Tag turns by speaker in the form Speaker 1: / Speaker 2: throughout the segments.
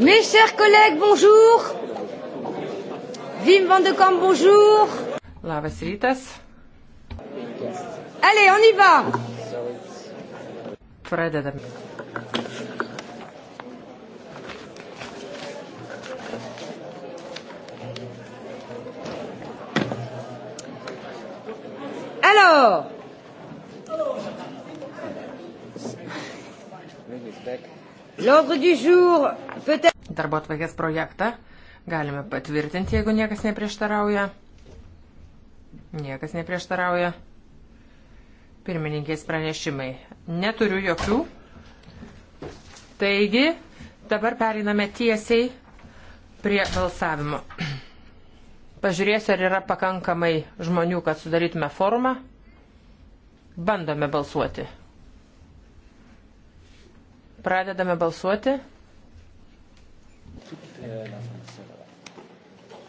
Speaker 1: Mes chers collègues, bonjour. Wim van de Kamp, bonjour.
Speaker 2: Labas rytas. Allez, on y va. Pradedam. Alors, Darbo atvarkės projektą galime patvirtinti, jeigu niekas neprieštarauja. Niekas neprieštarauja. Pirmininkės pranešimai. Neturiu jokių. Taigi, dabar periname tiesiai prie balsavimo. Pažiūrėsiu, ar yra pakankamai žmonių, kad sudarytume formą. Bandome balsuoti. Pradedame balsuoti.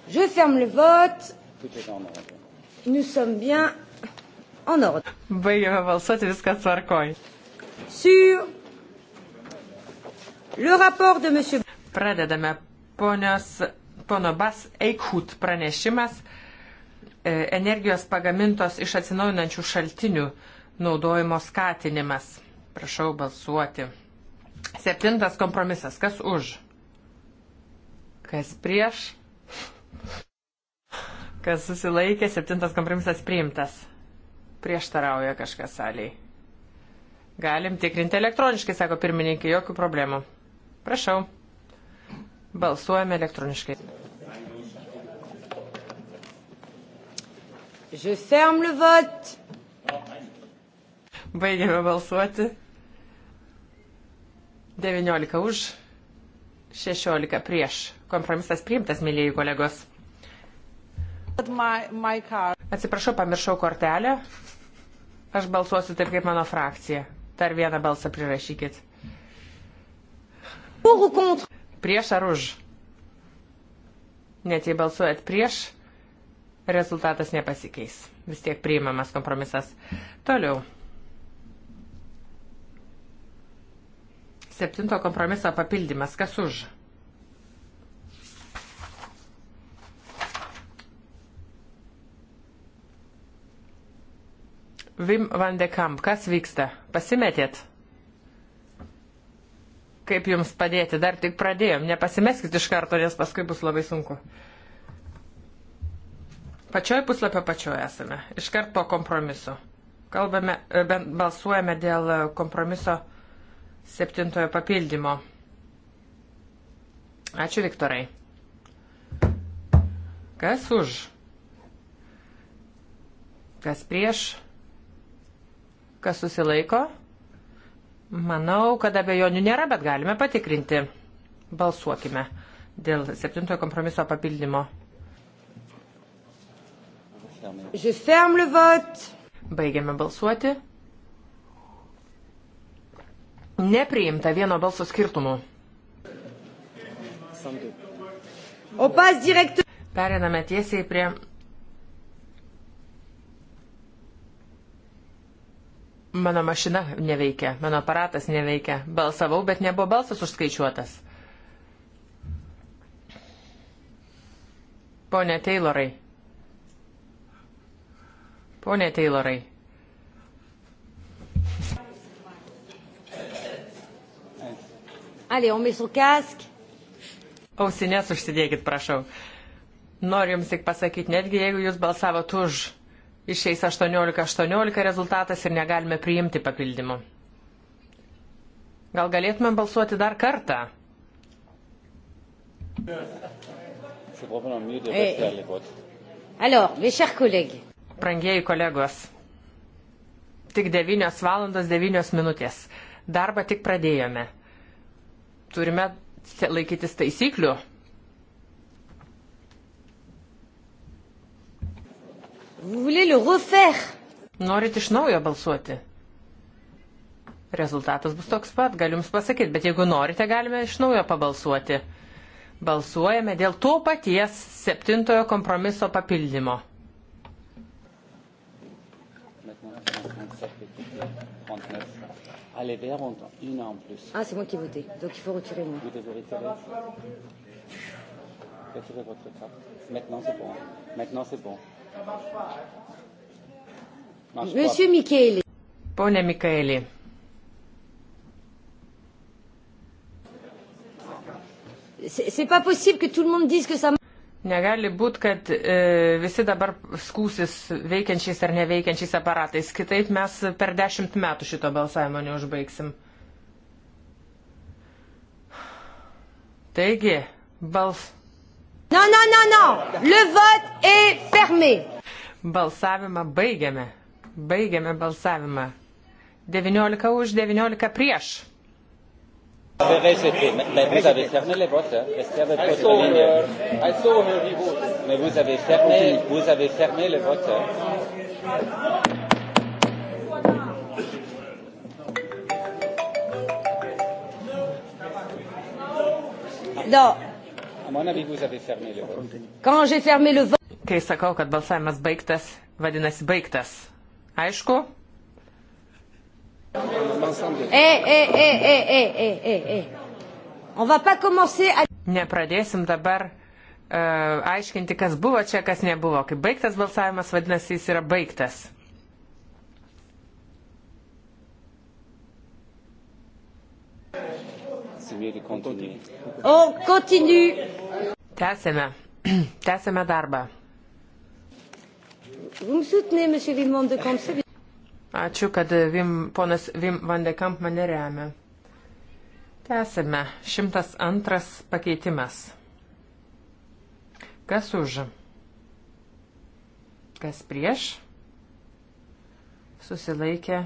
Speaker 2: Je ferme le vote. Nous sommes bien en ordre. Baigiame balsuoti, viskas tvarkoj. Sur le rapport de monsieur. Pradedame ponios, pono Bas Eikhut pranešimas e, energijos pagamintos iš atsinaujinančių šaltinių naudojimo skatinimas. Prašau balsuoti. Septintas kompromisas. Kas už? Kas prieš? Kas susilaikė? Septintas kompromisas priimtas. Prieštarauja kažkas saliai. Galim tikrinti elektroniškai, sako pirmininkė, jokių problemų. Prašau. Balsuojame elektroniškai. Je ferme le vote. Baigėme balsuoti. 19 už, 16 prieš. Kompromisas priimtas, mėlyjei kolegos.
Speaker 3: My, my
Speaker 2: Atsiprašau, pamiršau kortelę. Aš balsuosiu taip kaip mano frakcija. Dar vieną balsą prirašykit. Prieš ar už? Net jei balsuojat prieš, rezultatas nepasikeis. Vis tiek priimamas kompromisas. Toliau. Septinto kompromiso papildymas. Kas už? Vim van de Kamp, kas vyksta? Pasimetėt? Kaip jums padėti? Dar tik pradėjom. Nepasimeskit iš karto, nes paskui bus labai sunku. Pačioj puslapio pačioj esame. Iškart po kompromisu. Kalbame, e, balsuojame dėl e, kompromiso septintojo papildymo. Ačiū, Viktorai. Kas už? Kas prieš? Kas susilaiko? Manau, kad abejonių nėra, bet galime patikrinti. Balsuokime dėl septintojo kompromiso papildymo. Baigiame balsuoti. Nepriimta vieno balso skirtumu. Periname tiesiai prie Mano mašina neveikia, mano aparatas neveikia. Balsavau, bet nebuvo balsas užskaičiuotas. Pone Taylorai. Pone Taylorai. Allez, on met son casque. Ausinės užsidėkit, prašau. Noriu Jums tik pasakyti, netgi jeigu Jūs balsavot už, išeis 18-18 rezultatas ir negalime priimti papildymų. Gal galėtumėm balsuoti dar kartą? Prangieji eh, kolegos, tik 9 valandos 9 minutės. Darbą tik pradėjome turime laikytis taisyklių. Norit iš naujo balsuoti? Rezultatas bus toks pat, galiu Jums pasakyti, bet jeigu norite, galime iš naujo pabalsuoti. Balsuojame dėl to paties septintojo kompromiso papildymo.
Speaker 1: Ah, les verts ont une en plus. Ah, c'est moi qui ai voté, donc il faut retirer moi. Vous devez
Speaker 2: retirer. Retirez votre carte. Maintenant, c'est bon. Maintenant, c'est bon. Monsieur Michele. Pone Michele.
Speaker 3: C'est pas possible que tout le monde dise que ça.
Speaker 2: Negali būti, kad e, visi dabar skūsis veikiančiais ar neveikiančiais aparatais. Kitaip mes per dešimt metų šito balsavimo neužbaigsim. Taigi, bals. No, no, no, no. Le vote est fermé. Balsavimą baigiame. Baigiame balsavimą. 19 už, 19 prieš.
Speaker 3: Mais vous avez
Speaker 1: fermé les votes. I saw her.
Speaker 3: I saw her
Speaker 1: vote. Mais vous avez fermé, vous avez fermé les votes. No. À mon avis, vous avez fermé le vote.
Speaker 2: Quand j'ai fermé le vote. Kai sakau, kad balsavimas baigtas, vadinasi baigtas. Aišku?
Speaker 3: Eh, eh,
Speaker 2: eh, Nepradėsim dabar uh, aiškinti, kas buvo čia, kas nebuvo. Kai baigtas balsavimas, vadinasi, jis yra baigtas. On continue. Tęsėme. Tęsėme darbą. Vous me soutenez, monsieur Vimond de Comte. Ačiū, kad Vim, ponas Vim Vandekamp mane remia. Tęsime. 102 pakeitimas. Kas už? Kas prieš? Susilaikė.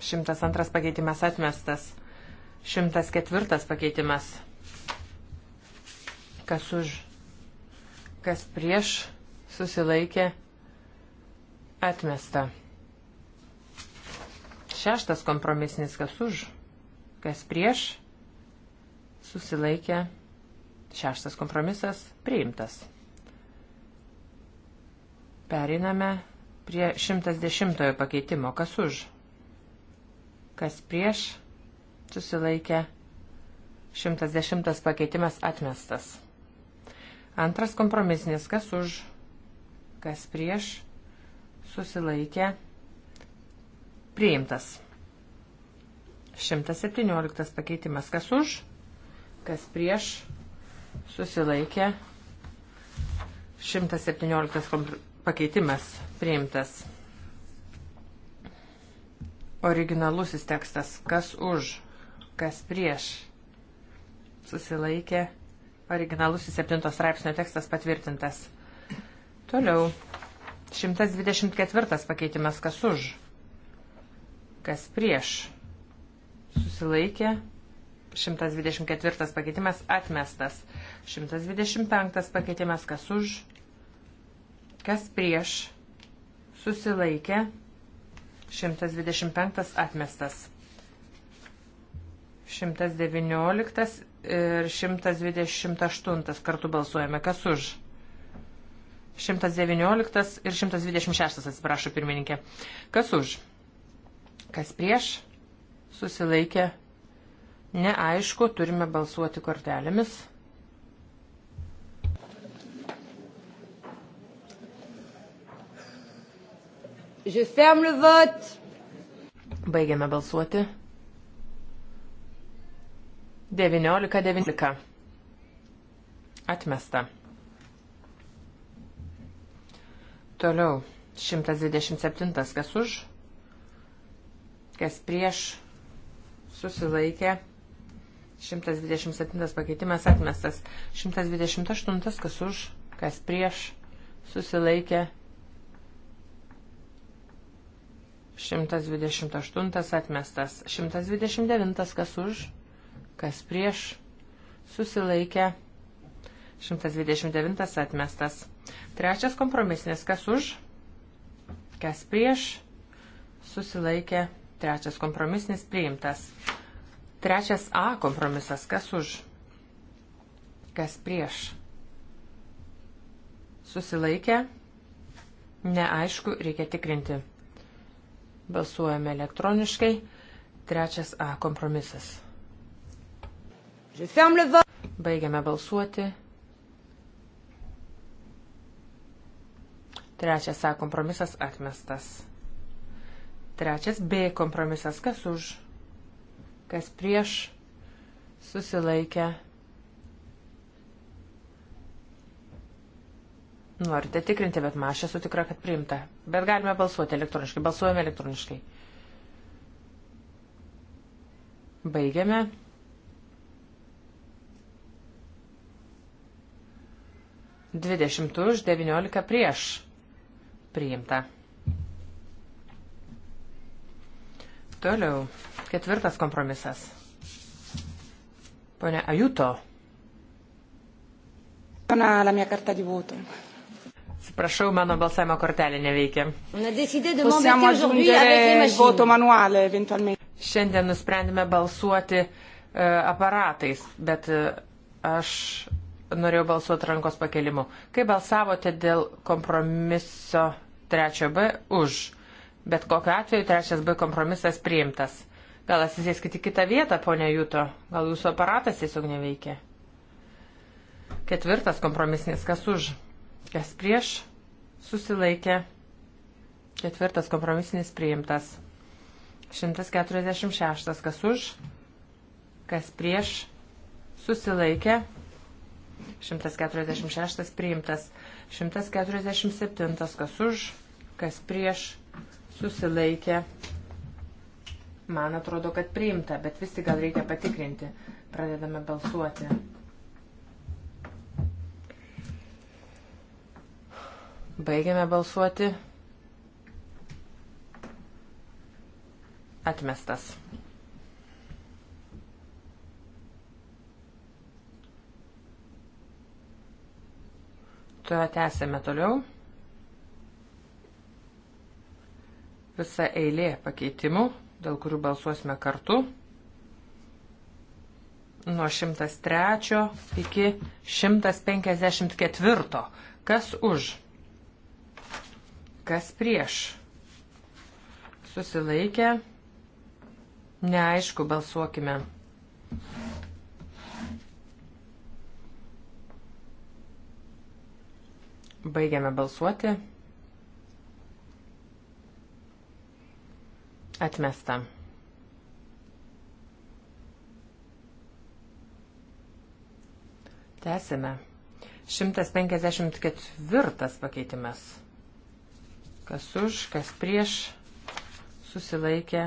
Speaker 2: 102 pakeitimas atmestas. 104 pakeitimas. Kas už? Kas prieš? Susilaikė. Atmesta. Šeštas kompromisinis, kas už, kas prieš, susilaikė. Šeštas kompromisas priimtas. Periname prie 110 pakeitimo, kas už, kas prieš, susilaikė. 110 pakeitimas atmestas. Antras kompromisinis, kas už, kas prieš, susilaikė. Priimtas. 117 pakeitimas. Kas už, kas prieš, susilaikė. 117 pakeitimas priimtas. Originalusis tekstas. Kas už, kas prieš, susilaikė. Originalusis 7 straipsnio tekstas patvirtintas. Toliau. 124 pakeitimas. Kas už, Kas prieš? Susilaikė. 124 pakeitimas atmestas. 125 pakeitimas kas už? Kas prieš? Susilaikė. 125 atmestas. 119 ir 128 kartu balsuojame. Kas už? 119 ir 126 atsiprašo pirmininkė. Kas už? Kas prieš? Susilaikė. Neaišku, turime balsuoti kortelėmis. Je ferme le vote. Baigiame balsuoti. 19.19. Atmesta. Toliau. 127. Kas už? kas prieš susilaikė. 127 pakeitimas atmestas. 128 kas už, kas prieš susilaikė. 128 atmestas. 129 kas už, kas prieš susilaikė. 129 atmestas. Trečias kompromisinis kas už, kas prieš susilaikė. Trečias kompromisnis priimtas. Trečias A kompromisas. Kas už? Kas prieš? Susilaikę? Neaišku, reikia tikrinti. Balsuojame elektroniškai. Trečias A kompromisas. Baigiame balsuoti. Trečias A kompromisas atmestas. Trečias B kompromisas. Kas už? Kas prieš? Susilaikę. Norite tikrinti, bet ma, aš esu tikra, kad priimta. Bet galime balsuoti elektroniškai. Balsuojame elektroniškai. Baigiame. Dvidešimt už, devyniolika prieš. Priimta. Toliau. Ketvirtas kompromisas. Pone Ajuto. Pana, la mia carta di voto. Atsiprašau, mano balsavimo kortelė neveikia. Possiamo aggiungere il voto manuale eventualmente. Šiandien nusprendėme balsuoti uh, aparatais, bet uh, aš norėjau balsuoti rankos pakelimu. Kai balsavote dėl kompromiso 3B už, Bet kokiu atveju trečias B kompromisas priimtas. Gal atsisėskite kitą vietą, ponia Juto? Gal jūsų aparatas tiesiog neveikia? Ketvirtas kompromisinis, kas už, kas prieš, susilaikė. Ketvirtas kompromisinis priimtas. 146, kas už, kas prieš, susilaikė. 146 priimtas. 147, kas už, kas prieš, susilaikė. Man atrodo, kad priimta, bet vis tik gal reikia patikrinti. Pradedame balsuoti. Baigiame balsuoti. Atmestas. Tuo tęsėme toliau. visa eilė pakeitimų, dėl kurių balsuosime kartu. Nuo 103 iki 154. Kas už? Kas prieš? Susilaikę. Neaišku, balsuokime. Baigiame balsuoti. Atmesta. Tęsime. 154 pakeitimas. Kas už, kas prieš, susilaikė.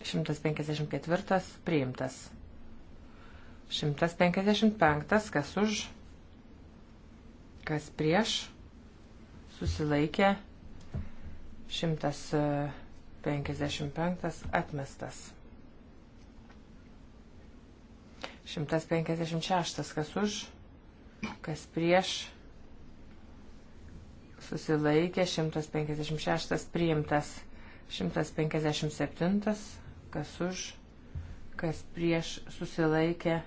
Speaker 2: 154 priimtas. 155 kas už, kas prieš, susilaikė. 100. 55 atmestas. 156 kas už, kas prieš, susilaikė, 156 priimtas, 157 kas už, kas prieš, susilaikė,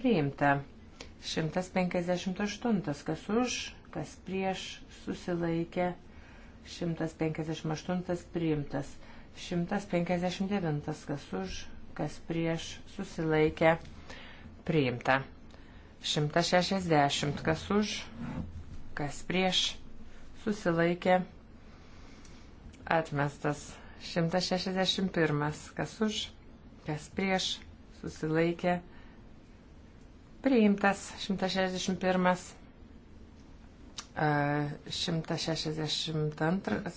Speaker 2: priimta. 158 kas už, kas prieš, susilaikė, priimta 158 priimtas. 159 kas už, kas prieš susilaikė priimta. 160 kas už, kas prieš susilaikė atmestas. 161 kas už, kas prieš susilaikė priimtas. 161 162,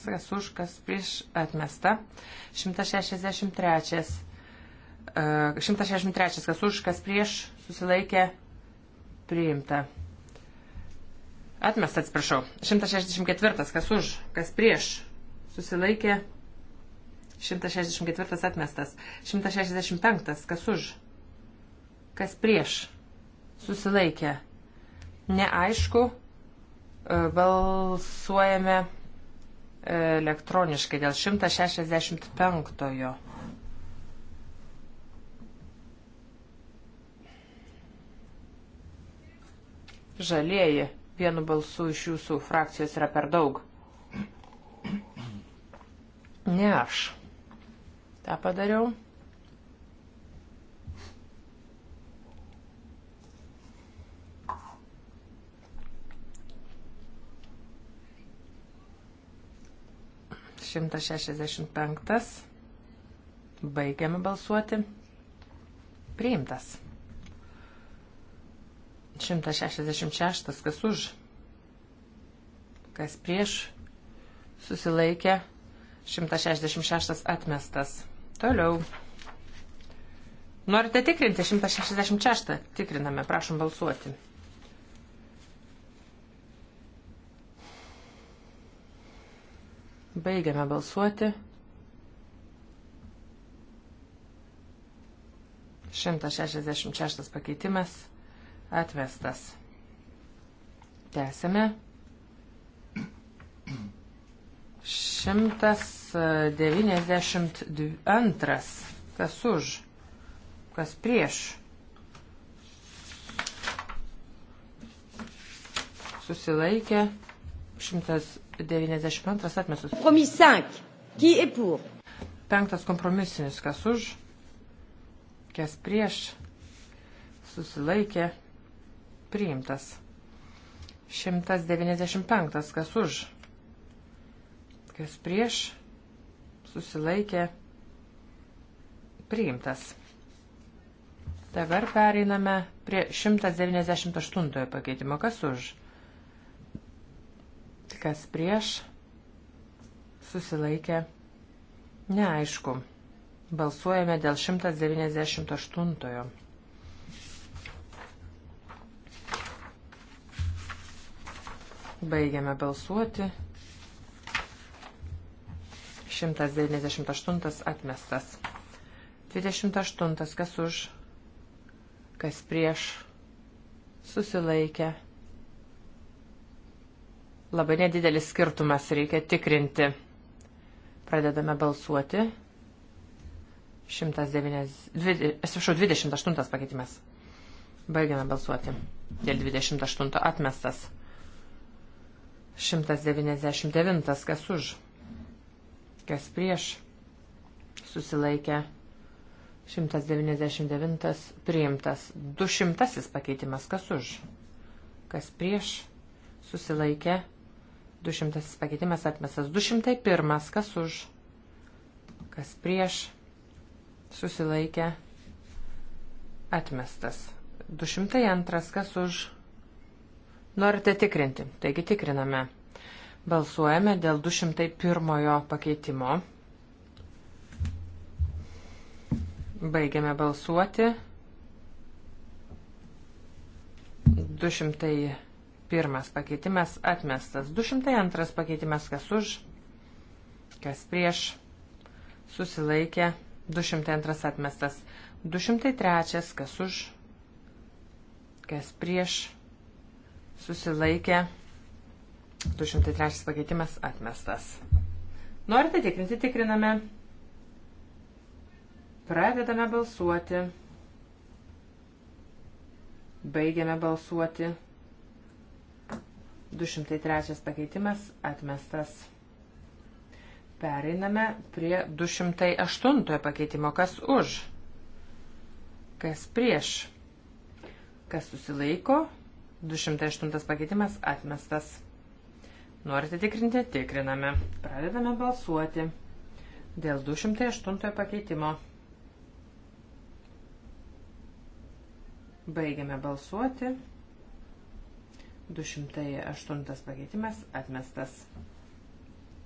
Speaker 2: kas už, kas prieš atmesta. 163, 163, e, kas už, kas prieš susilaikė priimta. Atmesta, atsiprašau. 164, kas už, kas prieš susilaikė. 164 atmestas. 165, kas už, kas prieš susilaikė. Neaišku, Balsuojame e, elektroniškai dėl 165-ojo. Žalieji, vienu balsu iš jūsų frakcijos yra per daug. Ne aš. Ta padariau. 165. Baigiame balsuoti. Priimtas. 166. Kas už? Kas prieš? Susilaikė. 166 atmestas. Toliau. Norite tikrinti 166? Tikriname, prašom balsuoti. Baigiame balsuoti. 166 pakeitimas atvestas. Tęsime. 192. Kas už? Kas prieš? Susilaikė. 192 atmestas. Kompromis 5. Qui est pour? Penktas kompromisinis, kas už, kas prieš, susilaikė, priimtas. 195, kas už, kas prieš, susilaikė, priimtas. Dabar pereiname prie 198 pakeitimo, kas už Kas prieš? Susilaikė. Neaišku. Balsuojame dėl 198. Baigiame balsuoti. 198 atmestas. 28 kas už, kas prieš, susilaikė Labai nedidelis skirtumas reikia tikrinti. Pradedame balsuoti. 128 pakeitimas. Baigiame balsuoti. Dėl 28 atmestas. 199 kas už. Kas prieš. Susilaikė. 199 priimtas. 200 pakeitimas kas už. Kas prieš. Susilaikė. 200 pakeitimas atmestas. 201. Kas už? Kas prieš? Susilaikė. Atmestas. 202. Kas už? Norite tikrinti. Taigi tikriname. Balsuojame dėl 201 pakeitimo. Baigiame balsuoti. 200. Pirmas pakeitimas atmestas. 202 pakeitimas kas už, kas prieš, susilaikė. 202 atmestas. 203 kas už, kas prieš, susilaikė. 203 pakeitimas atmestas. Norite tikrinti, tikriname. Pradedame balsuoti. Baigiame balsuoti. 203 pakeitimas atmestas. Pereiname prie 208 pakeitimo. Kas už? Kas prieš? Kas susilaiko? 208 pakeitimas atmestas. Norite tikrinti? Tikriname. Pradedame balsuoti dėl 208 pakeitimo. Baigiame balsuoti. 208 pakeitimas atmestas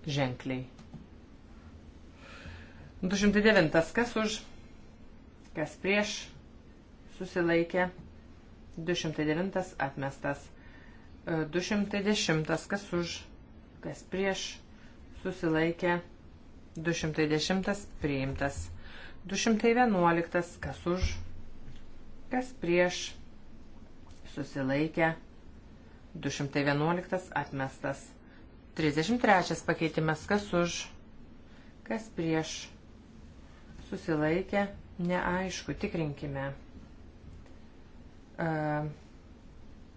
Speaker 2: ženkliai. 209 kas už, kas prieš susilaikė. 209 atmestas. 210 e, kas už, kas prieš susilaikė. 210 priimtas. 211 kas už, kas prieš susilaikė. 211 atmestas. 33 pakeitimas kas už, kas prieš. Susilaikė, neaišku, tikrinkime. E,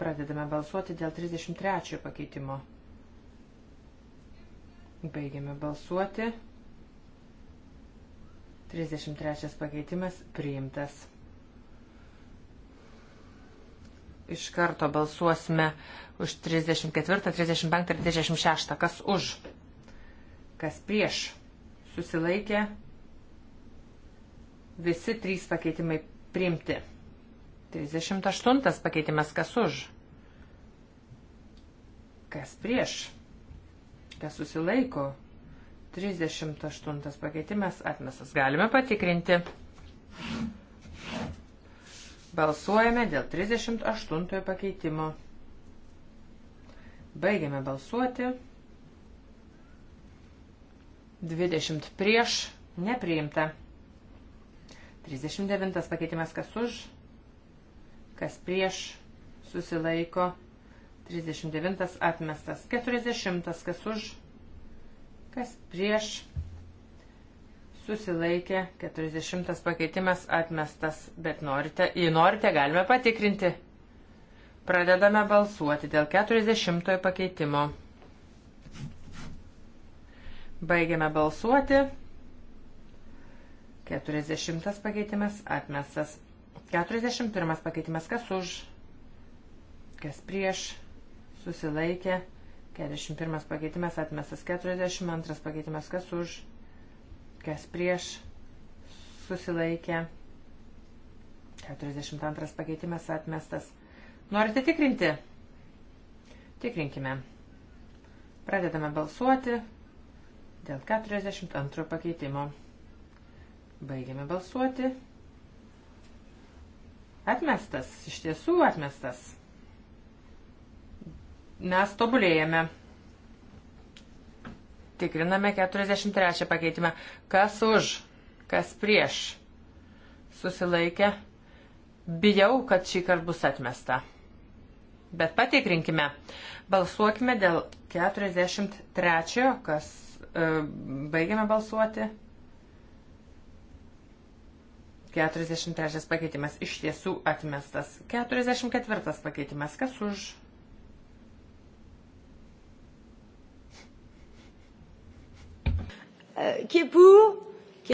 Speaker 2: pradedame balsuoti dėl 33 pakeitimo. Baigiame balsuoti. 33 pakeitimas priimtas. iš karto balsuosime už 34, 35 ir 36. Kas už? Kas prieš? Susilaikė visi trys pakeitimai priimti. 38 pakeitimas kas už? Kas prieš? Kas susilaiko? 38 pakeitimas atmesas. Galime patikrinti. Balsuojame dėl 38 pakeitimo. Baigiame balsuoti. 20 prieš nepriimta. 39 pakeitimas kas už, kas prieš susilaiko. 39 atmestas. 40 kas už, kas prieš susilaikė, 40 pakeitimas atmestas, bet norite, jei norite, galime patikrinti. Pradedame balsuoti dėl 40 pakeitimo. Baigiame balsuoti. 40 pakeitimas atmestas. 41 pakeitimas kas už, kas prieš, susilaikė. 41 pakeitimas atmestas. 42 pakeitimas kas už, kas prieš susilaikė. 42 pakeitimas atmestas. Norite tikrinti? Tikrinkime. Pradedame balsuoti dėl 42 pakeitimo. Baigiame balsuoti. Atmestas, iš tiesų atmestas. Mes tobulėjame. Tikriname 43 pakeitimą. Kas už, kas prieš. Susilaikę. Bijau, kad šį kartą bus atmesta. Bet patikrinkime. Balsuokime dėl 43, kas e, baigiame balsuoti. 43 pakeitimas iš tiesų atmestas. 44 pakeitimas, kas už Kipų.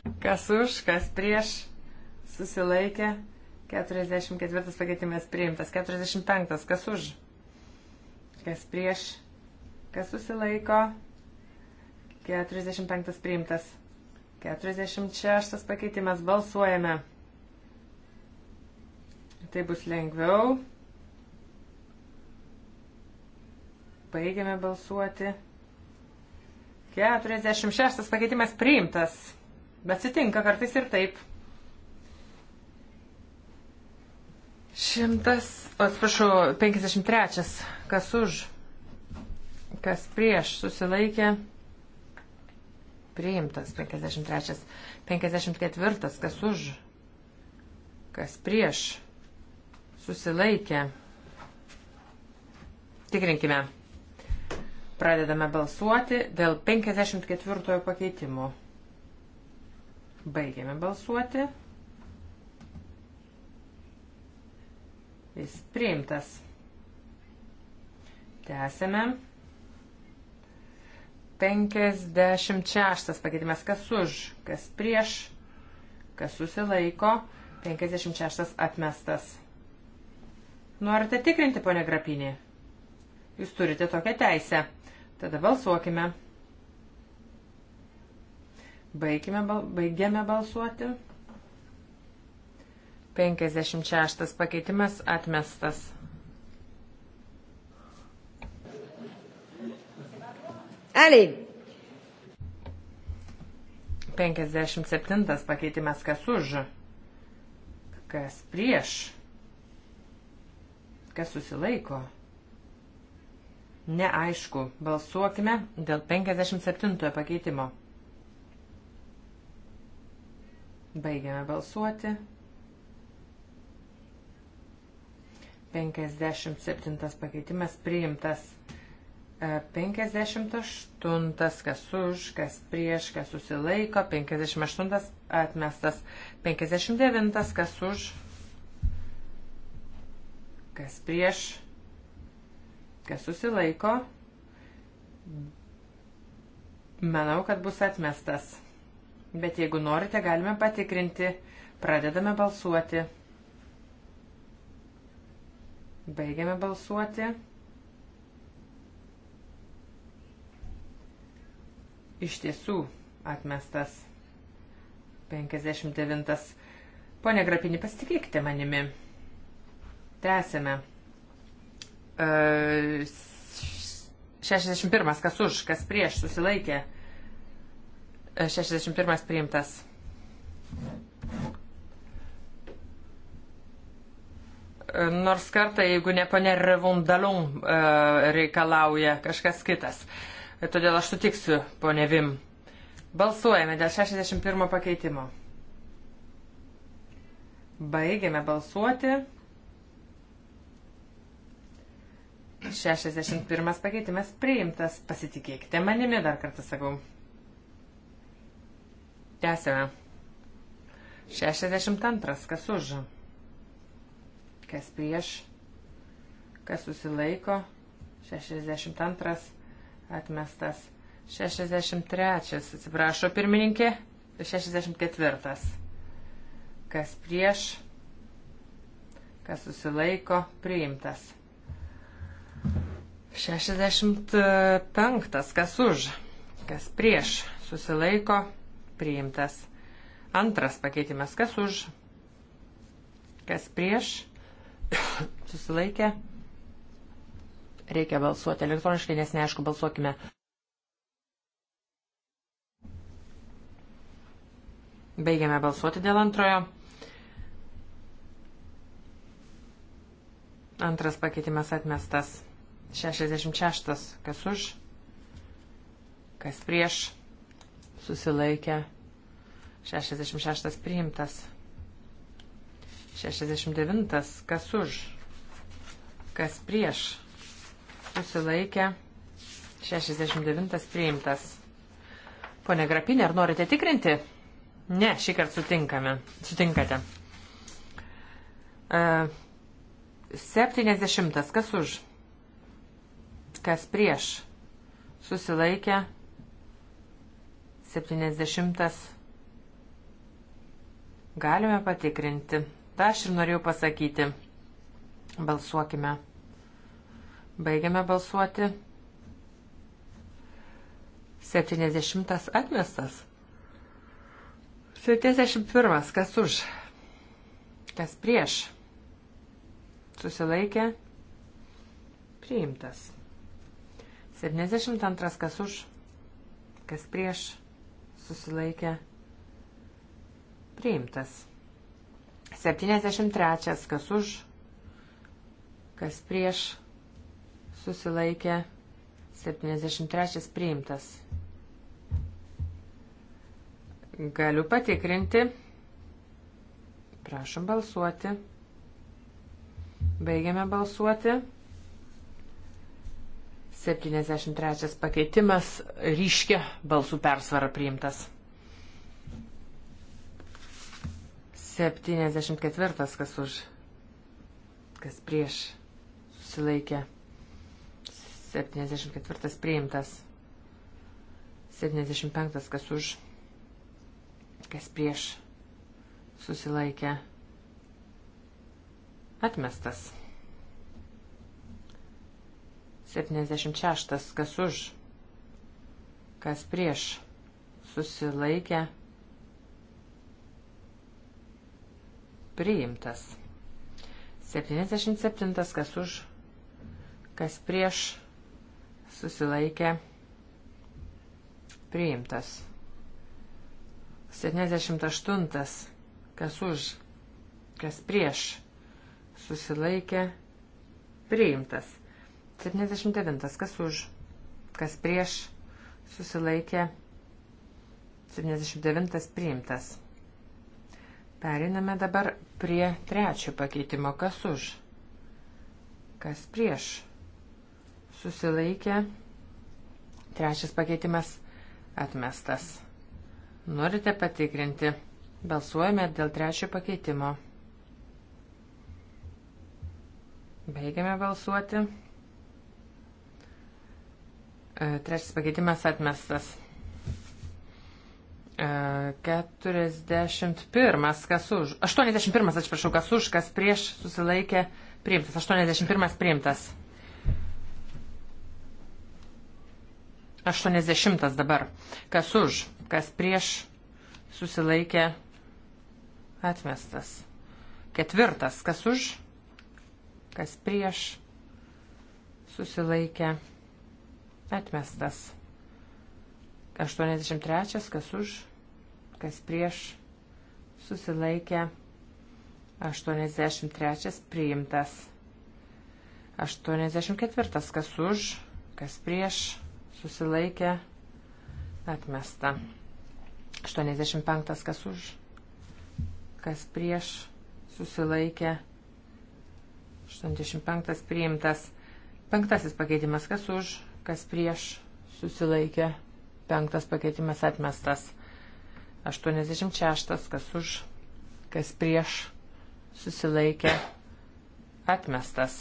Speaker 2: Э, kas už, kas prieš, susilaikė. 44 pakeitimas priimtas. 45. Kas už, kas prieš, kas susilaiko. 45 priimtas. 46 pakeitimas. Balsuojame. Tai bus lengviau. Baigiame balsuoti. 46 pakeitimas priimtas. Bet sitinka kartais ir taip. Šimtas, atsiprašau, 53. Kas už, kas prieš susilaikė. Priimtas 53. 54. Kas už, kas prieš susilaikė. Tikrinkime. Pradedame balsuoti dėl 54 pakeitimo. Baigiame balsuoti. Jis priimtas. Tęsime. 56 pakeitimas. Kas už, kas prieš, kas susilaiko. 56 atmestas. Norite tikrinti, ponė Grapinė? Jūs turite tokią teisę. Tada balsuokime. Baigime, baigėme balsuoti. 56 pakeitimas atmestas. Aliai. 57 pakeitimas kas už, kas prieš, kas susilaiko. Neaišku. Balsuokime dėl 57 pakeitimo. Baigiame balsuoti. 57 pakeitimas priimtas. 58, e, kas už, kas prieš, kas susilaiko. 58 atmestas. 59, kas už, kas prieš kas susilaiko, manau, kad bus atmestas. Bet jeigu norite, galime patikrinti. Pradedame balsuoti. Baigiame balsuoti. Iš tiesų atmestas 59. Pone Grapinį, pasitikėkite manimi. Tęsime. 61. Kas už, kas prieš susilaikė. 61. E, priimtas. E, nors kartą, jeigu ne ponė Revundalum e, reikalauja kažkas kitas. Todėl aš sutiksiu, ponė Vim. Balsuojame dėl 61 pakeitimo. Baigiame balsuoti. 61 pakeitimas priimtas. Pasitikėkite manimi, dar kartą sakau. Tęsime. 62. Kas už? Kas prieš? Kas susilaiko? 62. Atmestas. 63. Atsiprašo pirmininkė. 64. Kas prieš? Kas susilaiko? Priimtas. 65. Kas už? Kas prieš? Susilaiko. Priimtas. Antras pakeitimas. Kas už? Kas prieš? Susilaikė. Reikia balsuoti elektroniškai, nes neaišku, balsuokime. Baigiame balsuoti dėl antrojo. Antras pakeitimas atmestas. 66. Kas už? Kas prieš? Susilaikė. 66 priimtas. 69. Kas už? Kas prieš? Susilaikė. 69 priimtas. Pone Grapinė, ar norite tikrinti? Ne, šį kartą sutinkame. Sutinkate. Uh, e, 70. Kas už? Kas prieš? Susilaikė. 70. Galime patikrinti. Ta aš ir norėjau pasakyti. Balsuokime. Baigiame balsuoti. 70 atmestas. 71. Kas už? Kas prieš? Susilaikė. Priimtas. 72 kas už, kas prieš, susilaikė, priimtas. 73 kas už, kas prieš, susilaikė, 73 priimtas. Galiu patikrinti. Prašom balsuoti. Baigiame balsuoti. 73 pakeitimas ryškia balsų persvara priimtas. 74 kas už, kas prieš susilaikė. 74 priimtas. 75 kas už, kas prieš susilaikė. Atmestas. 76. Kas už? Kas prieš? Susilaikė. Priimtas. 77. Kas už? Kas prieš? Susilaikė. Priimtas. 78. Kas už? Kas prieš? Susilaikė. Priimtas. 79. Kas už? Kas prieš? Susilaikė. 79. Priimtas. Periname dabar prie trečio pakeitimo. Kas už? Kas prieš? Susilaikė. Trečias pakeitimas atmestas. Norite patikrinti. Balsuojame dėl trečio pakeitimo. Baigiame balsuoti. E, trečias pakeitimas atmestas. 41, e, kas už. 81, atsiprašau, kas už, kas prieš susilaikė priimtas. 81 priimtas. 80 dabar. Kas už, kas prieš susilaikė atmestas. Ketvirtas, kas už, kas prieš susilaikė atmestas Atmestas. 83. Kas už, kas prieš, susilaikė. 83. Priimtas. 84. Kas už, kas prieš, susilaikė. Atmesta. 85. Kas už, kas prieš, susilaikė. 85. Priimtas. Penktasis pakeitimas. Kas už, kas prieš susilaikė, penktas pakeitimas atmestas. 86, kas už, kas prieš susilaikė, atmestas.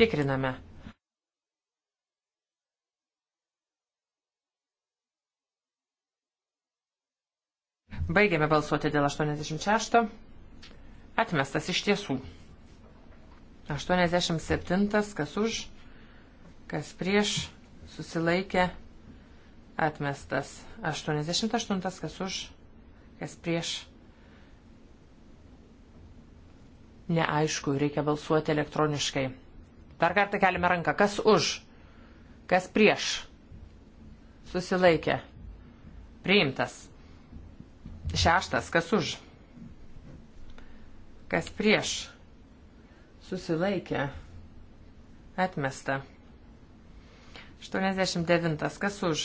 Speaker 2: Tikriname. Baigėme balsuoti dėl 86. Atmestas iš tiesų. 87. Kas už, kas prieš, susilaikė, atmestas. 88, kas už, kas prieš. Neaišku, reikia balsuoti elektroniškai. Dar kartą keliame ranką. Kas už? Kas prieš? Susilaikė. Priimtas. Šeštas. Kas už? Kas prieš? Susilaikė. Atmesta. 89. Kas už?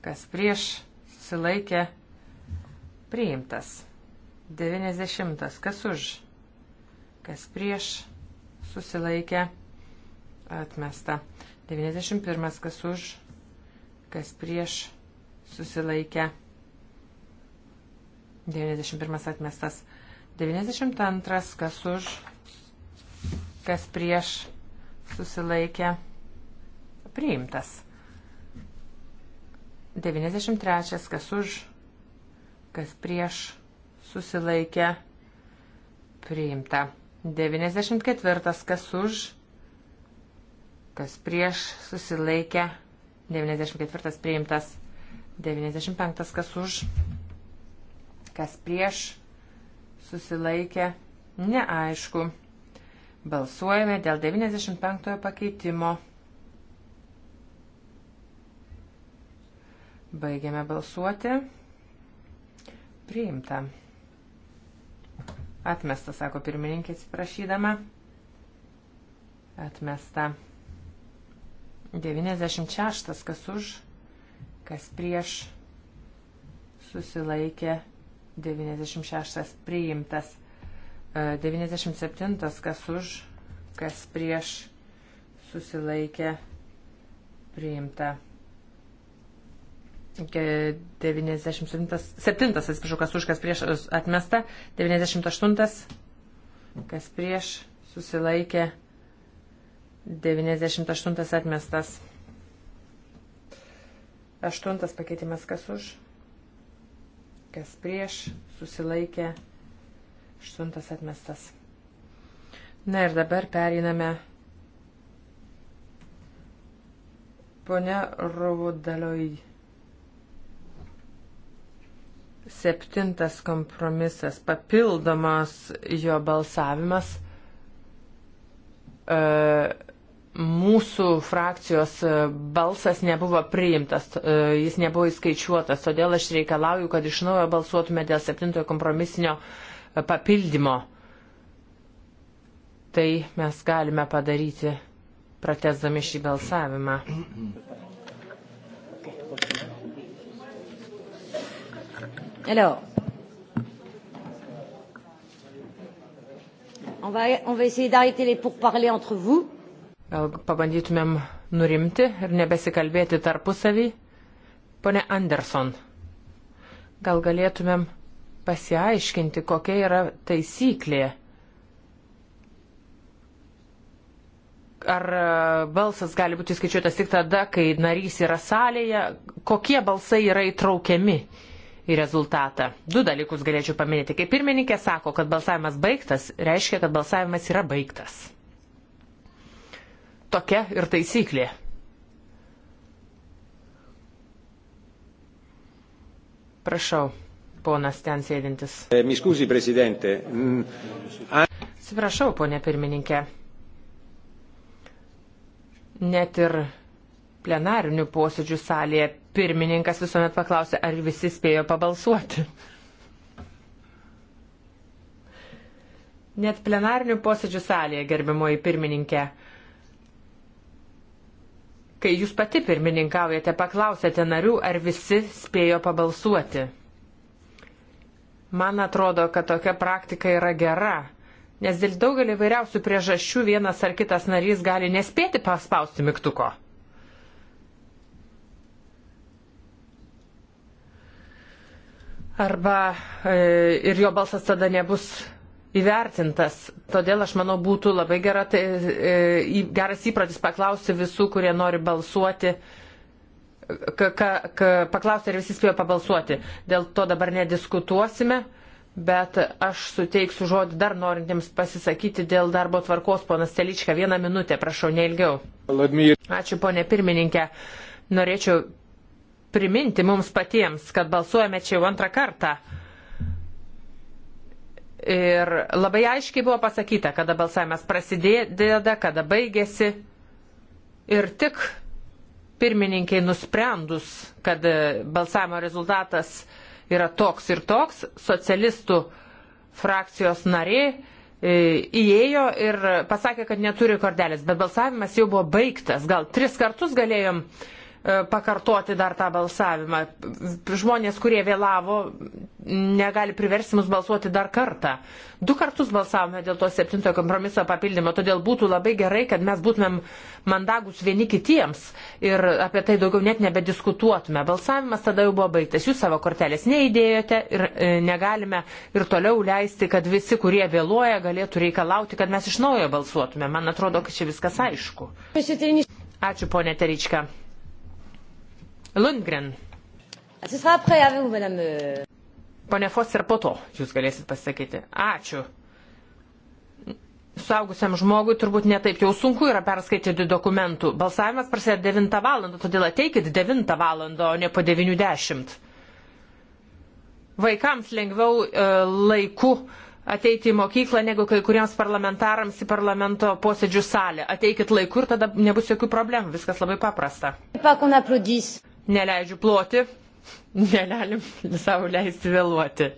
Speaker 2: Kas prieš? Susilaikė. Priimtas. 90. Kas už? Kas prieš? Susilaikė. Atmesta. 91. Kas už? Kas prieš? Susilaikė. 91. Atmestas. 92. Kas už? Kas prieš? Susilaikė priimtas. 93. Kas už, kas prieš susilaikė priimta. 94. Kas už, kas prieš susilaikė. 94. Priimtas. 95. Kas už, kas prieš susilaikė. Neaišku. Balsuojame dėl 95 pakeitimo. Baigiame balsuoti. Priimta. Atmesta, sako pirmininkė atsiprašydama. Atmesta. 96. Kas už, kas prieš susilaikė. 96. Priimtas. 97. E, kas už, kas prieš susilaikė. Priimta. 97, atsiprašau, kas už, kas prieš atmesta, 98, kas prieš susilaikė, 98 atmestas. Aštuntas pakeitimas, kas už, kas prieš susilaikė, aštuntas atmestas. Na ir dabar periname Pone Rudalioj Septintas kompromisas, papildomas jo balsavimas. E, mūsų frakcijos e, balsas nebuvo priimtas, e, jis nebuvo įskaičiuotas, todėl aš reikalauju, kad iš naujo balsuotume dėl septintojo kompromisinio e, papildymo. Tai mes galime padaryti, pratesdami šį balsavimą. Alors,
Speaker 3: on va, on va essayer d'arrêter les pourparlers entre vous.
Speaker 2: Gal pabandytumėm nurimti ir nebesikalbėti tarpusavį. Pone Anderson, gal galėtumėm pasiaiškinti, kokia yra taisyklė. Ar e, balsas gali būti skaičiuotas tik tada, kai narys yra salėje? Kokie balsai yra įtraukiami? į rezultatą. Du dalykus galėčiau paminėti. Kai pirmininkė sako, kad balsavimas baigtas, reiškia, kad balsavimas yra baigtas. Tokia ir taisyklė. Prašau, ponas ten sėdintis.
Speaker 1: E, Miskusi, prezidentė. Mm,
Speaker 2: Atsiprašau, ponė pirmininkė. Net ir plenarinių posėdžių salėje pirmininkas visuomet paklausė, ar visi spėjo pabalsuoti. Net plenarnių posėdžių salėje, gerbimoji pirmininkė, kai jūs pati pirmininkaujate, paklausėte narių, ar visi spėjo pabalsuoti. Man atrodo, kad tokia praktika yra gera, nes dėl daugelį vairiausių priežasčių vienas ar kitas narys gali nespėti paspausti mygtuko. arba e, ir jo balsas tada nebus įvertintas. Todėl aš manau būtų labai gera, tai, e, geras įpratis paklausti visų, kurie nori balsuoti, ka, ka, ka, paklausti, ar visi spėjo pabalsuoti. Dėl to dabar nediskutuosime, bet aš suteiksiu žodį dar norintiems pasisakyti dėl darbo tvarkos, ponas Teličką. Vieną minutę, prašau, neilgiau. Ačiū, ponė pirmininkė. Norėčiau priminti mums patiems, kad balsuojame čia jau antrą kartą. Ir labai aiškiai buvo pasakyta, kada balsavimas prasideda, kada baigėsi. Ir tik pirmininkiai nusprendus, kad balsavimo rezultatas yra toks ir toks, socialistų frakcijos narė e, įėjo ir pasakė, kad neturi kordelės, bet balsavimas jau buvo baigtas. Gal tris kartus galėjom uh, E, pakartoti dar tą balsavimą. Žmonės, kurie vėlavo, negali priversti mus balsuoti dar kartą. Du kartus balsavome dėl to septintojo kompromiso papildymo, todėl būtų labai gerai, kad mes būtumėm mandagus vieni kitiems ir apie tai daugiau net nebediskutuotume. Balsavimas tada jau buvo baigtas, jūs savo kortelės neįdėjote ir e, negalime ir toliau leisti, kad visi, kurie vėluoja, galėtų reikalauti, kad mes iš naujo balsuotume. Man atrodo, kad čia viskas aišku. Ačiū, ponė Terička. Lundgren. Euh? Pone Foster, po to jūs galėsit pasakyti. Ačiū. Suaugusiam žmogui turbūt netaip jau sunku yra perskaityti dokumentų. Balsavimas prasideda 9 val. todėl ateikit 9 val. o ne po 90. Vaikams lengviau e, laiku ateiti į mokyklą negu kai kuriems parlamentarams į parlamento posėdžių salę. Ateikit laiku ir tada nebus jokių problemų, viskas labai paprasta neleidžiu ploti, negalim savo leisti vėluoti.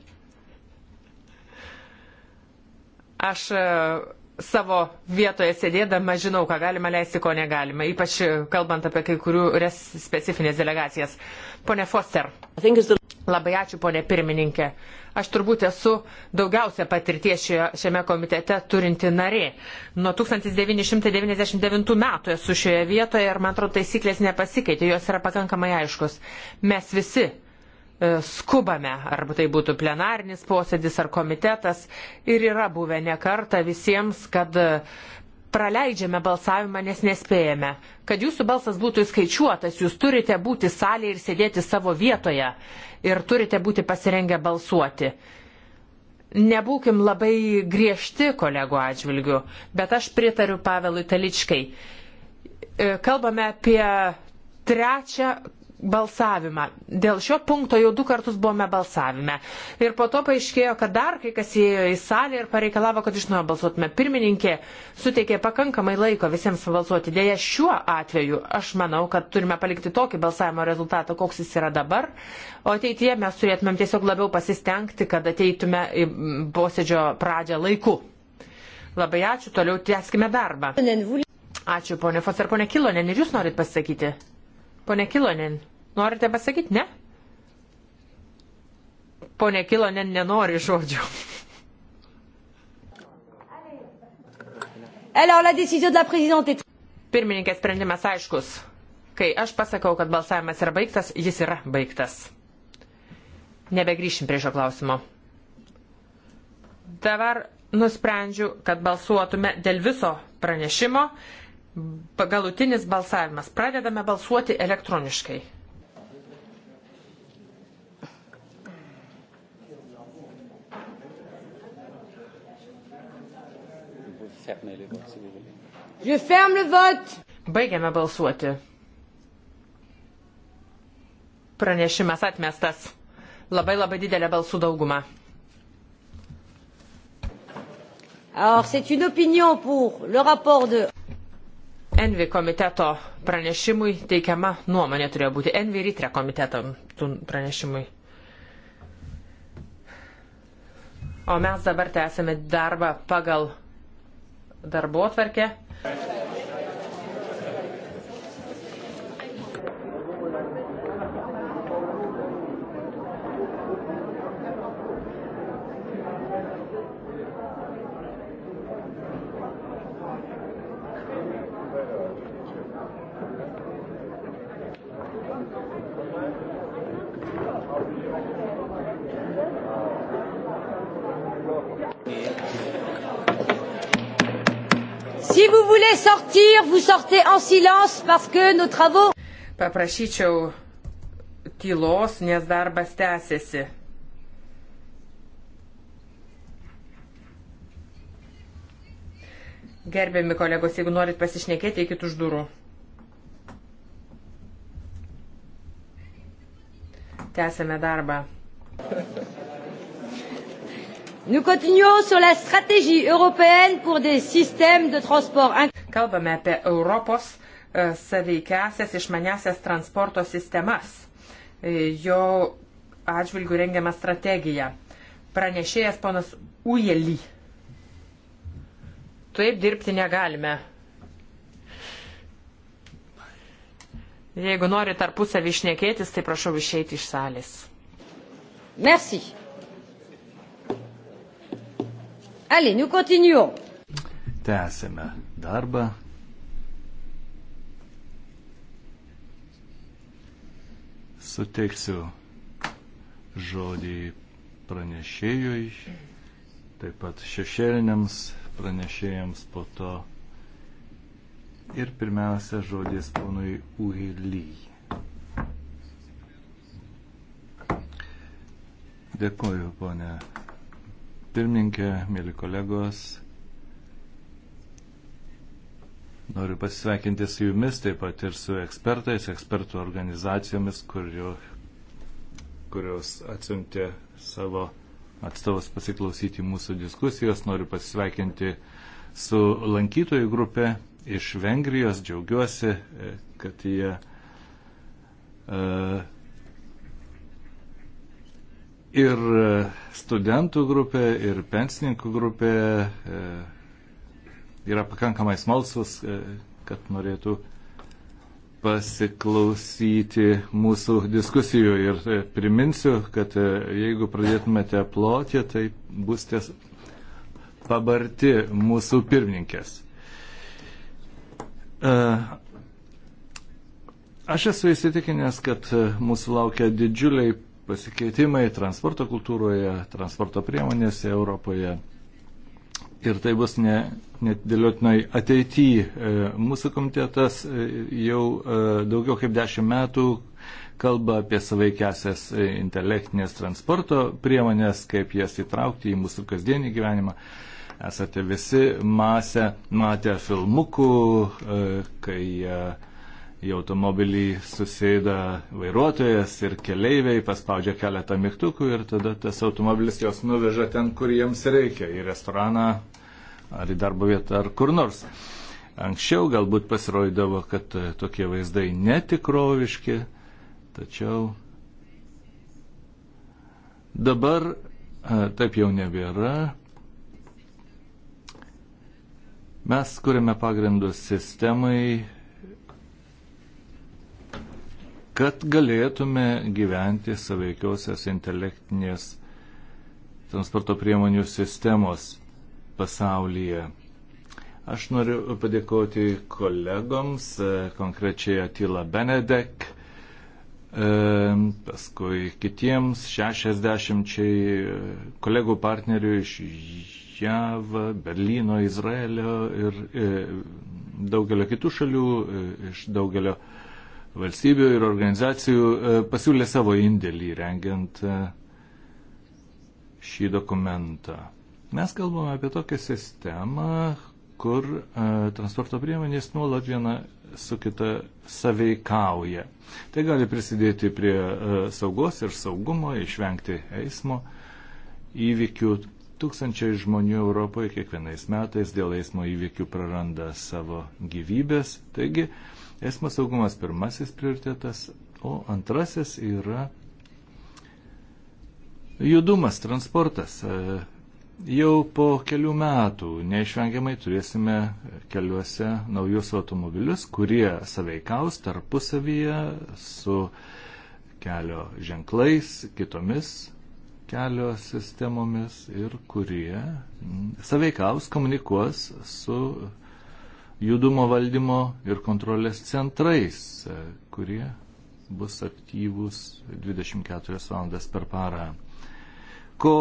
Speaker 2: Aš e, savo vietoje sėdėdama žinau, ką galima leisti, ko negalima, ypač kalbant apie kai kurių specifines delegacijas. Pone Foster. Labai ačiū, ponė pirmininkė. Aš turbūt esu daugiausia patirties šiame komitete turinti narė. Nuo 1999 metų esu šioje vietoje ir, man atrodo, taisyklės nepasikeitė, jos yra pakankamai aiškus. Mes visi e, skubame, arba tai būtų plenarinis posėdis ar komitetas. Ir yra buvę ne kartą visiems, kad e, praleidžiame balsavimą, nes nespėjame. Kad jūsų balsas būtų įskaičiuotas, jūs turite būti salėje ir sėdėti savo vietoje ir turite būti pasirengę balsuoti. Nebūkim labai griežti kolegų atžvilgių, bet aš pritariu Pavelui Taličkai. E, kalbame apie trečią balsavimą. Dėl šio punkto jau du kartus buvome balsavime. Ir po to paaiškėjo, kad dar kai kas įėjo į salę ir pareikalavo, kad iš naujo balsuotume. Pirmininkė suteikė pakankamai laiko visiems balsuoti. Dėja, šiuo atveju aš manau, kad turime palikti tokį balsavimo rezultatą, koks jis yra dabar. O ateityje mes turėtumėm tiesiog labiau pasistengti, kad ateitume į posėdžio pradžią laiku. Labai ačiū, toliau tęskime darbą. Ačiū, ponė Fos ir ponė Kilonen, ir jūs norit pasakyti? Pone Kilonen. Norite pasakyti, ne? Pone Kilo ne, nenori žodžių. Pirmininkės sprendimas aiškus. Kai aš pasakau, kad balsavimas yra baigtas, jis yra baigtas. Nebegrįšim prie šio klausimo. Dabar nusprendžiu, kad balsuotume dėl viso pranešimo. Galutinis balsavimas. Pradedame balsuoti elektroniškai. Je ferme le vote. Baigiame balsuoti. Pranešimas atmestas. Labai labai didelė balsų dauguma. Alors, c'est une opinion pour le rapport de. Envi komiteto pranešimui teikiama nuomonė turėjo būti. Envi rytre komiteto pranešimui. O mes dabar tęsime darbą pagal darbo atvarkę.
Speaker 1: silence parce que nos travaux.
Speaker 2: Paprašyčiau tylos, nes darbas tęsiasi. Gerbiami kolegos, jeigu norit pasišnekėti, eikit už durų. Tęsėme darbą. Nous continuons sur la stratégie européenne pour des systèmes de transport. Kalbame apie Europos e, saveikiasias išmaniasias transporto sistemas. E, jo atžvilgių rengiamą strategiją. Pranešėjas ponas Ujely. Taip dirbti negalime. Jeigu nori tarpusavį išnekėtis, tai prašau išeiti iš salės. Merci. Allez, nous continuons.
Speaker 3: Tęsime darbą. Suteiksiu žodį pranešėjui, taip pat šešėliniams pranešėjams po to. Ir pirmiausia žodis ponui Uhily. Dėkuoju, ponė pirmininkė, mėly kolegos. Noriu pasisveikinti su jumis, taip pat ir su ekspertais, ekspertų organizacijomis, kurio, kurios atsiuntė savo atstovas pasiklausyti mūsų diskusijos. Noriu pasisveikinti su lankytojų grupė iš Vengrijos. Džiaugiuosi, e, kad jie uh, ir e, studentų grupė, ir pensininkų grupė. Uh, yra pakankamai smalsus, e, kad norėtų pasiklausyti mūsų diskusijų ir e, priminsiu, kad e, jeigu pradėtumėte ploti, tai būsite pabarti mūsų pirmininkės. Aš esu įsitikinęs, kad mūsų laukia didžiuliai pasikeitimai transporto kultūroje, transporto priemonėse Europoje ir tai bus ne, netidėliotinai ateityje. Mūsų komitetas e, jau e, daugiau kaip dešimt metų kalba apie savaikiasias e, intelektinės transporto priemonės, kaip jas įtraukti į mūsų kasdienį gyvenimą. Esate visi masę, matę filmukų, kai į automobilį susėda vairuotojas ir keleiviai, paspaudžia keletą mygtukų ir tada tas automobilis jos nuveža ten, kur jiems reikia, į restoraną ar į darbo vietą ar kur nors. Anksčiau galbūt pasirodydavo, kad e, tokie vaizdai netikroviški, tačiau dabar e, taip jau nebėra. Mes kuriame pagrindus sistemai, kad galėtume gyventi saveikiausias intelektinės transporto priemonių sistemos pasaulyje. Aš noriu padėkoti kolegoms, e, konkrečiai Atila Benedek, e, paskui kitiems 60 e, kolegų partnerių iš JAV, Berlyno, Izraelio ir daugelio kitų šalių, iš daugelio uh, valstybių ir organizacijų e, pasiūlė savo indėlį rengiant e, šį dokumentą. Mes kalbame apie tokią sistemą, kur e, transporto priemonės nuolat viena su kita saveikauja. Tai gali prisidėti prie saugos ir saugumo, išvengti eismo įvykių. Tūkstančiai žmonių Europoje kiekvienais metais dėl eismo įvykių praranda savo gyvybės. Taigi, uh, Esmo saugumas pirmasis prioritetas, o antrasis yra judumas, transportas. E, jau po kelių metų neišvengiamai turėsime keliuose naujus automobilius, kurie saveikaus tarpusavyje su kelio ženklais, kitomis kelio sistemomis ir kurie mm, saveikaus komunikuos su judumo valdymo ir kontrolės centrais, e, kurie bus aktyvūs 24 valandas per parą. Ko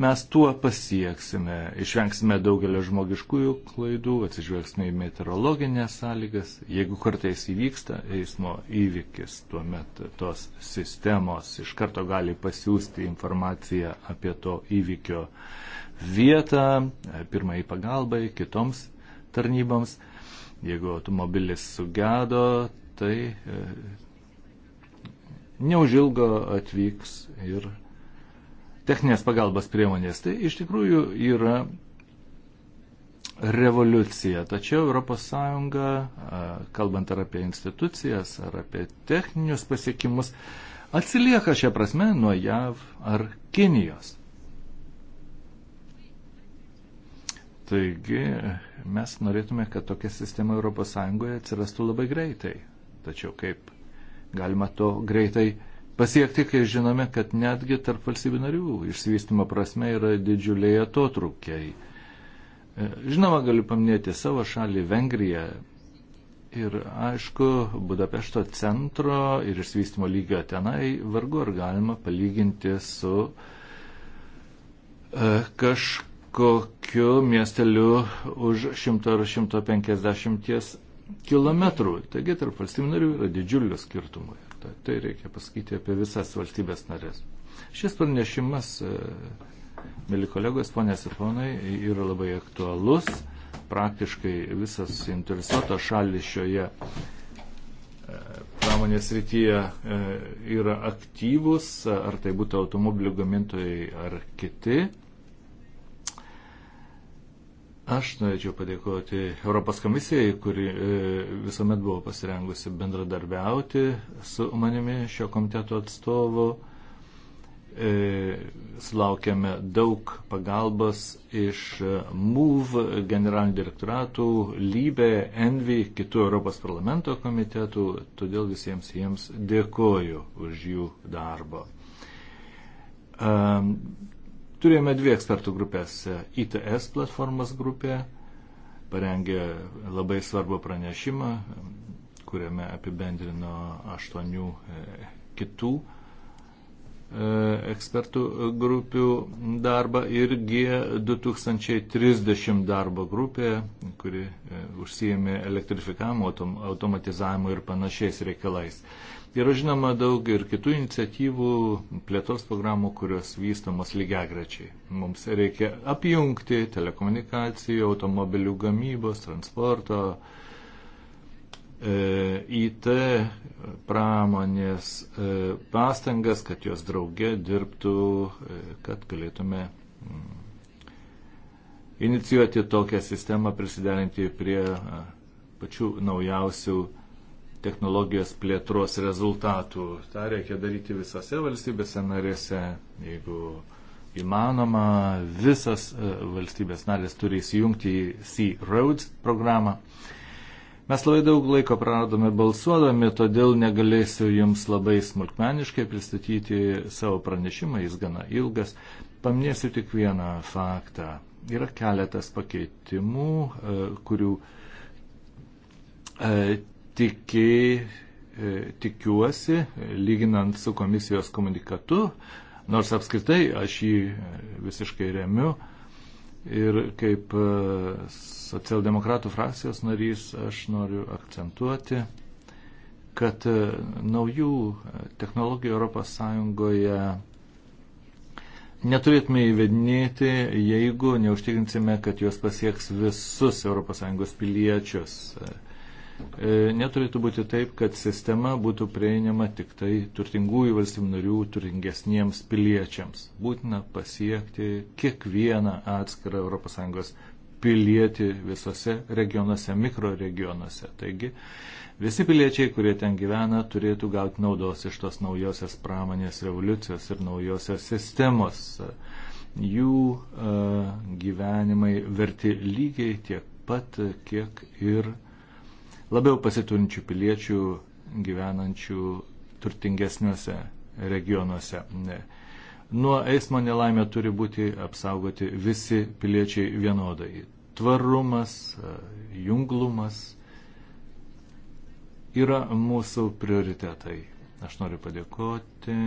Speaker 3: mes tuo pasieksime? Išvengsime daugelio žmogiškųjų klaidų, atsižvelgsime į meteorologinės sąlygas. Jeigu kartais įvyksta eismo įvykis, tuomet tos sistemos iš karto gali pasiūsti informaciją apie to įvykio vietą, pirmąjį pagalbą kitoms tarnyboms. Jeigu automobilis sugedo, tai e, neužilgo atvyks ir techninės pagalbos priemonės. Tai iš tikrųjų yra revoliucija. Tačiau ES, e, kalbant ar apie institucijas, ar apie techninius pasiekimus, atsilieka šią prasme nuo JAV ar Kinijos. Taigi mes norėtume, kad tokia sistema ES atsirastų labai greitai. Tačiau kaip galima to greitai pasiekti, kai žinome, kad netgi tarp valstybių narių išsivystimo prasme yra didžiuliai atotrukiai. E, žinoma, galiu paminėti savo šalį Vengriją. Ir aišku, Budapešto centro ir išsivystimo lygio tenai vargu ar galima palyginti su e, kažkokiu kokiu miesteliu už 100 ar 150 kilometrų. Taigi tarp valstybių narių yra didžiulio skirtumo. Tai, tai reikia pasakyti apie visas valstybės narės. Šis pranešimas, e, mėly kolegos, ponės ir ponai, yra labai aktualus. Praktiškai visas interesuotas šalis šioje e, pramonės rytyje e, yra aktyvus, ar tai būtų automobilių gamintojai ar kiti Aš norėčiau padėkoti Europos komisijai, kuri e, visuomet buvo pasirengusi bendradarbiauti su manimi šio komiteto atstovu. E, sulaukėme daug pagalbos iš e, MUV generalinių direktoratų, Lybė, Envy, kitų Europos parlamento komitetų, todėl visiems jiems dėkoju už jų darbą Turėjome dvi ekspertų grupės. ITS platformos grupė parengė labai svarbų pranešimą, kuriame apibendrino aštuonių e, kitų e, ekspertų grupių darbą ir G2030 darbo grupė, kuri e, užsijėmė elektrifikavimu, automatizavimu ir panašiais reikalais. Yra žinoma daug ir kitų iniciatyvų, plėtos programų, kurios vystomos lygiagrečiai. Mums reikia apjungti telekomunikacijų, automobilių gamybos, transporto, e, IT pramonės e, pastangas, kad jos draugė dirbtų, e, kad galėtume mm, inicijuoti tokią sistemą prisidelinti prie e, pačių naujausių technologijos plėtros rezultatų. Ta reikia daryti visose valstybėse narėse, jeigu įmanoma, visas e, valstybės narės turi įsijungti į Sea Roads programą. Mes labai daug laiko praradome balsuodami, todėl negalėsiu Jums labai smulkmeniškai pristatyti savo pranešimą, jis gana ilgas. Paminėsiu tik vieną faktą. Yra keletas pakeitimų, e, kurių e, tikė, e, tikiuosi, lyginant su komisijos komunikatu, nors apskritai aš jį e, visiškai remiu ir kaip e, socialdemokratų frakcijos narys aš noriu akcentuoti, kad naujų technologijų ES neturėtume įvedinėti, jeigu neužtikrinsime, kad juos pasieks visus ES piliečius. E, neturėtų būti taip, kad sistema būtų prieinama tik tai turtingųjų valstybių narių turingesniems piliečiams. Būtina pasiekti kiekvieną atskirą ES pilietį visose regionuose, mikroregionuose. Taigi visi piliečiai, kurie ten gyvena, turėtų gauti naudos iš tos naujosios pramonės revoliucijos ir naujosios sistemos. Jų uh, gyvenimai verti lygiai tiek pat, kiek ir uh, labiau pasiturinčių piliečių gyvenančių turtingesniuose regionuose. Nuo eismo nelaimė turi būti apsaugoti visi piliečiai vienodai. Tvarumas, junglumas yra mūsų prioritetai. Aš noriu padėkoti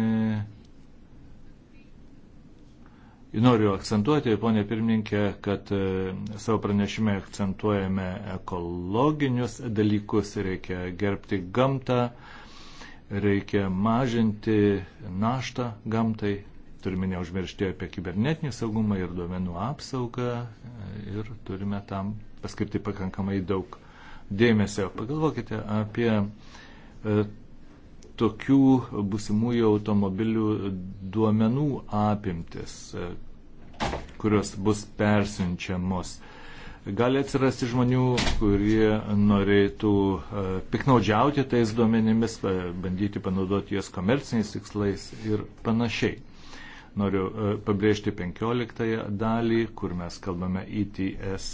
Speaker 3: Noriu akcentuoti, ponė pirmininkė, kad e, savo pranešime akcentuojame ekologinius dalykus, reikia gerbti gamtą, reikia mažinti naštą gamtai, turime neužmiršti apie kibernetinį saugumą ir duomenų apsaugą e, ir turime tam paskirti pakankamai daug dėmesio. Pagalvokite apie e, tokių busimųjų automobilių duomenų apimtis, e, kurios bus persiunčiamos. Gali atsirasti žmonių, kurie norėtų e, piknaudžiauti tais duomenimis, e, bandyti panaudoti juos komerciniais tikslais ir panašiai. Noriu pabrėžti 15 dalį, kur mes kalbame ITS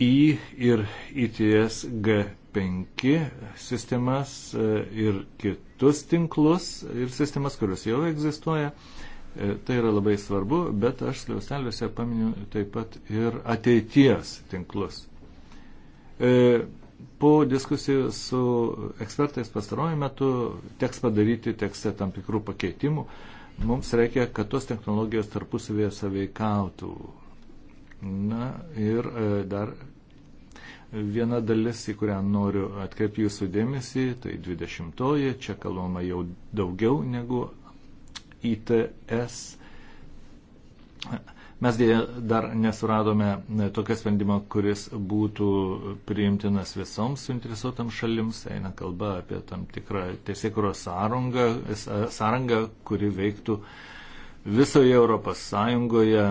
Speaker 3: I ir ITS G 5 sistemas e, ir kitus tinklus ir sistemas, kurios jau egzistuoja. E, tai yra labai svarbu, bet aš skliausteliuose paminiu taip pat ir ateities tinklus. E, po diskusijų su ekspertais pastarojame metu teks padaryti tekste tam tikrų pakeitimų. Mums reikia, kad tos technologijos tarpusavėje saveikautų. Na ir dar viena dalis, į kurią noriu atkreipti jūsų dėmesį, tai 20-oji, čia kalbama jau daugiau negu ITS. Mes dėja dar nesuradome tokio sprendimo, kuris būtų priimtinas visoms suinteresuotams šalims. Eina kalba apie tam tikrą tiesiekuros sąrangą, sąrangą, kuri veiktų uh, visoje Europos Sąjungoje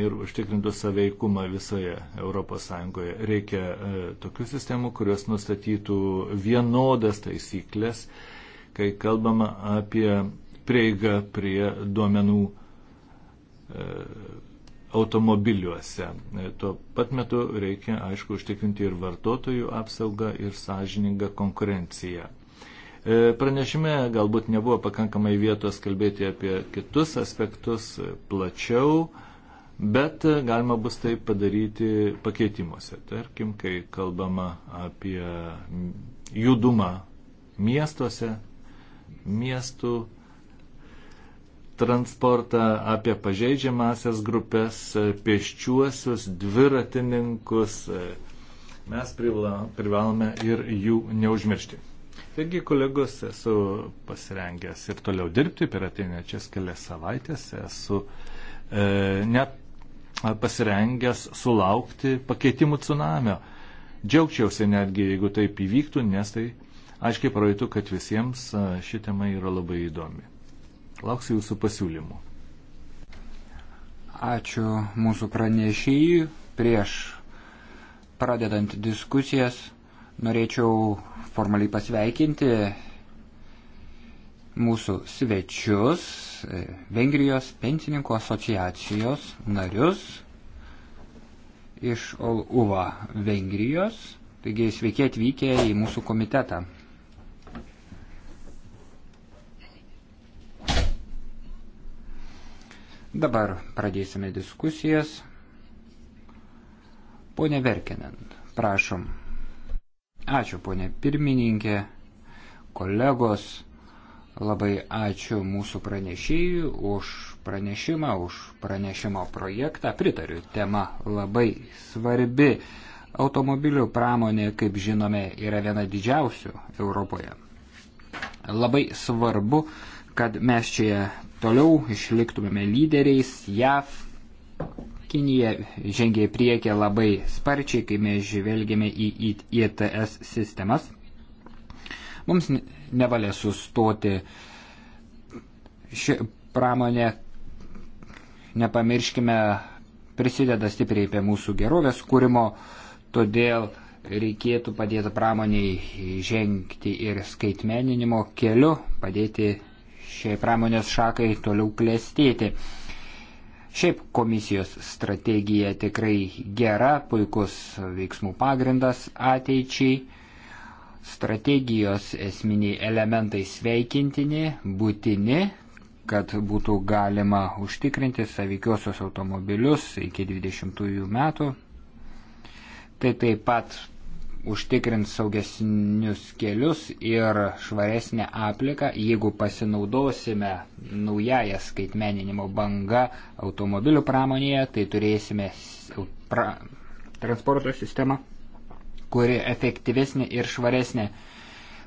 Speaker 3: ir užtikrintų saveikumą visoje Europos Sąjungoje. Reikia e, tokių sistemų, kurios nustatytų vienodas taisyklės, kai kalbama apie prieigą prie duomenų e, automobiliuose. E, tuo pat metu reikia, aišku, užtikrinti ir vartotojų apsaugą ir sąžiningą konkurenciją. E, pranešime galbūt nebuvo pakankamai vietos kalbėti apie kitus aspektus e, plačiau, bet e, galima bus tai padaryti pakeitimuose. Tarkim, kai kalbama apie judumą miestuose, miestų transportą, apie pažeidžiamasias grupės, pėsčiuosius, dviratininkus. Mes privalome ir jų neužmiršti. Taigi, kolegos, esu pasirengęs ir toliau dirbti per ateinančias kelias savaitės. Esu e, net pasirengęs sulaukti pakeitimų tsunamio. Džiaugčiausi netgi, jeigu taip įvyktų, nes tai aiškiai parodytų, kad visiems e, ši tema yra labai įdomi. Lauksiu jūsų pasiūlymų. Ačiū mūsų pranešėjui. Prieš
Speaker 1: pradedant diskusijas norėčiau formaliai pasveikinti mūsų svečius, e, Vengrijos pensininkų asociacijos narius iš UVA Vengrijos. Taigi sveiki atvykę į mūsų komitetą. Dabar pradėsime diskusijas. Pone Verkinen, prašom. Ačiū, ponė pirmininkė, kolegos, labai ačiū mūsų pranešėjų už pranešimą, už pranešimo projektą. Pritariu, tema labai svarbi. Automobilių pramonė, kaip žinome, yra viena didžiausių Europoje. Labai svarbu, kad mes čia toliau išliktumėme lyderiais JAV, Kinija žengia į priekį labai sparčiai, kai mes žvelgėme į ITS sistemas. Mums nevalia sustoti ši pramonė, nepamirškime, prisideda stipriai prie mūsų gerovės kūrimo, todėl reikėtų padėti pramoniai žengti ir skaitmeninimo keliu, padėti šiai pramonės šakai toliau klėstėti. Šiaip komisijos strategija tikrai gera, puikus veiksmų pagrindas ateičiai. Strategijos esminiai elementai sveikintini, būtini, kad būtų galima užtikrinti savykiosios automobilius iki 20 metų. Tai taip pat užtikrins saugesnius kelius ir švaresnę aplinką, jeigu pasinaudosime naująją skaitmeninimo bangą automobilių pramonėje, tai turėsime pra, transporto sistemą, kuri efektyvesnė ir švaresnė.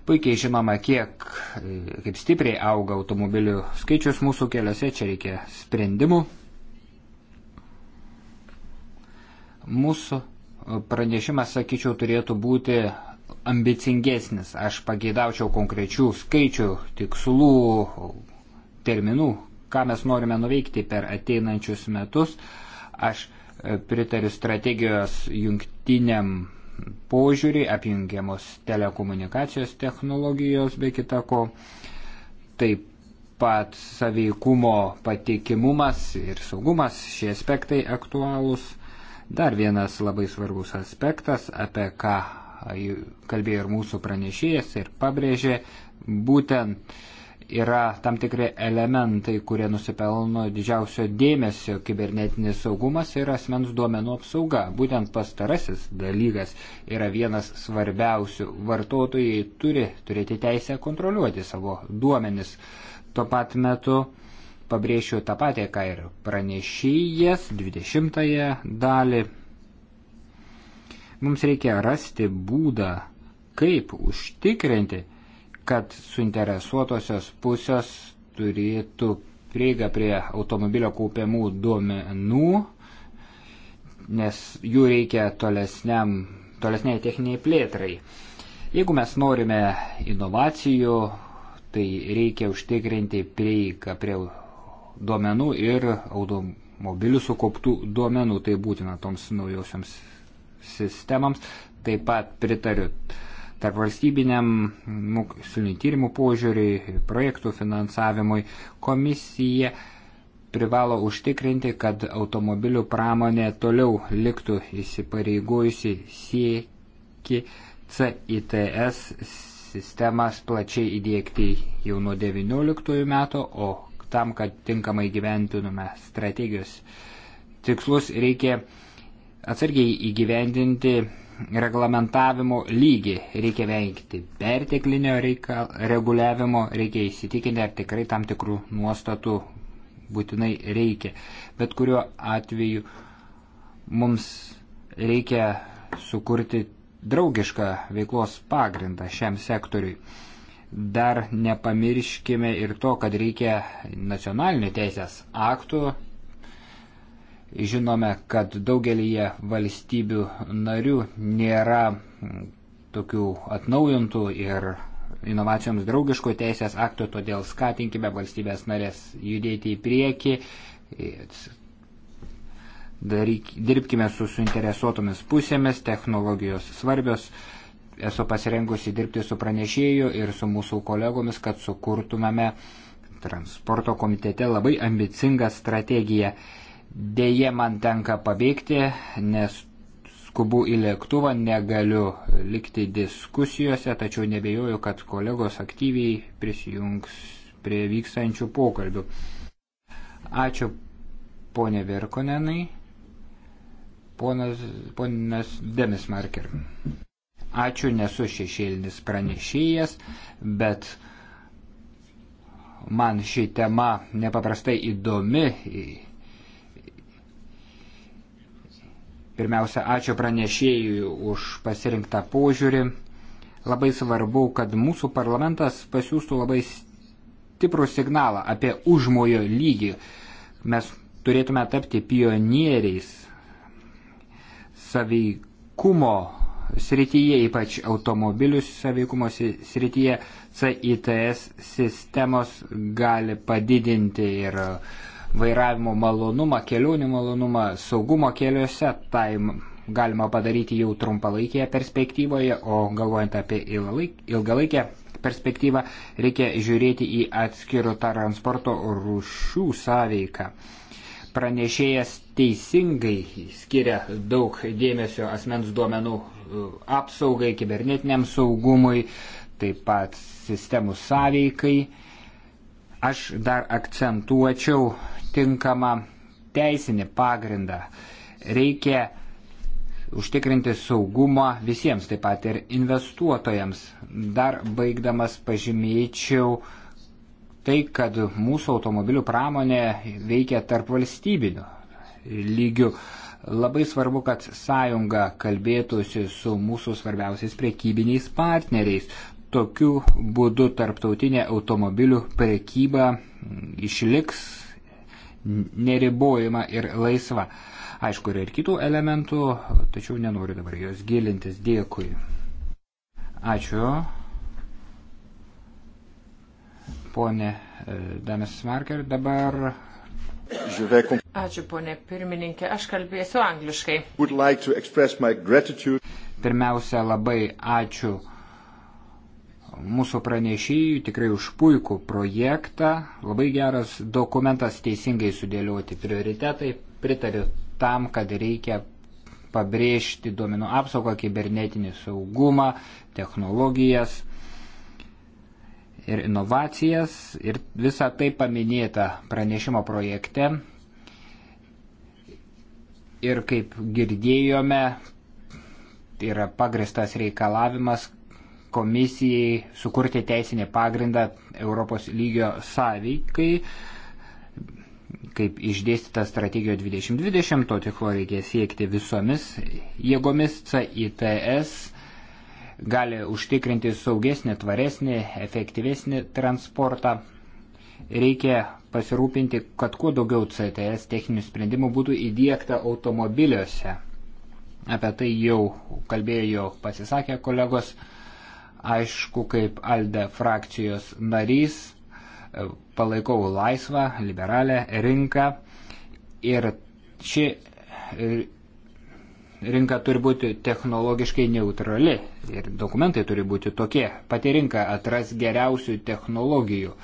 Speaker 1: Puikiai žinoma, kiek, e, kaip stipriai auga automobilių skaičius mūsų keliuose, čia reikia sprendimų. Mūsų pranešimas, sakyčiau, turėtų būti ambicingesnis. Aš pageidaučiau konkrečių skaičių, tikslų, terminų, ką mes norime nuveikti per ateinančius metus. Aš e, pritariu strategijos jungtiniam požiūrį, apjungiamos telekomunikacijos technologijos bei kitako. Taip pat saveikumo patikimumas ir saugumas, šie aspektai aktualūs. Dar vienas labai svarbus aspektas, apie ką kalbėjo ir mūsų pranešėjas ir pabrėžė, būtent yra tam tikri elementai, kurie nusipelno didžiausio dėmesio kibernetinis saugumas ir asmens duomenų apsauga. Būtent pastarasis dalykas yra vienas svarbiausių. Vartotojai turi turėti teisę kontroliuoti savo duomenis. Tuo pat metu pabrėšiu tą patį, ką ir pranešėjas 20 dalį. Mums reikia rasti būdą, kaip užtikrinti, kad suinteresuotosios pusės turėtų prieigą prie automobilio kaupiamų duomenų, nes jų reikia tolesniam, tolesniai techniniai plėtrai. Jeigu mes norime inovacijų, tai reikia užtikrinti prieigą prie duomenų ir automobilių sukauptų duomenų. Tai būtina toms naujosiams sistemams. Taip pat pritariu tarp valstybiniam mokslinių tyrimų požiūriui, projektų finansavimui. Komisija privalo užtikrinti, kad automobilių pramonė toliau liktų įsipareigojusi sieki CITS sistemas plačiai įdėkti jau nuo 19 metų, o tam, kad tinkamai gyventume strategijos tikslus, reikia atsargiai įgyvendinti reglamentavimo lygį. Reikia vengti perteklinio reikal, reguliavimo, reikia įsitikinti, ar tikrai tam tikrų nuostatų būtinai reikia. Bet kuriuo atveju mums reikia sukurti draugišką veiklos pagrindą šiam sektoriui dar nepamirškime ir to, kad reikia nacionalinių teisės aktų. Žinome, kad daugelįje valstybių narių nėra tokių atnaujintų ir inovacijoms draugiškų teisės aktų, todėl skatinkime valstybės narės judėti į priekį, daryk, dirbkime su suinteresuotomis pusėmis, technologijos svarbios esu pasirengusi dirbti su pranešėju ir su mūsų kolegomis, kad sukurtumėme transporto komitete labai ambicingą strategiją. Deja, man tenka pabėgti, nes skubu į lėktuvą, negaliu likti diskusijose, tačiau nebejoju, kad kolegos aktyviai prisijungs prie vykstančių pokalbių. Ačiū, ponė Verkonenai. Ponas, ponas Demis Marker. Ačiū, nesu šešėlinis pranešėjas, bet man ši tema nepaprastai įdomi. Pirmiausia, ačiū pranešėjui už pasirinktą požiūrį. Labai svarbu, kad mūsų parlamentas pasiūstų labai stiprų signalą apie užmojo lygį. Mes turėtume tapti pionieriais saveikumo srityje, ypač automobilių saveikumo srityje, CITS sistemos gali padidinti ir vairavimo malonumą, kelionių malonumą, saugumo keliuose, tai galima padaryti jau trumpalaikėje perspektyvoje, o galvojant apie ilgalaikę perspektyvą, reikia žiūrėti į atskirų transporto rūšių sąveiką. Pranešėjas teisingai skiria daug dėmesio asmens duomenų apsaugai, kibernetiniam saugumui, taip pat sistemų sąveikai. Aš dar akcentuočiau tinkamą teisinį pagrindą. Reikia užtikrinti saugumą visiems, taip pat ir investuotojams. Dar baigdamas pažymėčiau tai, kad mūsų automobilių pramonė veikia tarp valstybinių lygių. Labai svarbu, kad sąjunga kalbėtųsi su mūsų svarbiausiais prekybiniais partneriais. Tokiu būdu tarptautinė automobilių prekyba išliks neribojama ir laisva. Aišku, yra ir kitų elementų, tačiau nenoriu dabar jos gilintis. Dėkui. Ačiū. Pone e, Danis Marker, dabar Ačiū,
Speaker 2: ponė pirmininkė. Aš kalbėsiu angliškai.
Speaker 3: Like
Speaker 1: Pirmiausia, labai ačiū mūsų pranešėjų tikrai už puikų projektą. Labai geras dokumentas teisingai sudėlioti prioritetai. Pritariu tam, kad reikia pabrėžti duomenų apsaugą, kibernetinį saugumą, technologijas ir inovacijas ir visa tai paminėta pranešimo projekte. Ir kaip girdėjome, tai yra pagristas reikalavimas komisijai sukurti teisinį pagrindą Europos lygio sąveikai, kaip išdėstyta strategijoje 2020, to tikslo reikia siekti visomis jėgomis CITS gali užtikrinti saugesnį, tvaresnį, efektyvesnį transportą. Reikia pasirūpinti, kad kuo daugiau CTS techninių sprendimų būtų įdėkta automobiliuose. Apie tai jau kalbėjo, pasisakė kolegos. Aišku, kaip Alde frakcijos narys, e, palaikau laisvą, liberalę rinką ir ši e, rinka turi būti technologiškai neutrali ir dokumentai turi būti tokie. Pati rinka atras geriausių technologijų.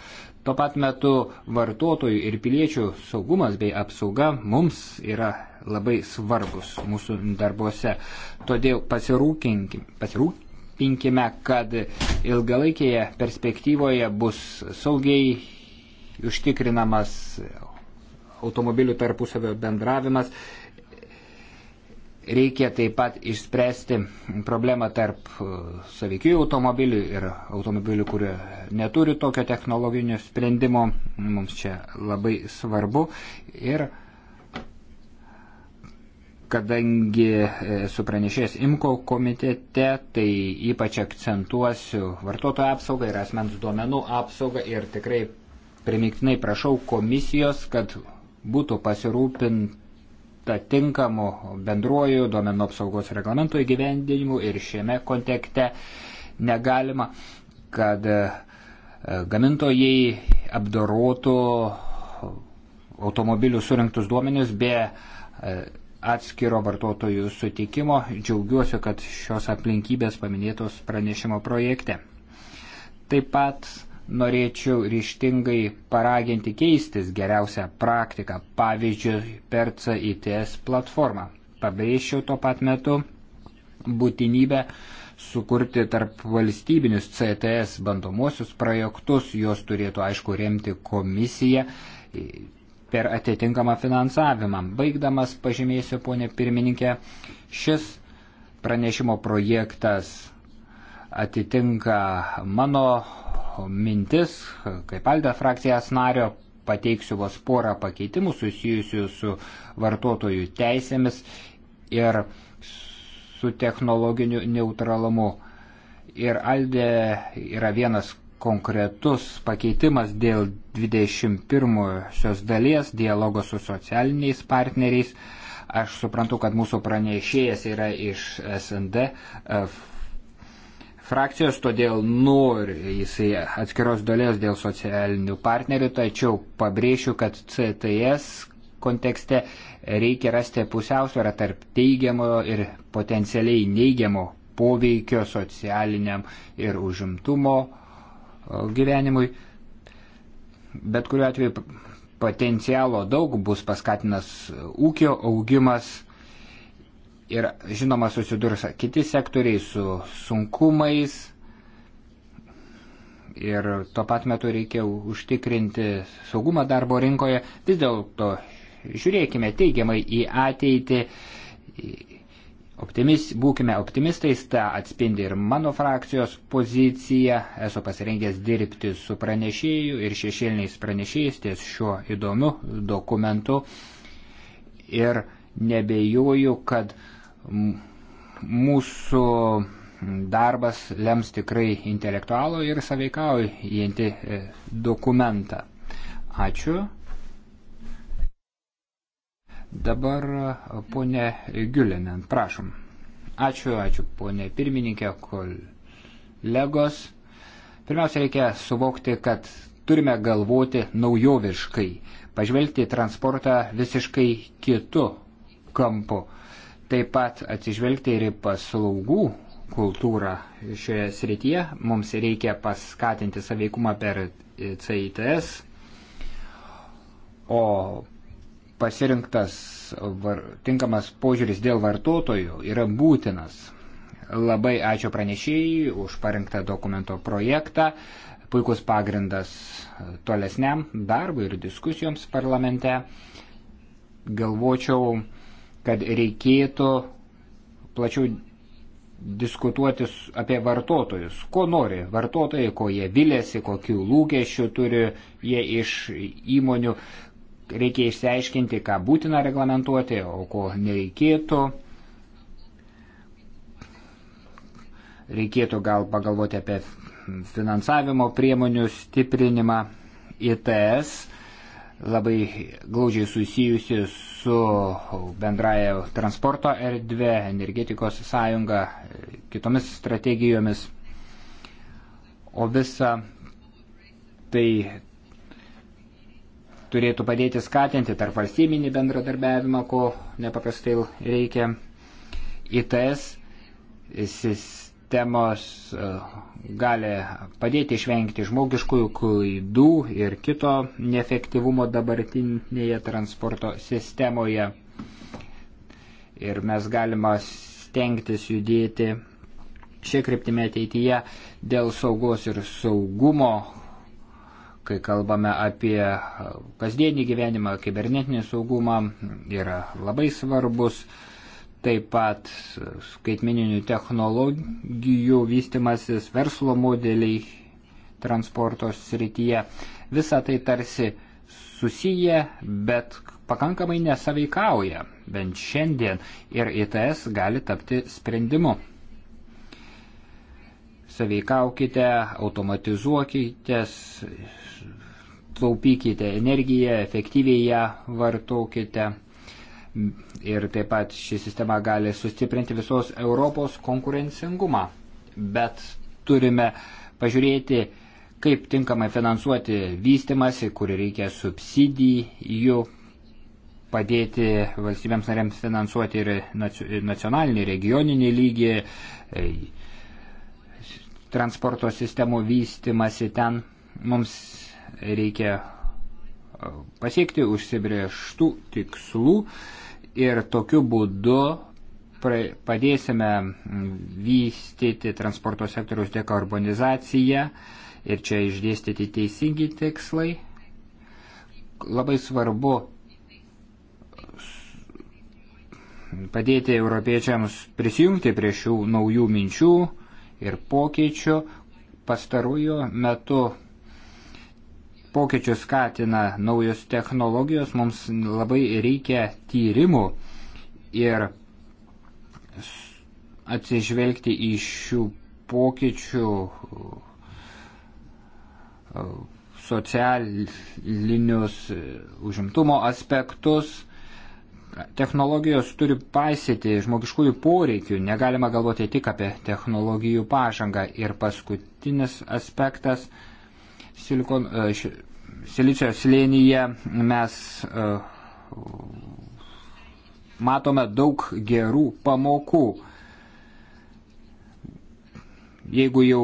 Speaker 1: Tuo pat metu vartotojų ir piliečių saugumas bei apsauga mums yra labai svarbus mūsų darbuose. Todėl pasirūpinkime, kad ilgalaikėje perspektyvoje bus saugiai užtikrinamas automobilių tarpusavio bendravimas Reikia taip pat išspręsti problemą tarp e, savykių automobilių ir automobilių, kurie neturi tokio technologinio sprendimo. Mums čia labai svarbu. Ir kadangi esu pranešėjęs IMKO komitete, tai ypač akcentuosiu vartotojo apsaugą ir asmens duomenų apsaugą ir tikrai primiktinai prašau komisijos, kad būtų pasirūpinta tinkamų bendruojų duomenų apsaugos reglamento įgyvendinimu ir šiame kontekste negalima, kad e, gamintojai apdorotų automobilių surinktus duomenis be e, atskiro vartotojų sutikimo. Džiaugiuosi, kad šios aplinkybės paminėtos pranešimo projekte. Taip pat norėčiau ryštingai paraginti keistis geriausią praktiką, pavyzdžiui, per CITS platformą. Pabrėžčiau tuo pat metu būtinybę sukurti tarp valstybinius CTS bandomuosius projektus, juos turėtų aišku remti komisija per atitinkamą finansavimą. Baigdamas pažymėsiu, ponė pirmininkė, šis pranešimo projektas atitinka mano mintis, kaip Alda frakcijas nario, pateiksiu vos porą pakeitimų susijusių su vartotojų teisėmis ir su technologiniu neutralumu. Ir Aldė yra vienas konkretus pakeitimas dėl 21 dalies dialogo su socialiniais partneriais. Aš suprantu, kad mūsų pranešėjas yra iš SND frakcijos, todėl nori jisai atskiros dalies dėl socialinių partnerių, tačiau pabrėšiu, kad CTS kontekste reikia rasti pusiausvyrą tarp teigiamo ir potencialiai neigiamo poveikio socialiniam ir užimtumo gyvenimui. Bet kuriuo atveju potencialo daug bus paskatinas ūkio augimas ir žinoma susidurs kiti sektoriai su sunkumais ir tuo pat metu reikia užtikrinti saugumą darbo rinkoje. Vis dėlto žiūrėkime teigiamai į ateitį, optimis, būkime optimistais, tą atspindi ir mano frakcijos pozicija. Esu pasirengęs dirbti su pranešėju ir šešėliniais pranešėjais ties šiuo įdomiu dokumentu. Ir nebejoju, kad mūsų darbas lems tikrai intelektualų ir saveikaujantį e, dokumentą. Ačiū. Dabar e, ponė Giulinen, prašom. Ačiū, ačiū ponė pirmininkė, kolegos. Pirmiausia, reikia suvokti, kad turime galvoti naujoviškai, pažvelgti transportą visiškai kitu kampu taip pat atsižvelgti ir į paslaugų kultūrą šioje srityje. Mums reikia paskatinti saveikumą per CITS, o pasirinktas var, tinkamas požiūris dėl vartotojų yra būtinas. Labai ačiū pranešėjai už parengtą dokumento projektą. Puikus pagrindas tolesniam darbui ir diskusijoms parlamente. Galvočiau, kad reikėtų plačiau diskutuoti apie vartotojus. Ko nori vartotojai, ko jie vilėsi, kokių lūkesčių turi jie iš įmonių. Reikia išsiaiškinti, ką būtina reglamentuoti, o ko nereikėtų. Reikėtų gal pagalvoti apie finansavimo priemonių stiprinimą. ITS labai glaudžiai susijusi su bendraja transporto erdvė, energetikos sąjunga, kitomis strategijomis. O visa tai turėtų padėti skatinti tarp valstybinį bendradarbiavimą, ko nepaprastai reikia. ITS sistemos e, gali padėti išvengti žmogiškųjų klaidų ir kito neefektyvumo dabartinėje transporto sistemoje. Ir mes galima stengtis judėti šia kryptime ateityje dėl saugos ir saugumo, kai kalbame apie kasdienį gyvenimą, kibernetinį saugumą, yra labai svarbus taip pat skaitmeninių technologijų vystimasis verslo modeliai transporto srityje. Visa tai tarsi susiję, bet pakankamai nesaveikauja, bent šiandien, ir ITS gali tapti sprendimu. Saveikaukite, automatizuokitės, taupykite energiją, efektyviai ją vartokite ir taip pat ši sistema gali sustiprinti visos Europos konkurencingumą. Bet turime pažiūrėti, kaip tinkamai finansuoti vystimasi, kur reikia subsidijų, padėti valstybėms narėms finansuoti ir nacionalinį, regioninį lygį, e, transporto sistemų vystimasi ten. Mums reikia e, pasiekti užsibrieštų tikslų ir tokiu būdu padėsime vystyti transporto sektoriaus dekarbonizaciją ir čia išdėstyti teisingi tikslai. Labai svarbu padėti europiečiams prisijungti prie šių naujų minčių ir pokyčių. Pastaruoju metu pokyčius skatina naujos technologijos, mums labai reikia tyrimų ir atsižvelgti į šių pokyčių e, socialinius e, užimtumo aspektus. Technologijos turi paisyti žmogiškųjų poreikių, negalima galvoti tik apie technologijų pažangą. Ir paskutinis aspektas Silikon, e, Silicio slėnyje mes e, matome daug gerų pamokų. Jeigu jau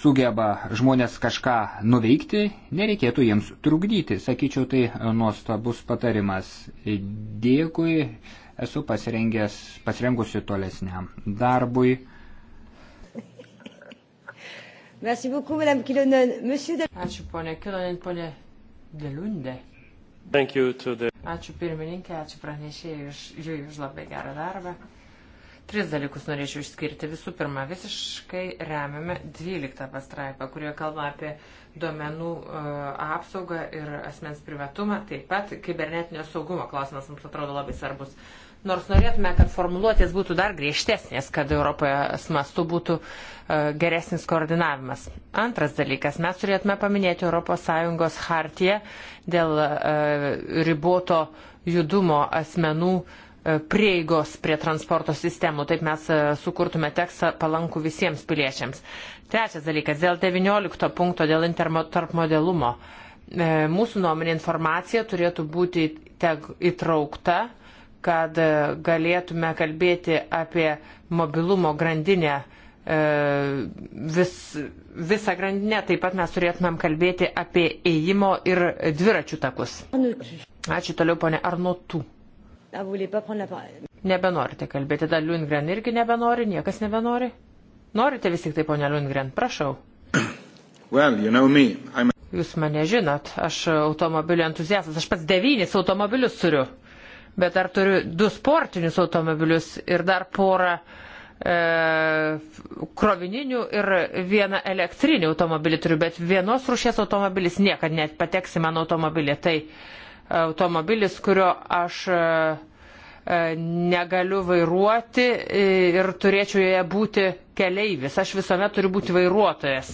Speaker 1: sugeba žmonės kažką nuveikti, nereikėtų jiems trukdyti. Sakyčiau, tai nuostabus patarimas. Dėkui, esu pasirengusi tolesniam darbui.
Speaker 2: Ačiū, ponė Kilonin, ponė Deliundė.
Speaker 3: The...
Speaker 2: Ačiū pirmininkė, ačiū pranešėjai už, už labai gerą darbą. Tris dalykus norėčiau išskirti. Visų pirma, visiškai remiame 12 pastraipą, kurioje kalba apie duomenų uh, apsaugą ir asmens privatumą. Taip pat kibernetinio saugumo klausimas mums atrodo labai svarbus. Uh, Nors norėtume, kad formuluotės būtų dar griežtesnės, kad Europoje mastu būtų e, geresnis koordinavimas. Antras dalykas, mes turėtume paminėti ES hartiją dėl e, riboto judumo asmenų e, prieigos prie transporto sistemų. Taip mes sukurtume tekstą palankų visiems piliečiams. Trečias dalykas, dėl 19 punkto, dėl tarpmodelumo. Mūsų nuomonė informacija turėtų būti įtraukta kad galėtume kalbėti apie mobilumo grandinę e, vis, visą grandinę. Taip pat mes turėtumėm kalbėti apie ėjimo ir dviračių takus. Ačiū toliau, ponė Arnotų.
Speaker 3: Ah,
Speaker 2: Nebenorite kalbėti, dar Liungren irgi nebenori, niekas nebenori. Norite vis tik tai, ponė Liungren, prašau.
Speaker 3: Well, you know me. I'm...
Speaker 2: Jūs mane žinot, aš automobilių entuziastas, aš pats devynis automobilius turiu bet dar turiu du sportinius automobilius ir dar porą e, krovininių ir vieną elektrinį automobilį turiu, bet vienos rušės automobilis niekad net pateks į mano automobilį. Tai automobilis, kurio aš e, e negaliu vairuoti ir turėčiau joje būti keleivis. Aš visuomet turiu būti vairuotojas.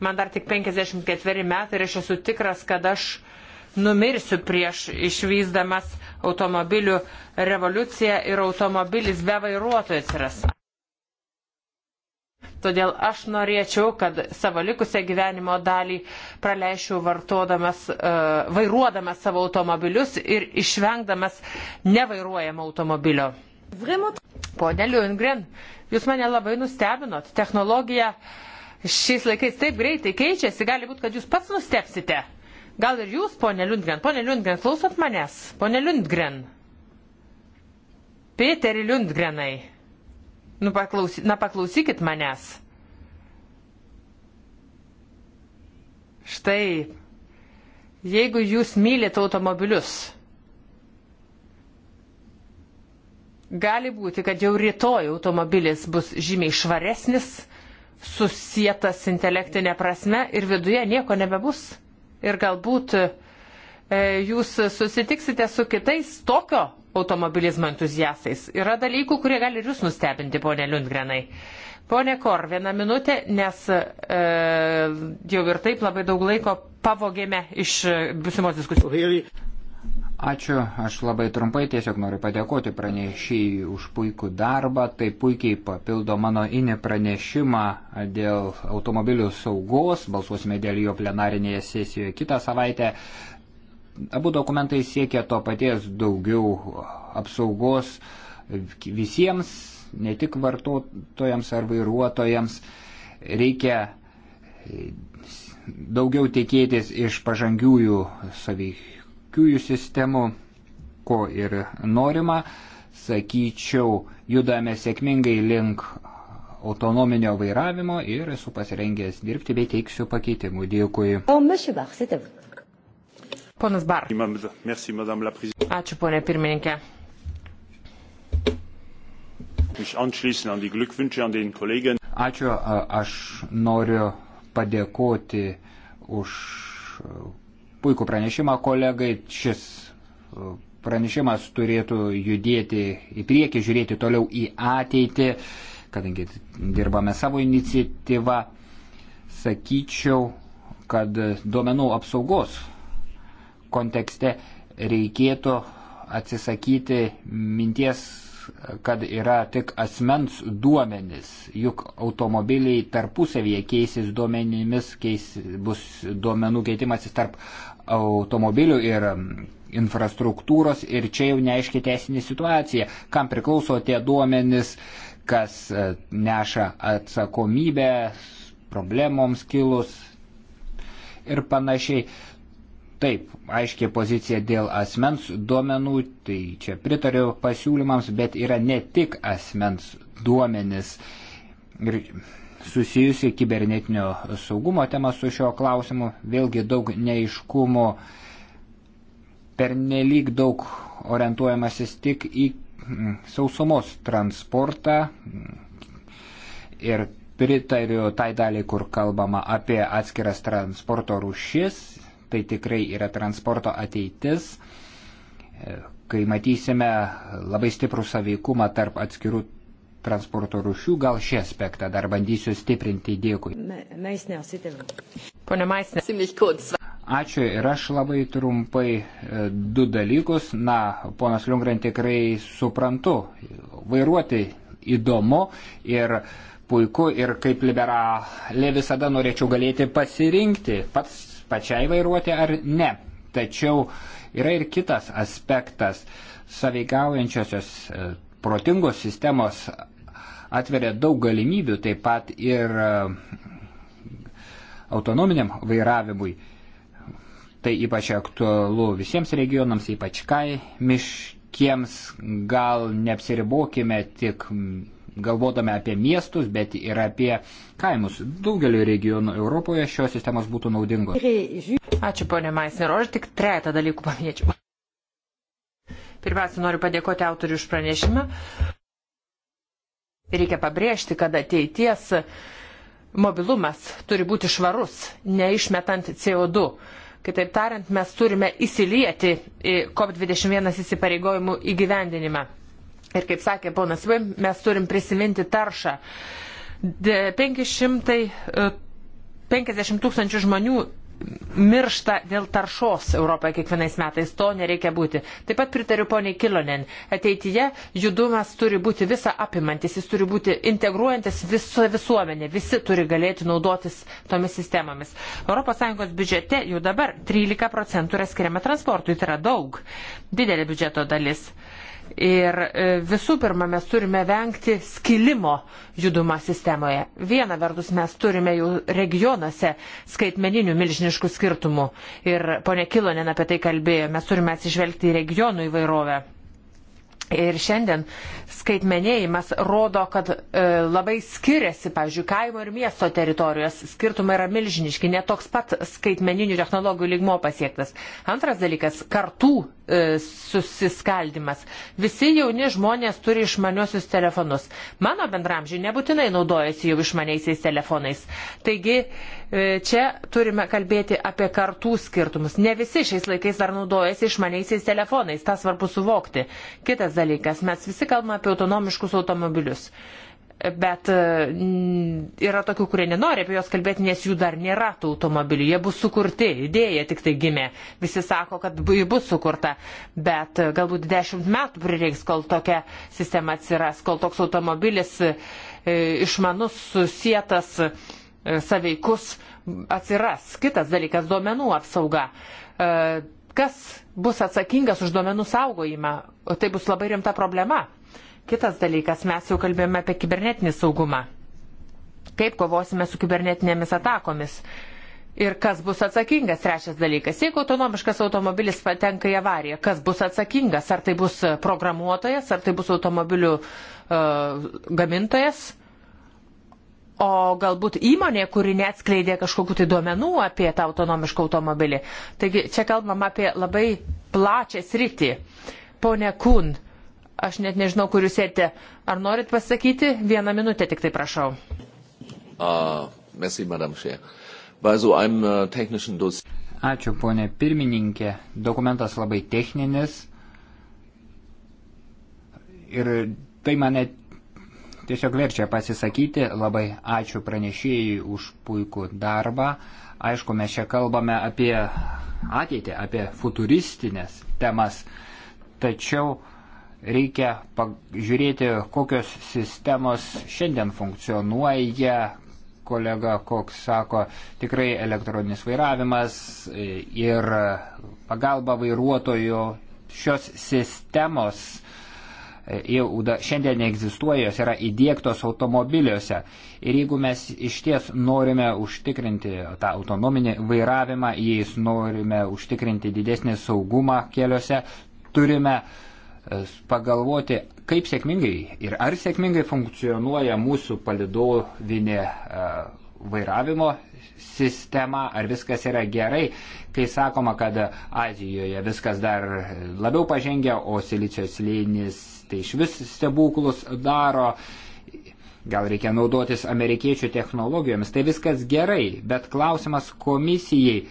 Speaker 2: Man dar tik 54 metai ir aš esu tikras, kad aš uh, numirsiu prieš išvyzdamas automobilių revoliuciją ir automobilis be vairuotojų atsiras. Todėl aš norėčiau, kad savo likusią gyvenimo dalį praleisčiau vartodamas, uh, vairuodamas savo automobilius ir išvengdamas nevairuojamo automobilio. Pone Liungrin, jūs mane labai nustebinot. Technologija šiais laikais taip greitai keičiasi, gali būti, kad jūs pats nustepsite. Gal ir jūs, ponė Liundgren? Ponė Liundgren, klausot manęs? Ponė Liundgren. Pėteri Liundgrenai. Nu, paklausy, na, paklausykit manęs. Štai, jeigu jūs mylite automobilius, gali būti, kad jau rytoj automobilis bus žymiai švaresnis, susietas intelektinė prasme ir viduje nieko nebebus ir galbūt e, jūs susitiksite su kitais tokio automobilizmo entuziastais. Yra dalykų, kurie gali ir jūs nustebinti, ponė Liundgrenai. Pone Kor, vieną minutę, nes e, jau ir taip labai daug laiko pavogėme iš e, būsimos diskusijos.
Speaker 1: Ačiū, aš labai trumpai tiesiog noriu padėkoti pranešėjai už puikų darbą, tai puikiai papildo mano inį pranešimą dėl automobilių saugos, balsuosime dėl jo plenarinėje sesijoje kitą savaitę. Abu dokumentai siekia to paties daugiau apsaugos visiems, ne tik vartotojams ar vairuotojams. Reikia daugiau tikėtis iš pažangiųjų savykių tokiųjų sistemų, ko ir norima. Sakyčiau, judame sėkmingai link autonominio vairavimo ir esu pasirengęs dirbti bei teiksiu pakeitimų. Dėkui.
Speaker 2: Oh, Ponas Bar. Ačiū, ponė pirmininkė.
Speaker 1: Ačiū, aš noriu padėkoti už puikų pranešimą kolegai. Šis e, pranešimas turėtų judėti į priekį, žiūrėti toliau į ateitį, kadangi dirbame savo iniciatyvą. Sakyčiau, kad duomenų apsaugos kontekste reikėtų atsisakyti minties kad yra tik asmens duomenis, juk automobiliai tarpusavyje keisis duomenimis, keis, bus duomenų keitimasis tarp automobilių ir infrastruktūros ir čia jau neaiškiai teisinė situacija, kam priklauso tie duomenis, kas e, neša atsakomybę problemoms kilus ir panašiai. Taip, aiškiai pozicija dėl asmens duomenų, tai čia pritariu pasiūlymams, bet yra ne tik asmens duomenis ir susijusi kibernetinio saugumo tema su šio klausimu, vėlgi daug neiškumo, pernelyg daug orientuojamasis tik į mm, sausumos transportą ir pritariu tai daliai, kur kalbama apie atskiras transporto rušis tai tikrai yra transporto ateitis, kai matysime labai stiprų saveikumą tarp atskirų transporto rušių, gal šį aspektą dar bandysiu stiprinti. Dėkui. Pone Maisne. Ačiū ir aš labai trumpai e, du dalykus. Na, ponas Liungren tikrai suprantu, vairuoti įdomu ir puiku ir kaip liberalė visada norėčiau galėti pasirinkti. Pats pačiai vairuoti ar ne. Tačiau yra ir kitas aspektas. Saveikaujančiosios e, protingos sistemos atveria daug galimybių taip pat ir e, autonominiam vairavimui. Tai ypač aktualu visiems regionams, ypač kaimiškiems. Gal neapsiribokime tik galvodame apie miestus, bet ir apie kaimus. Daugeliu regionų Europoje šios sistemos būtų naudingos.
Speaker 2: Ačiū, ponė Maisner, aš tik trejata dalykų paviečiau. Pirmiausia, noriu padėkoti autoriui už pranešimą. Reikia pabrėžti, kad ateities mobilumas turi būti švarus, neišmetant CO2. Kitaip tariant, mes turime įsilieti į COP21 įsipareigojimų įgyvendinimą. Ir kaip sakė ponas Vim, mes turim prisiminti taršą. 550 e, tūkstančių žmonių miršta dėl taršos Europoje kiekvienais metais. To nereikia būti. Taip pat pritariu poniai Kilonen. Ateityje judumas turi būti visą apimantis, jis turi būti integruojantis viso visuomenė. Visi turi galėti naudotis tomis sistemomis. ES biudžete jau dabar 13 procentų yra skiriama transportui. Tai yra daug. Didelė biudžeto dalis. Uh, Ir e, visų pirma, mes turime vengti skilimo judumą sistemoje. Viena vertus, mes turime jau regionuose skaitmeninių milžiniškų skirtumų. Ir ponė Kilonen apie tai kalbėjo, mes turime atsižvelgti į regionų įvairovę. Ir šiandien skaitmenėjimas rodo, kad e, labai skiriasi, pavyzdžiui, kaimo ir miesto teritorijos skirtumai yra milžiniški, netoks pat skaitmeninių technologijų lygmo pasiektas. Antras dalykas - kartų E, susiskaldimas. Visi jauni žmonės turi išmaniosius telefonus. Mano bendramžiai nebūtinai naudojasi jau išmaniaisiais telefonais. Taigi e, čia turime kalbėti apie kartų skirtumus. Ne visi šiais laikais dar naudojasi išmaniaisiais telefonais, tą svarbu suvokti. Kitas dalykas, mes visi kalbame apie autonomiškus automobilius. Bet e, yra tokių, kurie nenori apie juos kalbėti, nes jų dar nėra tų automobilių. Jie bus sukurti, idėja tik tai gimė. Visi sako, kad jų bus sukurta. Bet e, galbūt dešimt metų prireiks, kol tokia sistema atsiras, kol toks automobilis e, išmanus, susietas, saveikus atsiras. Kitas dalykas - duomenų apsauga. Kas bus atsakingas už duomenų saugojimą? O tai bus labai rimta problema. Kitas dalykas, mes jau kalbėjome apie kibernetinį saugumą. Kaip kovosime su kibernetinėmis atakomis? Ir kas bus atsakingas? Trečias dalykas. Jeigu autonomiškas automobilis patenka į avariją, kas bus atsakingas? Ar tai bus programuotojas, ar tai bus automobilių uh, gamintojas? O galbūt įmonė, kuri neatskleidė kažkokiu tai duomenų apie tą autonomišką automobilį. Taigi čia kalbam apie labai plačią sritį. Pone Kun, uh, Aš net nežinau, kur jūs sėdite. Ar norit pasakyti? Vieną minutę tik tai prašau.
Speaker 3: Uh, merci, madam Šė. Bazu,
Speaker 1: I'm uh, technician dos. Ačiū, ponė pirmininkė. Dokumentas labai techninis. Ir tai mane tiesiog verčia pasisakyti. Labai ačiū pranešėjai už puikų darbą. Aišku, mes čia kalbame apie ateitį, apie futuristinės temas. Tačiau reikia žiūrėti, kokios sistemos šiandien funkcionuoja. Kolega Koks sako, tikrai elektroninis vairavimas e, ir pagalba vairuotojų šios sistemos e, jau šiandien neegzistuoja, jos yra įdėktos automobiliuose. Ir jeigu mes iš ties norime užtikrinti tą autonominį vairavimą, jais norime užtikrinti didesnį saugumą keliuose, turime uh, pagalvoti, kaip sėkmingai ir ar sėkmingai funkcionuoja mūsų palidovinė e, vairavimo sistema, ar viskas yra gerai, kai sakoma, kad Azijoje viskas dar labiau pažengia, o silicijos lėnis tai iš vis stebuklus daro. Gal reikia naudotis amerikiečių technologijomis, tai viskas gerai, bet klausimas komisijai,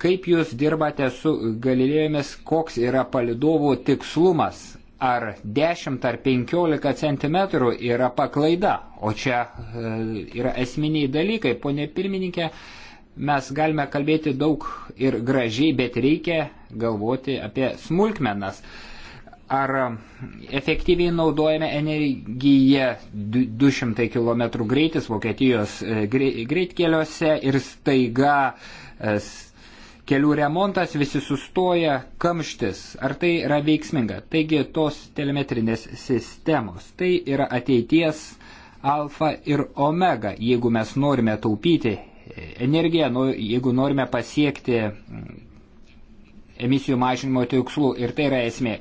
Speaker 1: Kaip jūs dirbate su galilėjomis, koks yra palidovų tikslumas? Ar 10 ar 15 cm yra paklaida? O čia e, yra esminiai dalykai. Pone pirmininkė, mes galime kalbėti daug ir gražiai, bet reikia galvoti apie smulkmenas. Ar efektyviai naudojame energiją 200 km greitis Vokietijos e, greitkeliuose ir staiga e, kelių remontas, visi sustoja, kamštis. Ar tai yra veiksminga? Taigi tos telemetrinės sistemos. Tai yra ateities alfa ir omega, jeigu mes norime taupyti e, energiją, jeigu norime pasiekti mm, emisijų mažinimo tikslų ir tai yra esmė.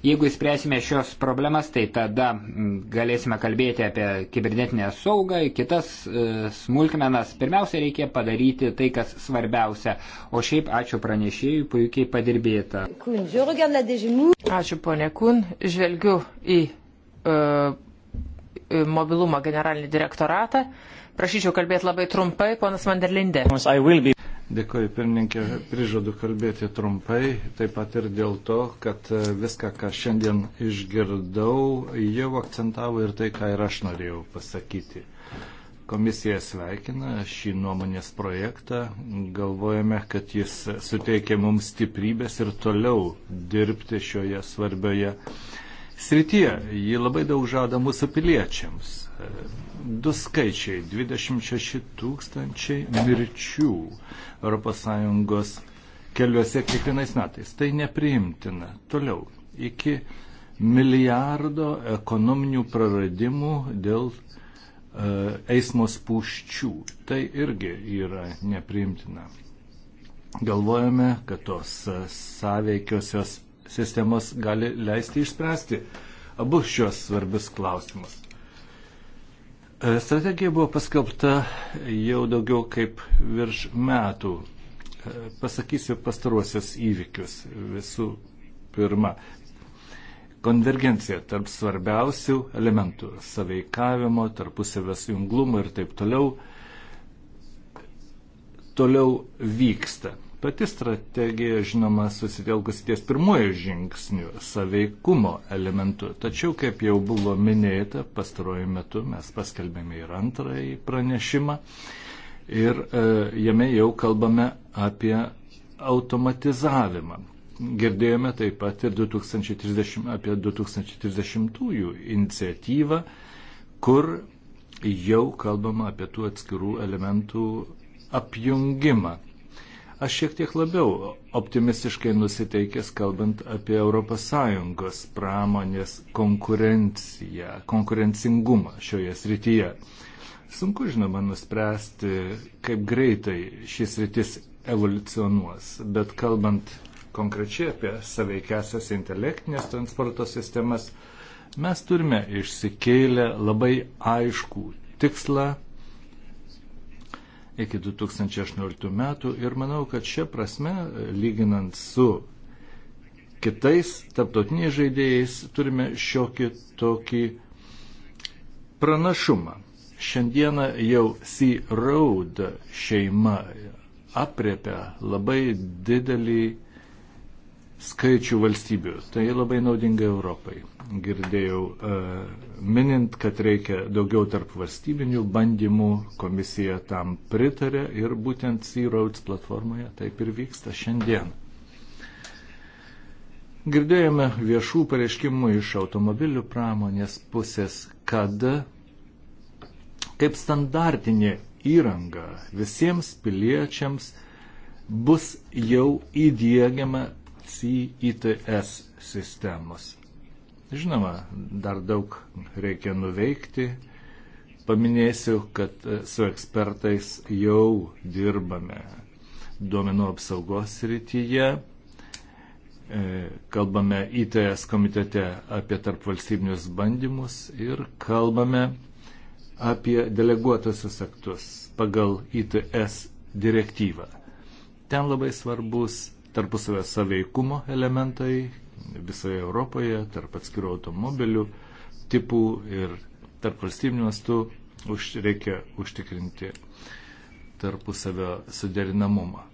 Speaker 1: Jeigu įspręsime šios problemas, tai tada mm, galėsime kalbėti apie kibernetinę saugą, kitas e, smulkmenas. Pirmiausia, reikia padaryti tai, kas svarbiausia. O šiaip ačiū pranešėjui, puikiai padirbėta.
Speaker 2: Ačiū, ponė Kun. Žvelgiu į. Uh, e, mobilumo generalinį direktoratą. Prašyčiau kalbėti labai trumpai, ponas Vanderlinde.
Speaker 3: Be... Dėkuoju, pirmininkė, prižadu kalbėti trumpai, taip pat ir dėl to, kad e, viską, ką šiandien išgirdau, jau akcentavo ir tai, ką ir aš norėjau pasakyti. Komisija sveikina šį nuomonės projektą, galvojame, kad jis suteikia mums stiprybės ir toliau dirbti šioje svarbioje srityje. Ji labai daug žada mūsų piliečiams. Du skaičiai - 26 tūkstančiai mirčių ES keliuose kiekvienais metais. Tai nepriimtina. Toliau, iki milijardo ekonominių praradimų dėl e, eismo spūščių. Tai irgi yra nepriimtina. Galvojame, kad tos e, sąveikiosios sistemos gali leisti išspręsti abu šios svarbius klausimus. E, strategija buvo paskelbta jau daugiau kaip virš metų. E, pasakysiu pastaruosius įvykius visų pirma. Konvergencija tarp svarbiausių elementų - saveikavimo, tarpusavės junglumo ir taip toliau - toliau vyksta. Pati strategija, žinoma, susitelkusi ties pirmuoju žingsniu - saveikumo elementu. Tačiau, kaip jau buvo minėta, pastaruoju metu mes paskelbėme ir antrąjį pranešimą ir e, jame jau kalbame apie automatizavimą. Girdėjome taip pat ir 2030, apie 2030-ųjų iniciatyvą, kur jau kalbama apie tų atskirų elementų apjungimą. Aš šiek tiek labiau optimistiškai nusiteikęs, kalbant apie ES pramonės konkurenciją, konkurencingumą šioje srityje. Sunku, žinoma, nuspręsti, kaip greitai šis rytis evoliucionuos, bet kalbant konkrečiai apie saveikęsias intelektinės transporto sistemas, mes turime išsikėlę labai aiškų tikslą iki 2018 metų ir manau, kad šia prasme, lyginant su kitais taptautiniais žaidėjais, turime šiokį tokį pranašumą. Šiandieną jau Sea Road šeima apriepia labai didelį skaičių valstybių. Tai labai naudinga Europai. Girdėjau e, minint, kad reikia daugiau tarp valstybinių bandymų, komisija tam pritarė ir būtent Searoads platformoje taip ir vyksta šiandien. Girdėjome viešų pareiškimų iš automobilių pramonės pusės, kad kaip standartinė įranga visiems piliečiams bus jau įdėgiama EC ITS sistemos. Žinoma, dar daug reikia nuveikti. Paminėsiu, kad e, su ekspertais jau dirbame duomenų apsaugos rytyje. E, kalbame ITS komitete apie tarpvalstybinius bandymus ir kalbame apie deleguotusius aktus pagal ITS direktyvą. Ten labai svarbus tarpusavę saveikumo elementai visoje Europoje, tarp atskirų automobilių tipų ir tarp valstybinių mastų už, reikia užtikrinti tarpusavio suderinamumą.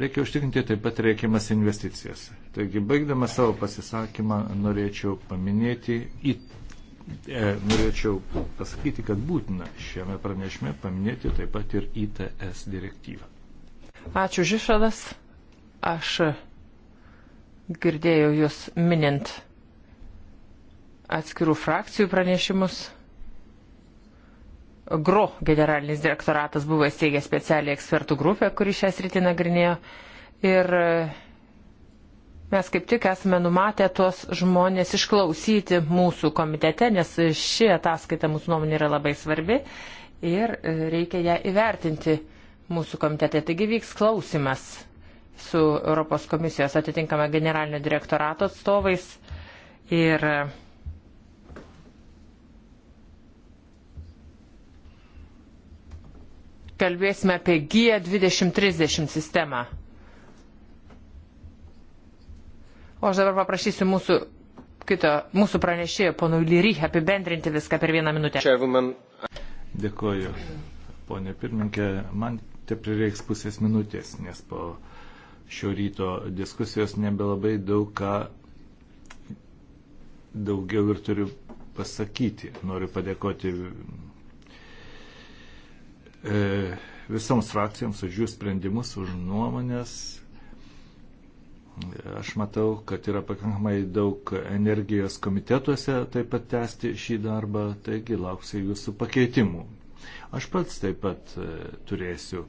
Speaker 3: Reikia užtikrinti taip pat reikiamas investicijas. Taigi, baigdamas savo pasisakymą, norėčiau paminėti, į, e, norėčiau pasakyti, kad būtina šiame pranešime paminėti taip pat ir ITS direktyvą.
Speaker 2: Ačiū, Žišadas. Aš girdėjau jūs minint atskirų frakcijų pranešimus. GRO generalinis direktoratas buvo įsteigęs specialią ekspertų grupę, kuri šią sritį nagrinėjo. Ir mes kaip tik esame numatę tuos žmonės išklausyti mūsų komitete, nes ši ataskaita mūsų nuomonė yra labai svarbi ir reikia ją įvertinti mūsų komitete. Taigi vyks klausimas su Europos komisijos atitinkama generalinio direktorato atstovais ir kalbėsime apie G2030 sistemą. O aš dabar paprašysiu mūsų kito, mūsų pranešėjo, ponų Lyry, apibendrinti viską per vieną minutę.
Speaker 3: Dėkuoju, ponė pirmininkė, man te prireiks pusės minutės, nes po šio ryto diskusijos nebelabai daug ką daugiau ir turiu pasakyti. Noriu padėkoti e, visoms frakcijoms už jų sprendimus, už nuomonės. Aš matau, kad yra pakankamai daug energijos komitetuose taip pat tęsti šį darbą, taigi lauksiu jūsų pakeitimų. Aš pats taip pat e, turėsiu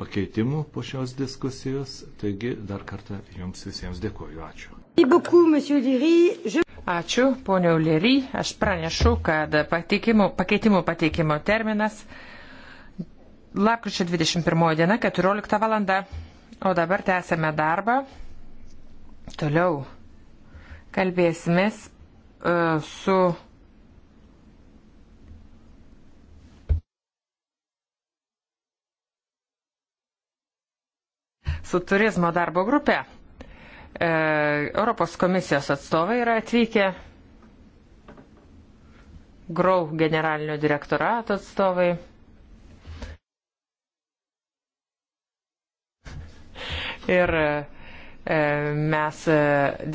Speaker 3: pakeitimų po šios diskusijos. Taigi dar kartą jums visiems dėkuoju. Ačiū.
Speaker 2: Ačiū, ponia Ulerį. Aš pranešu, kad pateikimų, pakeitimų pateikimo terminas lapkričio 21 diena, 14 valanda. O dabar tęsėme darbą. Toliau kalbėsimės uh, su su turizmo darbo grupė. E, Europos komisijos atstovai yra atvykę, Grau generalinio direktorato atstovai. Ir e, mes e,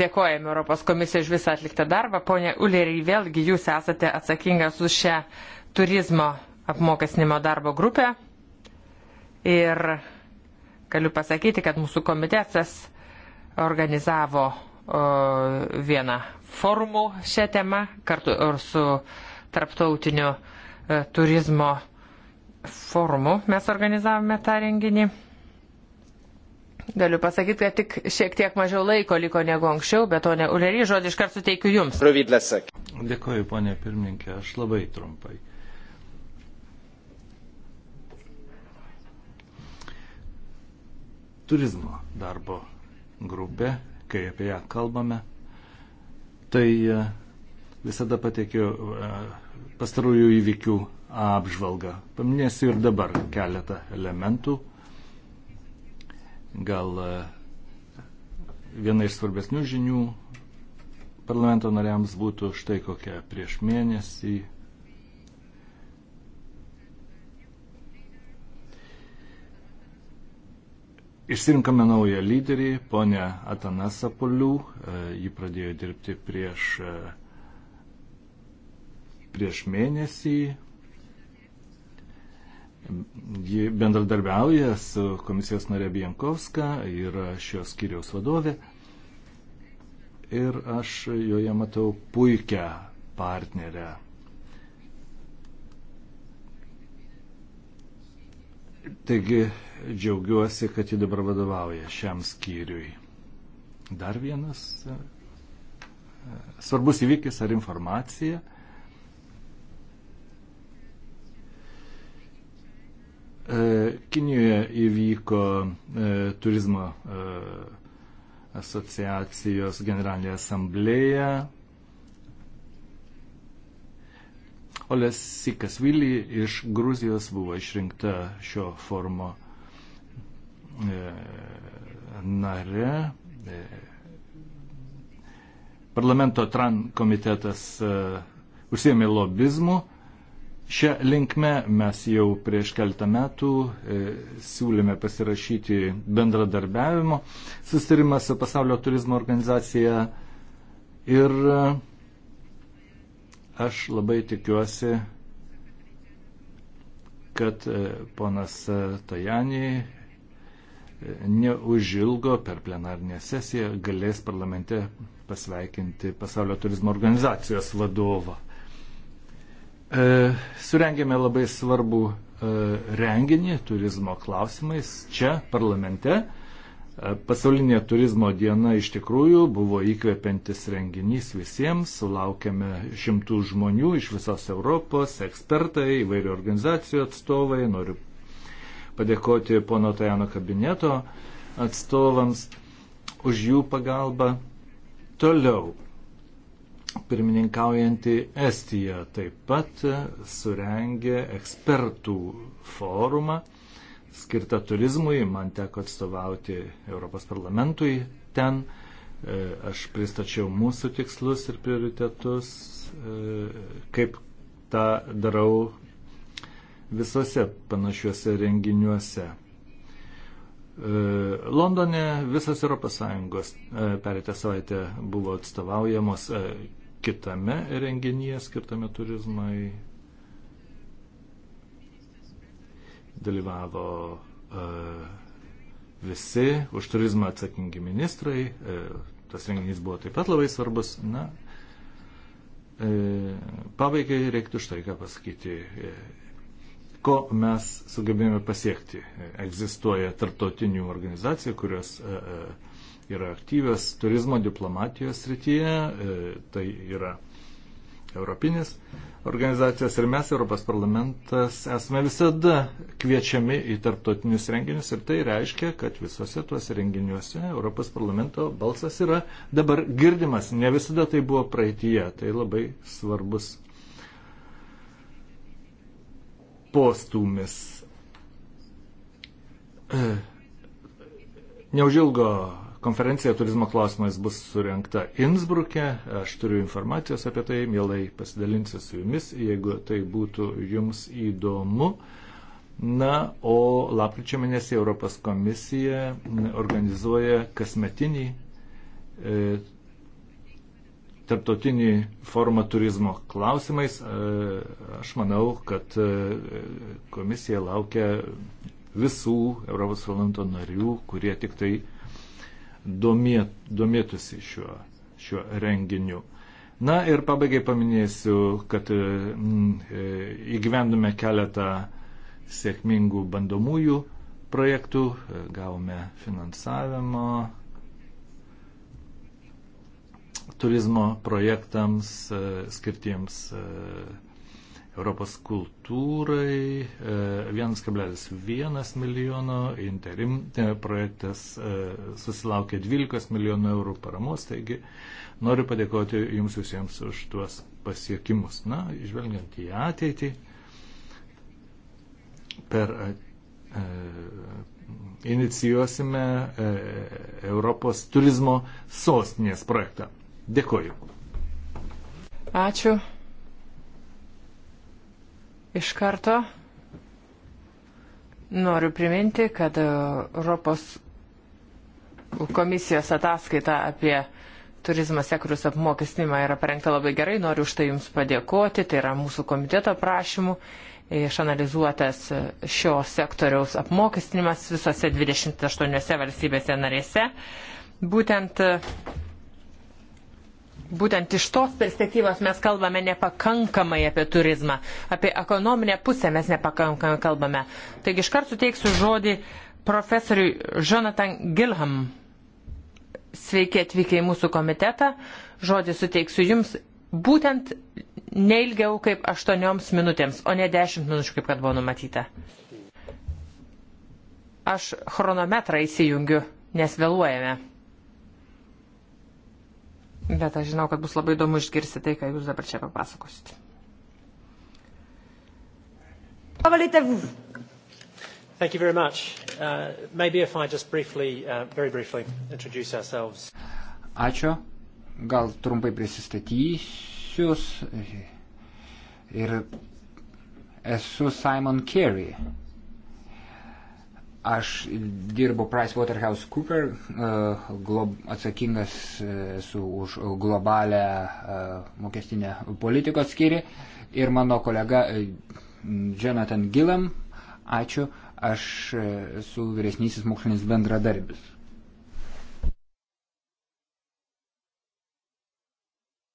Speaker 2: dėkojame Europos komisijai už visą atliktą darbą. Pone Uleriai, vėlgi jūs esate atsakingas už šią turizmo apmokesnimo darbo grupę. Ir Galiu pasakyti, kad mūsų komitetas organizavo vieną forumų šią temą kartu ir su tarptautiniu e, turizmo forumu mes organizavome tą renginį. Galiu pasakyti, kad tik šiek tiek mažiau laiko liko negu anksčiau, bet to ne ulerį žodį iškart suteikiu
Speaker 3: Jums. Dėkuoju, ponė pirmininkė, aš labai trumpai. turizmo darbo grupė, kai apie ją kalbame, tai e, visada pateikiu e, pastarųjų įvykių apžvalgą. Paminėsiu ir dabar keletą elementų. Gal e, viena iš svarbesnių žinių parlamento nariams būtų štai kokia prieš mėnesį Išsirinkame naują lyderį, ponę Atanasapolių. E, ji pradėjo dirbti prieš, e, prieš mėnesį. Ji bendradarbiauja su komisijos narė Bienkovska, yra šios skyriaus vadovė. Ir aš joje matau puikią partnerę. Taigi džiaugiuosi, kad ji dabar vadovauja šiam skyriui. Dar vienas e, svarbus įvykis ar informacija. E, Kinijoje įvyko e, turizmo asociacijos generalinė asamblėja, Olesi Kasvili iš Gruzijos buvo išrinkta šio formo e, nare. E, Parlamento TRAN komitetas e, užsiemė lobizmu. Šią linkme mes jau prieš keltą metų e, siūlėme pasirašyti bendradarbiavimo sustarimą su pasaulio turizmo organizacija ir e, Aš labai tikiuosi, kad e, ponas e, Tajani e, neužilgo per plenarnę sesiją galės parlamente pasveikinti pasaulio turizmo organizacijos vadovą. E, surengėme labai svarbų e, renginį turizmo klausimais čia parlamente. Pasaulinė turizmo diena iš tikrųjų buvo įkvepiantis renginys visiems, sulaukėme šimtų žmonių iš visos Europos, ekspertai, įvairių organizacijų atstovai, noriu padėkoti pono Tajano kabineto atstovams už jų pagalbą. Toliau, pirmininkaujanti Estija taip pat surengė ekspertų forumą skirta turizmui, man teko atstovauti Europos parlamentui ten. E, aš pristačiau mūsų tikslus ir prioritetus, e, kaip tą darau visose panašiuose renginiuose. E, Londone visas ES perėtę savaitę buvo atstovaujamos kitame renginyje skirtame turizmai dalyvavo e, visi už turizmą atsakingi ministrai. E, tas renginys buvo taip pat labai svarbus. Na, e, pabaigai reiktų štai ką pasakyti ko mes sugebėjome pasiekti. Egzistuoja tarptautinių organizacijų, kurios yra aktyvios turizmo diplomatijos srityje. Tai yra europinės organizacijos ir mes, Europos parlamentas, esame visada kviečiami į tarptautinius renginius ir tai reiškia, kad visose tuose renginiuose Europos parlamento balsas yra dabar girdimas. Ne visada tai buvo praeitie, tai labai svarbus postūmis. Neužilgo Konferencija turizmo klausimais bus surinkta Innsbruke. Aš turiu informacijos apie tai, mielai pasidalinsiu su jumis, jeigu tai būtų jums įdomu. Na, o lapkričio mėnesį Europos komisija organizuoja kasmetinį e, tarptautinį formą turizmo klausimais. E, aš manau, kad e, komisija laukia visų Europos parlamento narių, kurie tik tai domėtųsi šiuo, šiuo renginiu. Na ir pabaigai paminėsiu, kad mm, e, įgyvendome keletą sėkmingų bandomųjų projektų, e, gavome finansavimo turizmo projektams e, skirtiems Europos kultūrai 1,1 e, milijono, interim e, projektas e, susilaukė 12 milijonų eurų paramos, taigi noriu padėkoti jums visiems už tuos pasiekimus. Na, žvelgiant į ateitį, per inicijuosime Europos turizmo sostinės projektą. Dėkoju.
Speaker 2: Ačiū. Iš karto noriu priminti, kad e, Europos komisijos ataskaita apie turizmo sektorius apmokestinimą yra parengta labai gerai, noriu už tai Jums padėkoti, tai yra mūsų komiteto prašymų išanalizuotas e, šio sektoriaus apmokestinimas visose 28 valstybėse narėse. Būtent e, būtent iš tos perspektyvos mes kalbame nepakankamai apie turizmą, apie ekonominę pusę mes nepakankamai kalbame. Taigi iškart suteiksiu žodį profesoriui Jonathan Gilham. Sveiki atvykę į mūsų komitetą. Žodį suteiksiu jums būtent neilgiau kaip 8 minutėms, o ne 10 minučių, kaip kad buvo numatyta. Aš chronometrą įsijungiu, nes vėluojame. Bet aš žinau, kad bus labai įdomu išgirsti tai, ką jūs dabar čia papasakosit. Thank you very much. Uh, maybe if I just briefly, uh, very briefly introduce ourselves.
Speaker 1: Ačiū. Gal trumpai prisistatysius. Ir esu Simon Carey. Aš dirbu PricewaterhouseCooper, e, atsakingas esu už globalę e, mokestinę politikos skirį ir mano kolega e, Jonathan Gillam, ačiū, aš esu vyresnysis mokslinis bendradarbis.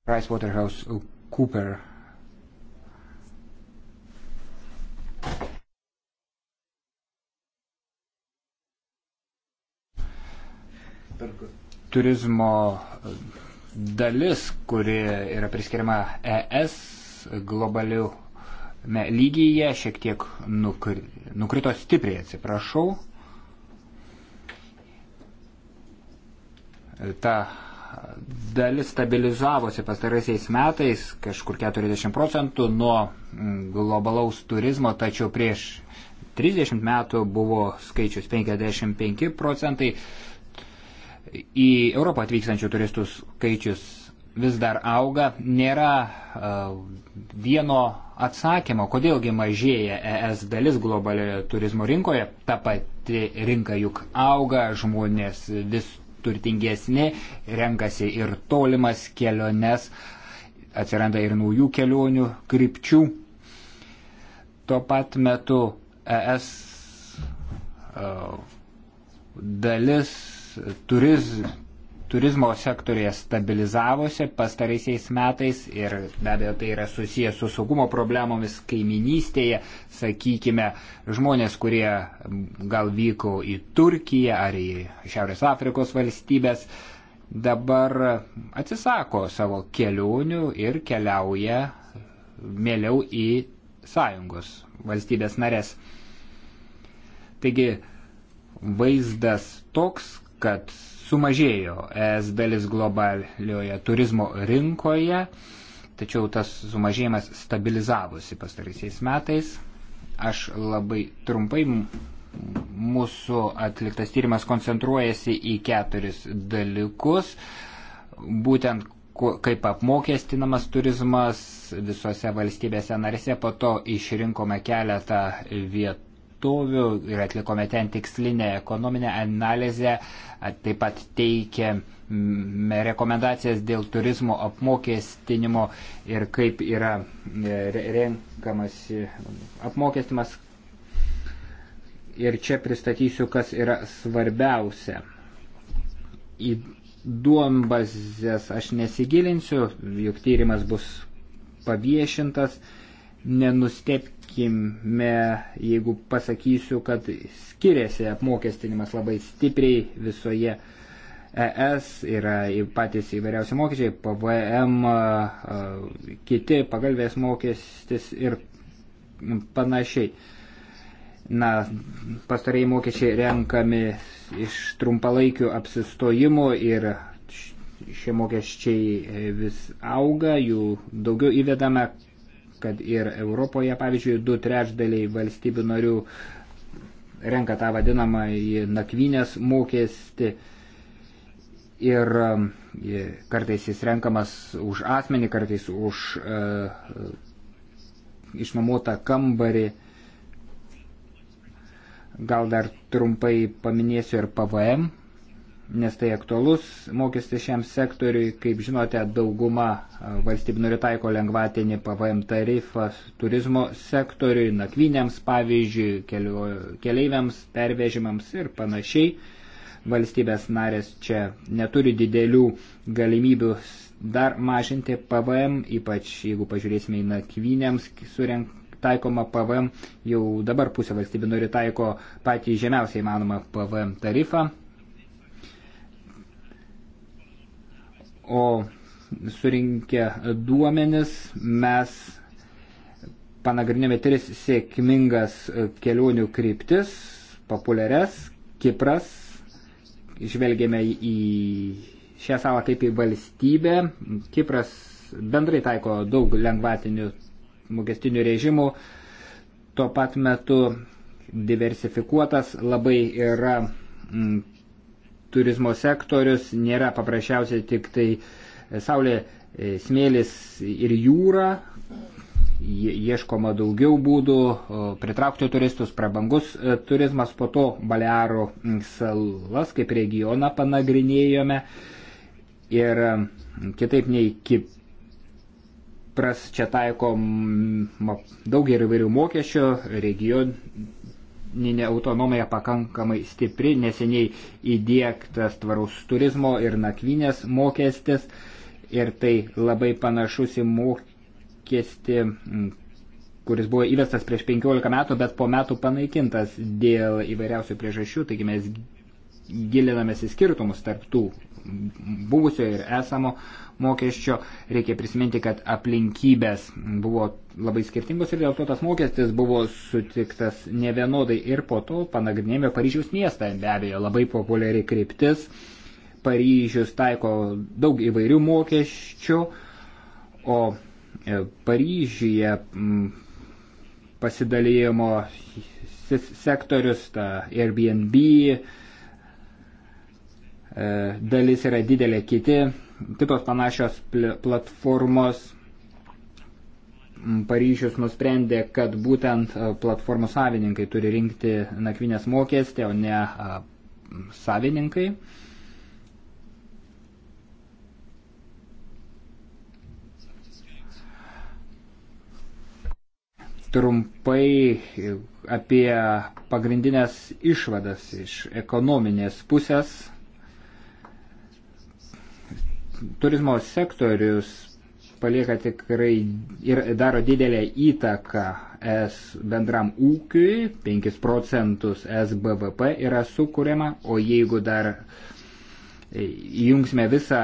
Speaker 1: PricewaterhouseCooper turizmo e, dalis, kuri yra priskiriama ES globaliu lygyje, šiek tiek nukri, nukrito stipriai, atsiprašau. Ta dalis stabilizavosi pastaraisiais metais kažkur 40 procentų nuo globalaus turizmo, tačiau prieš 30 metų buvo skaičius 55 procentai į Europą atvykstančių turistų skaičius vis dar auga, nėra uh, vieno atsakymo, kodėlgi mažėja ES dalis globalioje turizmo rinkoje. Ta pati rinka juk auga, žmonės vis turtingesni, renkasi ir tolimas keliones, atsiranda ir naujų kelionių krypčių. Tuo pat metu ES uh, e, dalis turiz, turizmo sektorėje stabilizavosi pastaraisiais metais ir be abejo tai yra susijęs su saugumo problemomis kaiminystėje, sakykime, žmonės, kurie gal vyko į Turkiją ar į Šiaurės Afrikos valstybės, dabar atsisako savo kelionių ir keliauja mėliau į sąjungos valstybės narės. Taigi vaizdas toks, kad sumažėjo ES dalis globalioje turizmo rinkoje, tačiau tas sumažėjimas stabilizavosi pastaraisiais metais. Aš labai trumpai mūsų atliktas tyrimas koncentruojasi į keturis dalykus. Būtent kaip apmokestinamas turizmas visose valstybėse narėse, po to išrinkome keletą vietų dirbtuvių ir atlikome ten tikslinę ekonominę analizę, taip pat teikėme rekomendacijas dėl turizmo apmokestinimo ir kaip yra e, renkamas apmokestimas. Ir čia pristatysiu, kas yra svarbiausia. Į duombazės aš nesigilinsiu, juk tyrimas bus paviešintas. Nenustep, sakykime, jeigu pasakysiu, kad skiriasi apmokestinimas labai stipriai visoje ES, yra patys įvairiausi mokesčiai, PVM, kiti pagalbės mokestis ir panašiai. Na, pastarėjai mokesčiai renkami iš trumpalaikių apsistojimų ir šie mokesčiai vis auga, jų daugiau įvedame, kad ir Europoje, pavyzdžiui, du trečdaliai valstybių narių renka tą vadinamą nakvynės mokestį ir um, kartais jis renkamas už asmenį, kartais už uh, išmamuotą kambarį. Gal dar trumpai paminėsiu ir PVM nes tai aktualus mokestis šiam sektoriui. Kaip žinote, dauguma valstybių nori taiko lengvatinį PVM tarifą turizmo sektoriui, nakvynėms pavyzdžiui, kelio, keleiviams, pervežimams ir panašiai. Valstybės narės čia neturi didelių galimybių dar mažinti PVM, ypač jeigu pažiūrėsime į nakvynėms surenk taikoma PVM, jau dabar pusė valstybių nori taiko patį žemiausiai įmanomą PVM tarifą, o surinkę duomenis mes panagrinėme tris sėkmingas kelionių kryptis, populiarias, Kipras, žvelgėme į šią salą kaip į valstybę, Kipras bendrai taiko daug lengvatinių mokestinių režimų, tuo pat metu diversifikuotas labai yra mm, turizmo sektorius nėra paprasčiausiai tik tai e, saulė, e, smėlis ir jūra. Ieškoma daugiau būdų pritraukti turistus, prabangus e, turizmas, po to Balearų salas kaip regioną panagrinėjome ir kitaip nei Kipras čia taikom daug ir įvairių mokesčių, region, ekonominė autonomija pakankamai stipri, neseniai įdėktas tvarus turizmo ir nakvynės mokestis ir tai labai panašus į mokestį, kuris buvo įvestas prieš 15 metų, bet po metų panaikintas dėl įvairiausių priežasčių, taigi mes gilinamės į skirtumus tarp tų buvusio ir esamo mokesčio. Reikia prisiminti, kad aplinkybės buvo labai skirtingos ir dėl to tas mokestis buvo sutiktas nevienodai ir po to panagrinėjome Paryžiaus miestą. Be abejo, labai populiari kryptis. Paryžius taiko daug įvairių mokesčių, o e, Paryžiuje pasidalėjimo sektorius, ta Airbnb, e, dalis yra didelė kiti kitos panašios platformos. Paryžius nusprendė, kad būtent e, platformų savininkai turi rinkti nakvinės mokestį, o ne e, savininkai. Trumpai e, apie pagrindinės išvadas iš ekonominės pusės turizmo sektorius palieka tikrai ir daro didelę įtaką es bendram ūkiui, 5 procentus SBVP yra sukūriama, o jeigu dar jungsime visą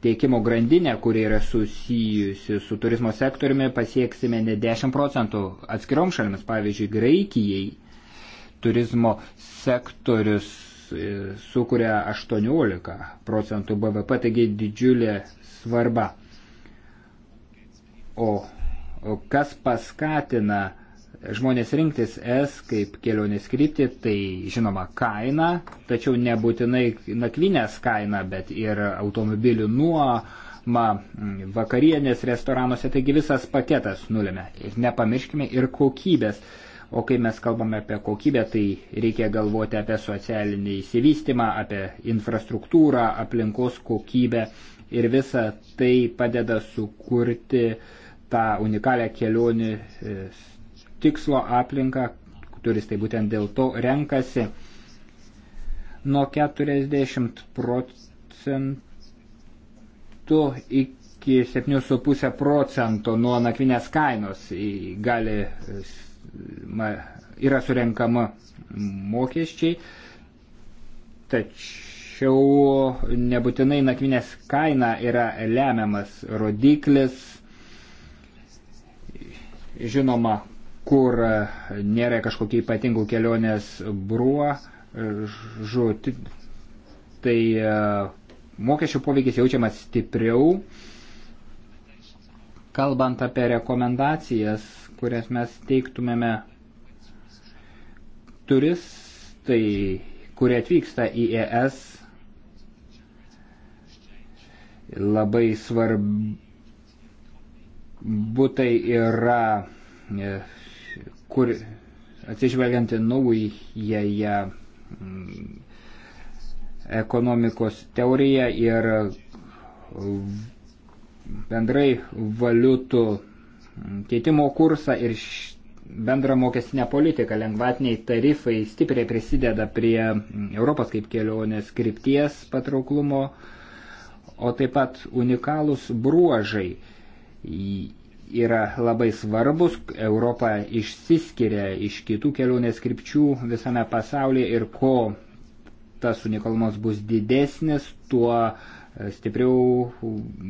Speaker 1: tiekimo grandinę, kuri yra susijusi su turizmo sektoriumi, pasieksime ne 10 procentų atskirom šalims, pavyzdžiui, Graikijai turizmo sektorius sukuria 18 procentų BVP, taigi didžiulė svarba. O kas paskatina žmonės rinktis S kaip kelionės kryptį, tai žinoma kaina, tačiau nebūtinai nakvinės kaina, bet ir automobilių nuoma, vakarienės restoranuose, taigi visas paketas nulėmė. Ir nepamirškime ir kokybės. O kai mes kalbame apie kokybę, tai reikia galvoti apie socialinį įsivystimą, apie infrastruktūrą, aplinkos kokybę ir visa tai padeda sukurti tą unikalią kelionį e, tikslo aplinką, turistai būtent dėl to renkasi. Nuo 40 procentų iki 7,5 procento nuo nakvinės kainos gali yra surenkama mokesčiai, tačiau nebūtinai nakvinės kaina yra lemiamas rodiklis. Žinoma, kur nėra kažkokie ypatingų kelionės bruožų, tai e, mokesčių poveikis jaučiamas stipriau. Kalbant apie rekomendacijas, kurias mes teiktumėme turistai, kurie atvyksta į ES, labai svarbu tai yra, e, kur atsižvelgianti naująją mm, ekonomikos teoriją ir bendrai valiutų keitimo kursą ir bendrą mokestinę politiką. Lengvatiniai tarifai stipriai prisideda prie Europos kaip kelionės krypties patrauklumo, o taip pat unikalūs bruožai yra labai svarbus. Europa išsiskiria iš kitų kelionės krypčių visame pasaulyje ir ko tas unikalumas bus didesnis, tuo e, stipriau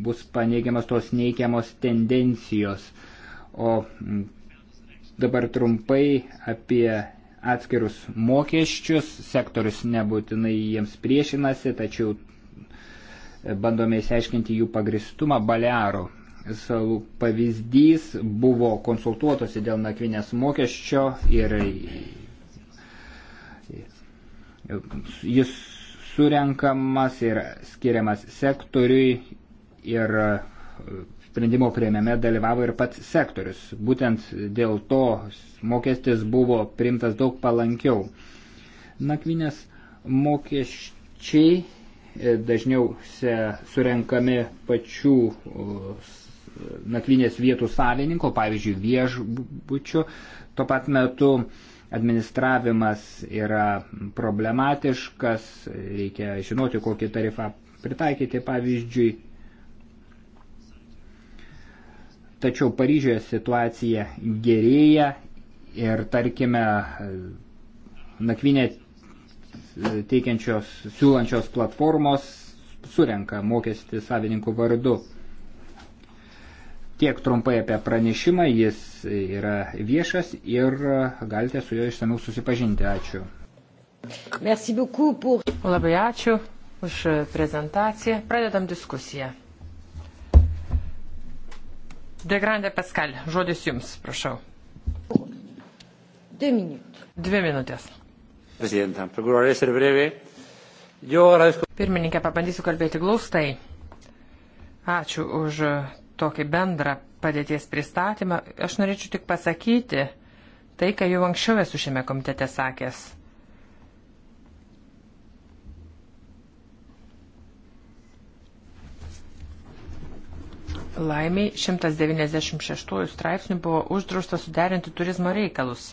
Speaker 1: bus paneigiamas tos neigiamos tendencijos. O dabar trumpai apie atskirus mokesčius. Sektorius nebūtinai jiems priešinasi, tačiau e, bandome įsiaiškinti jų pagristumą. Balearų salų pavyzdys buvo konsultuotosi dėl nakvinės mokesčio ir jis surenkamas ir skiriamas sektoriui ir e, sprendimo prieimėme dalyvavo ir pats sektorius. Būtent dėl to mokestis buvo priimtas daug palankiau. Nakvinės mokesčiai e, dažniausia surenkami pačių nakvinės vietų savininko, pavyzdžiui, viešbučių. Tuo pat metu administravimas yra problematiškas, reikia žinoti, kokį tarifą pritaikyti, pavyzdžiui, tačiau Paryžioje situacija gerėja ir tarkime nakvinė teikiančios, siūlančios platformos surenka mokestį savininkų vardu. Tiek trumpai apie pranešimą, jis yra viešas ir galite su juo išsamiau susipažinti. Ačiū.
Speaker 2: Pour... Labai ačiū už prezentaciją. Pradedam diskusiją. Degrandė Paskalė, žodis jums, prašau. Dvi minutės. Dvi minutės. Pirmininkė, pabandysiu kalbėti glaustai. Ačiū už tokį bendrą padėties pristatymą. Aš norėčiau tik pasakyti tai, ką jau anksčiau esu šiame komitete sakęs Laimiai 196 straipsnių buvo uždrausta suderinti turizmo reikalus.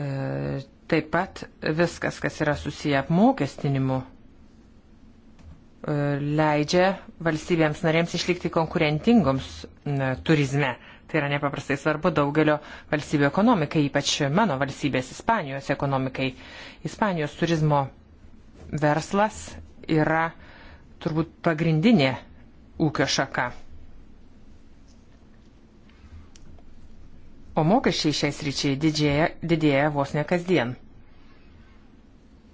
Speaker 2: E, taip pat viskas, kas yra susiję apmokestinimu, e, leidžia valstybėms narėms išlikti konkurentingoms e, turizme. Tai yra nepaprastai svarbu daugelio valstybių ekonomikai, ypač mano valstybės Ispanijos ekonomikai. Ispanijos turizmo verslas yra turbūt pagrindinė ūkio šaka. O mokesčiai šiais ryčiai didėja, didėja vos ne kasdien.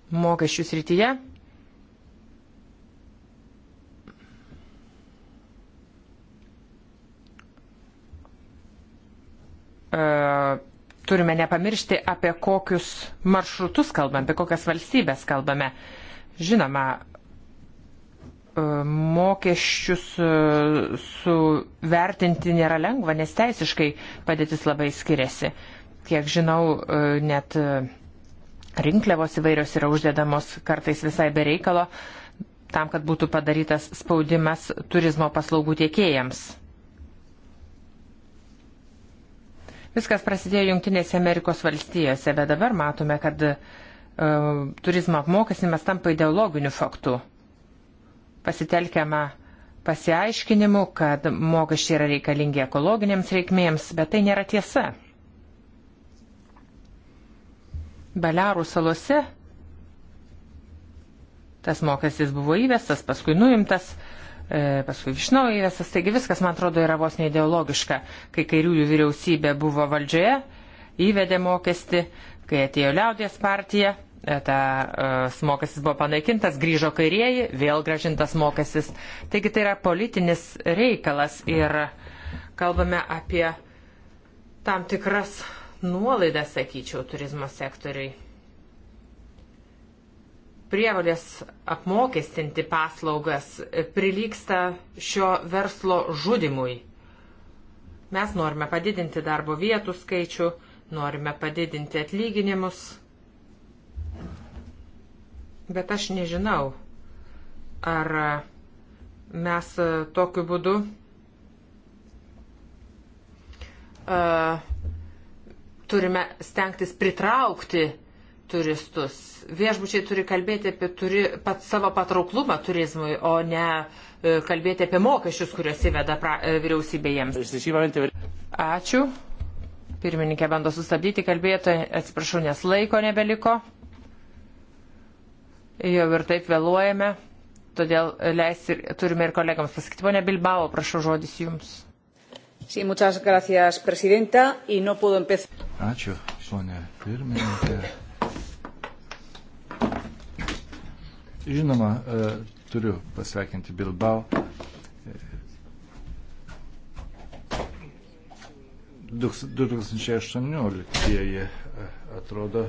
Speaker 2: Mokesčių srityje e, turime nepamiršti, apie kokius maršrutus kalbame, apie kokias valstybės kalbame. Žinoma, E, mokesčius e, suvertinti nėra lengva, nes teisiškai padėtis labai skiriasi. Kiek žinau, e, net rinkliavos įvairios yra uždedamos kartais visai bereikalo, tam, kad būtų padarytas spaudimas turizmo paslaugų tiekėjams. Viskas prasidėjo Junktinėse Amerikos valstijose, bet dabar matome, kad uh, turizmo apmokestinimas tampa ideologiniu faktu. Uh, pasitelkiama pasiaiškinimu, kad mokesčiai yra reikalingi ekologinėms reikmėms, bet tai nėra tiesa. Beliarų salose tas mokestis buvo įvestas, paskui nuimtas, e, paskui iš naujo įvestas, taigi viskas, man atrodo, yra vos neideologiška. Kai kairiųjų vyriausybė buvo valdžioje, įvedė mokestį, kai atėjo liaudės partija, E, ta e, mokestis buvo panaikintas, grįžo kairieji, vėl gražintas mokestis. Taigi tai yra politinis reikalas ir kalbame apie tam tikras nuolaidas, sakyčiau, turizmo sektoriui. Prievalės apmokestinti paslaugas prilyksta šio verslo žudimui. Mes norime padidinti darbo vietų skaičių, norime padidinti atlyginimus Bet aš nežinau, ar mes tokiu būdu uh, turime stengtis pritraukti turistus. Viešbučiai turi kalbėti apie turi, pat savo patrauklumą turizmui, o ne e, kalbėti apie mokesčius, kuriuos įveda pra, e, vyriausybė jiems. Ačiū. Pirmininkė bando sustabdyti kalbėtoją. Atsiprašau, nes laiko nebeliko jau ir taip vėluojame, todėl leis ir, turime ir kolegams pasakyti. Pone Bilbao, prašau žodis jums. Sí, muchas gracias, presidenta, y no puedo empezar.
Speaker 3: Ačiū, ponė pirmininkė. Žinoma, e, turiu pasveikinti Bilbao. E, du, 2018 e, atrodo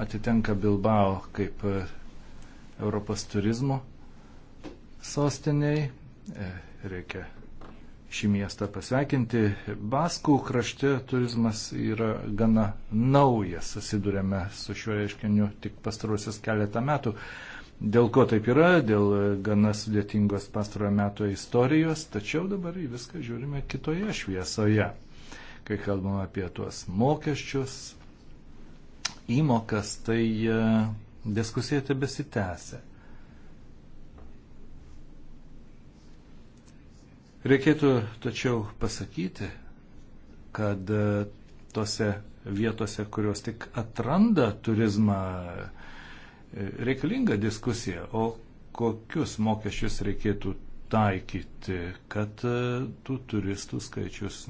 Speaker 3: atitenka Bilbao kaip e, Europos turizmo sostiniai. E, reikia šį miestą pasveikinti. Baskų krašte turizmas yra gana naujas, susidurėme su šiuo reiškiniu tik pastarusius keletą metų. Dėl ko taip yra, dėl e, gana sudėtingos pastarojo meto istorijos, tačiau dabar į viską žiūrime kitoje šviesoje. Kai kalbame apie tuos mokesčius, įmokas, tai e, diskusija tebesitęsia. Reikėtų tačiau pasakyti, kad e, tose vietose, kurios tik atranda turizmą, e, reikalinga diskusija, o kokius mokesčius reikėtų taikyti, kad tų turistų skaičius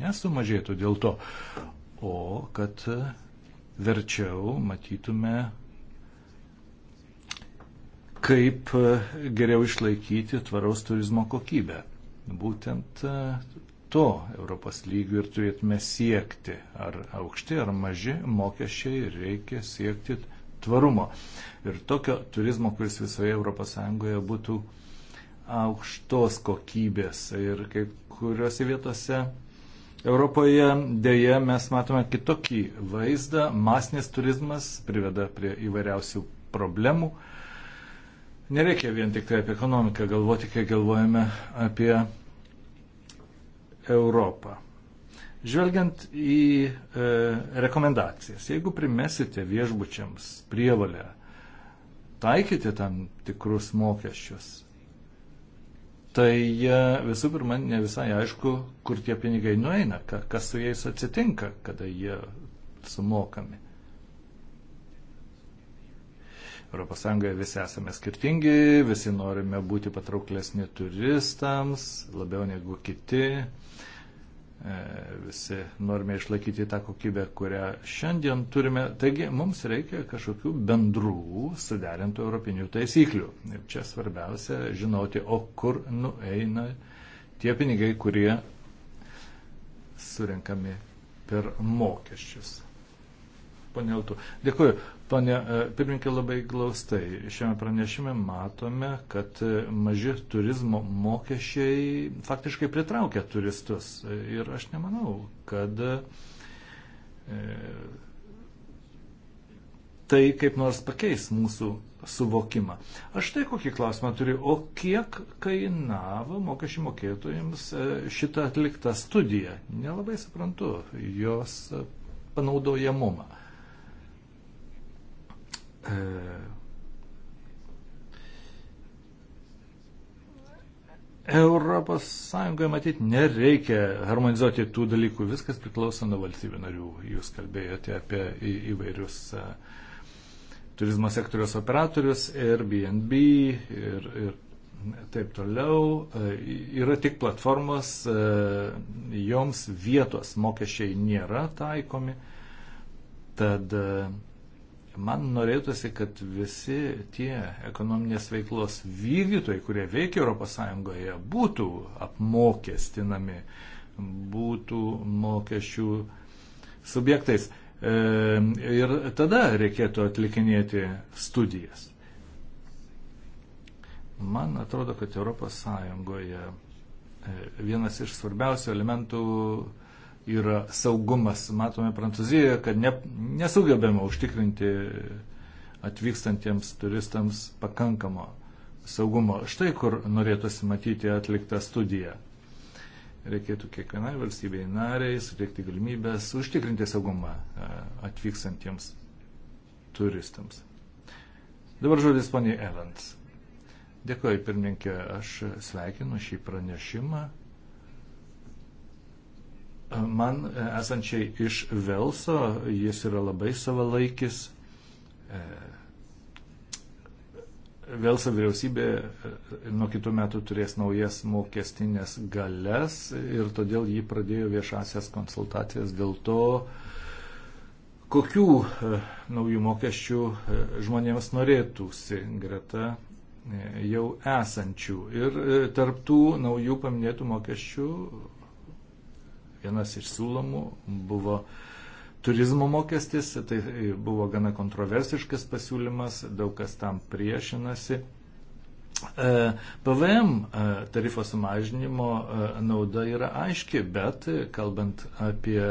Speaker 3: nesumažėtų dėl to, o kad verčiau matytume, kaip e, geriau išlaikyti tvaraus turizmo kokybę. Būtent e, to Europos lygių ir turėtume siekti, ar aukšti, ar maži mokesčiai reikia siekti tvarumo. Ir tokio turizmo, kuris visoje ES būtų aukštos kokybės ir kai kuriuose vietose Europoje dėje mes matome kitokį vaizdą. Masinis turizmas priveda prie įvairiausių problemų. Nereikia vien tik tai apie ekonomiką galvoti, kai galvojame apie Europą. Žvelgiant į e, rekomendacijas, jeigu primesite viešbučiams prievalę taikyti tam tikrus mokesčius, tai e, visų pirma ne visai aišku, kur tie pinigai nueina, kas su jais atsitinka, kada jie sumokami. ES visi esame skirtingi, visi norime būti patrauklesni turistams, labiau negu kiti. E, visi norime išlaikyti tą kokybę, kurią šiandien turime. Taigi mums reikia kažkokių bendrų suderintų europinių taisyklių. Ir čia svarbiausia žinoti, o kur nueina tie pinigai, kurie surinkami per mokesčius. Pane Altu, dėkuoju. Pone e, pirmininkė, labai glaustai. Šiame pranešime matome, kad e, maži turizmo mokesčiai faktiškai pritraukia turistus. E, ir aš nemanau, kad tai kaip nors pakeis mūsų suvokimą. Aš tai kokį klausimą turiu, o kiek kainavo mokesčių mokėtojams šitą atliktą studiją? Nelabai suprantu jos panaudojamumą. E, Europos Sąjungoje matyti nereikia harmonizuoti tų dalykų, viskas priklauso nuo valstybių narių. Jūs kalbėjote apie į, įvairius a, e, turizmo sektoriaus operatorius, Airbnb ir, ir taip toliau. A, e, yra tik platformos, a, joms vietos mokesčiai nėra taikomi. Tad a, Man norėtųsi, kad visi tie ekonominės veiklos vykdytojai, kurie veikia ES, būtų apmokestinami, būtų mokesčių subjektais. E, ir tada reikėtų atlikinėti studijas. Man atrodo, kad ES e, vienas iš svarbiausių elementų yra saugumas. Matome Prancūzijoje, kad ne, nesugebėme užtikrinti atvykstantiems turistams pakankamo saugumo. Štai kur norėtųsi matyti atliktą studiją. Reikėtų kiekvienai valstybei nariai suteikti galimybės užtikrinti saugumą e, atvykstantiems turistams. Dabar žodis poniai Evans. Dėkuoju, pirmininkė, aš sveikinu šį pranešimą. Man e, esančiai iš Velso jis yra labai savalaikis. E, Velso vyriausybė e, nuo kitų metų turės naujas mokestinės galės ir todėl jį pradėjo viešasias konsultacijas dėl to, kokių naujų mokesčių žmonėms norėtųsi greta jau esančių. Ir tarptų naujų paminėtų mokesčių Vienas iš siūlomų buvo turizmo mokestis, tai buvo gana kontroversiškas pasiūlymas, daug kas tam priešinasi. E, PVM e, tarifo sumažinimo e, nauda yra aiški, bet kalbant apie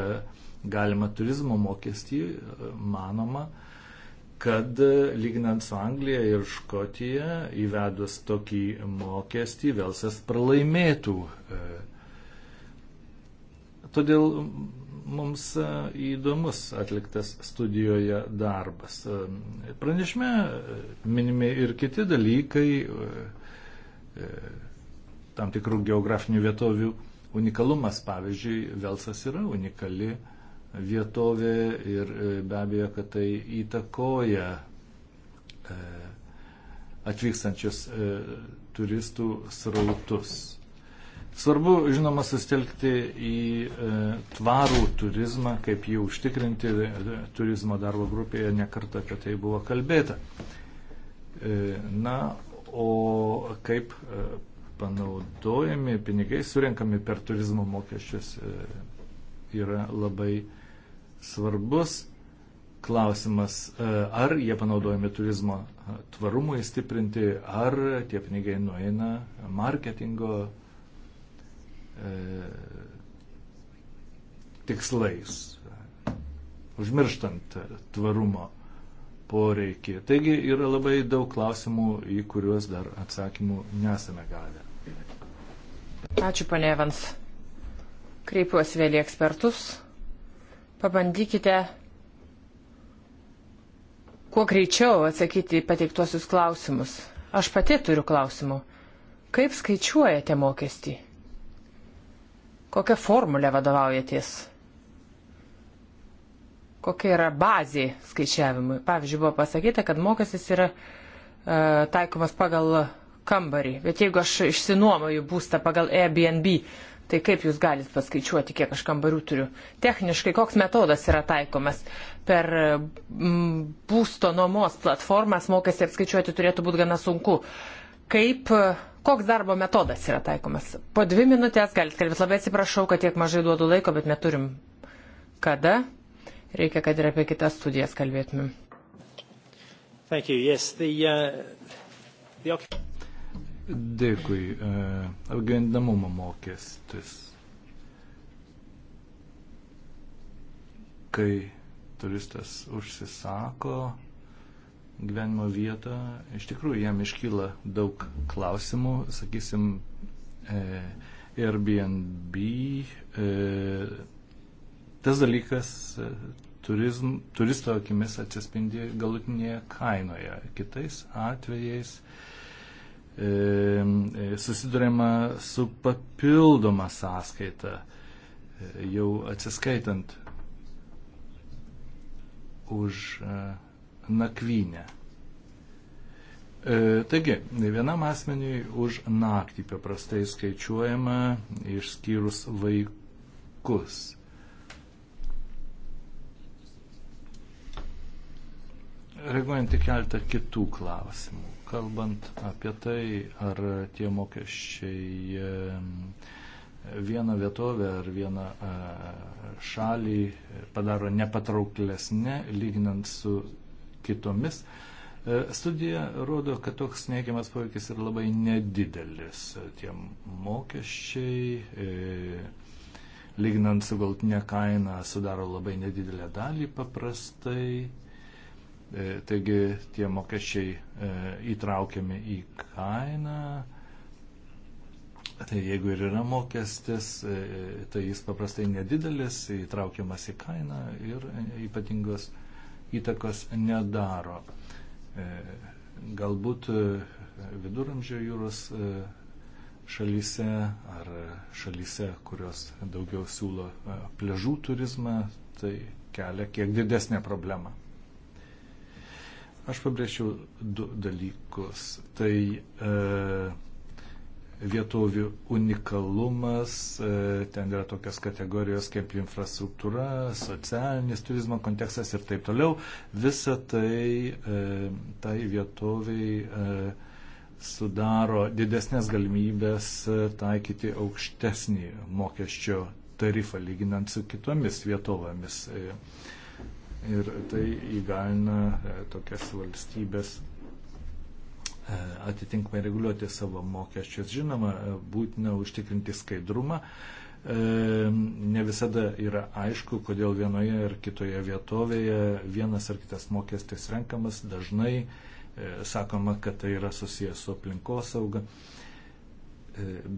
Speaker 3: galimą turizmo mokestį, manoma, kad lyginant su Anglija ir Škotija įvedus tokį mokestį, Velsas pralaimėtų Todėl mums e, įdomus atliktas studijoje darbas. E, Pranešme e, minimi ir kiti dalykai, tam tikrų geografinių vietovių unikalumas. Pavyzdžiui, Velsas yra unikali vietovė ir be abejo, kad tai įtakoja atvykstančius turistų srautus. Svarbu, žinoma, sustelkti į e, tvarų turizmą, kaip jį užtikrinti. E, turizmo darbo grupėje nekart apie tai buvo kalbėta. E, na, o kaip e, panaudojami pinigai surinkami per turizmo mokesčius e, yra labai svarbus klausimas, e, ar jie panaudojami turizmo e, tvarumui stiprinti, ar tie pinigai nueina marketingo E, tikslais, užmirštant tvarumo poreikį. Taigi yra labai daug klausimų, į kuriuos dar atsakymų nesame gavę.
Speaker 2: Ačiū, ponė Evans. Kreipiuosi vėl į ekspertus. Pabandykite kuo greičiau atsakyti į pateiktuosius klausimus. Aš pati turiu klausimų. Kaip skaičiuojate mokestį? Kokią formulę vadovaujaties? Kokia yra bazė skaičiavimui? Pavyzdžiui, buvo pasakyta, kad mokestis yra e, taikomas pagal kambarį, bet jeigu aš išsinuomoju būstą pagal Airbnb, Tai kaip jūs galit paskaičiuoti, kiek aš kambarių turiu? Techniškai koks metodas yra taikomas? Per būsto nuomos platformas mokestį apskaičiuoti turėtų būti gana sunku. Kaip Koks darbo metodas yra taikomas? Po dvi minutės galite kalbėti. Labai atsiprašau, kad tiek mažai duodu laiko, bet neturim kada. Reikia, kad ir apie kitas studijas kalbėtumėm. Yes, the, uh, the...
Speaker 3: Dėkui. Uh, Apgendamumo mokestis. Kai turistas užsisako gyvenimo vietą, iš tikrųjų jam iškyla daug klausimų, sakysim, e, Airbnb, e, tas dalykas e, turizm, turisto akimis atsispindi galutinėje kainoje. Kitais atvejais e, e susidurima su papildoma sąskaita, e, jau atsiskaitant už e, nakvynę. E, taigi, vienam asmeniui už naktį paprastai skaičiuojama išskyrus vaikus. Reaguojant į keltą kitų klausimų, kalbant apie tai, ar tie mokesčiai e, vieną vietovę ar vieną e, šalį padaro nepatrauklesnė, lyginant su kitomis. E, studija rodo, kad toks neigiamas poveikis yra labai nedidelis. E, tie mokesčiai, e, lyginant su galtinė kaina, sudaro labai nedidelę dalį paprastai. Taigi tie mokesčiai įtraukiami į kainą. Tai jeigu ir yra mokestis, tai jis paprastai nedidelis, įtraukiamas į kainą ir ypatingos įtakos nedaro. E, galbūt e, viduramžio jūros e, šalyse ar šalyse, kurios daugiau siūlo pležų turizmą, tai kelia kiek didesnė problema. Aš pabrėžčiau du dalykus. Tai e, vietovių unikalumas, e, ten yra tokios kategorijos kaip infrastruktūra, socialinis turizmo kontekstas ir taip toliau. Visa tai e, tai vietoviai e, sudaro didesnės galimybės taikyti aukštesnį mokesčio tarifą lyginant su kitomis vietovėmis. Ir tai įgalina tokias valstybės E, atitinkamai reguliuoti savo mokesčius. Žinoma, e, būtina užtikrinti skaidrumą. E, ne visada yra aišku, kodėl vienoje ar kitoje vietovėje vienas ar kitas mokestis renkamas. Dažnai sakoma, kad tai yra susijęs su aplinkosauga,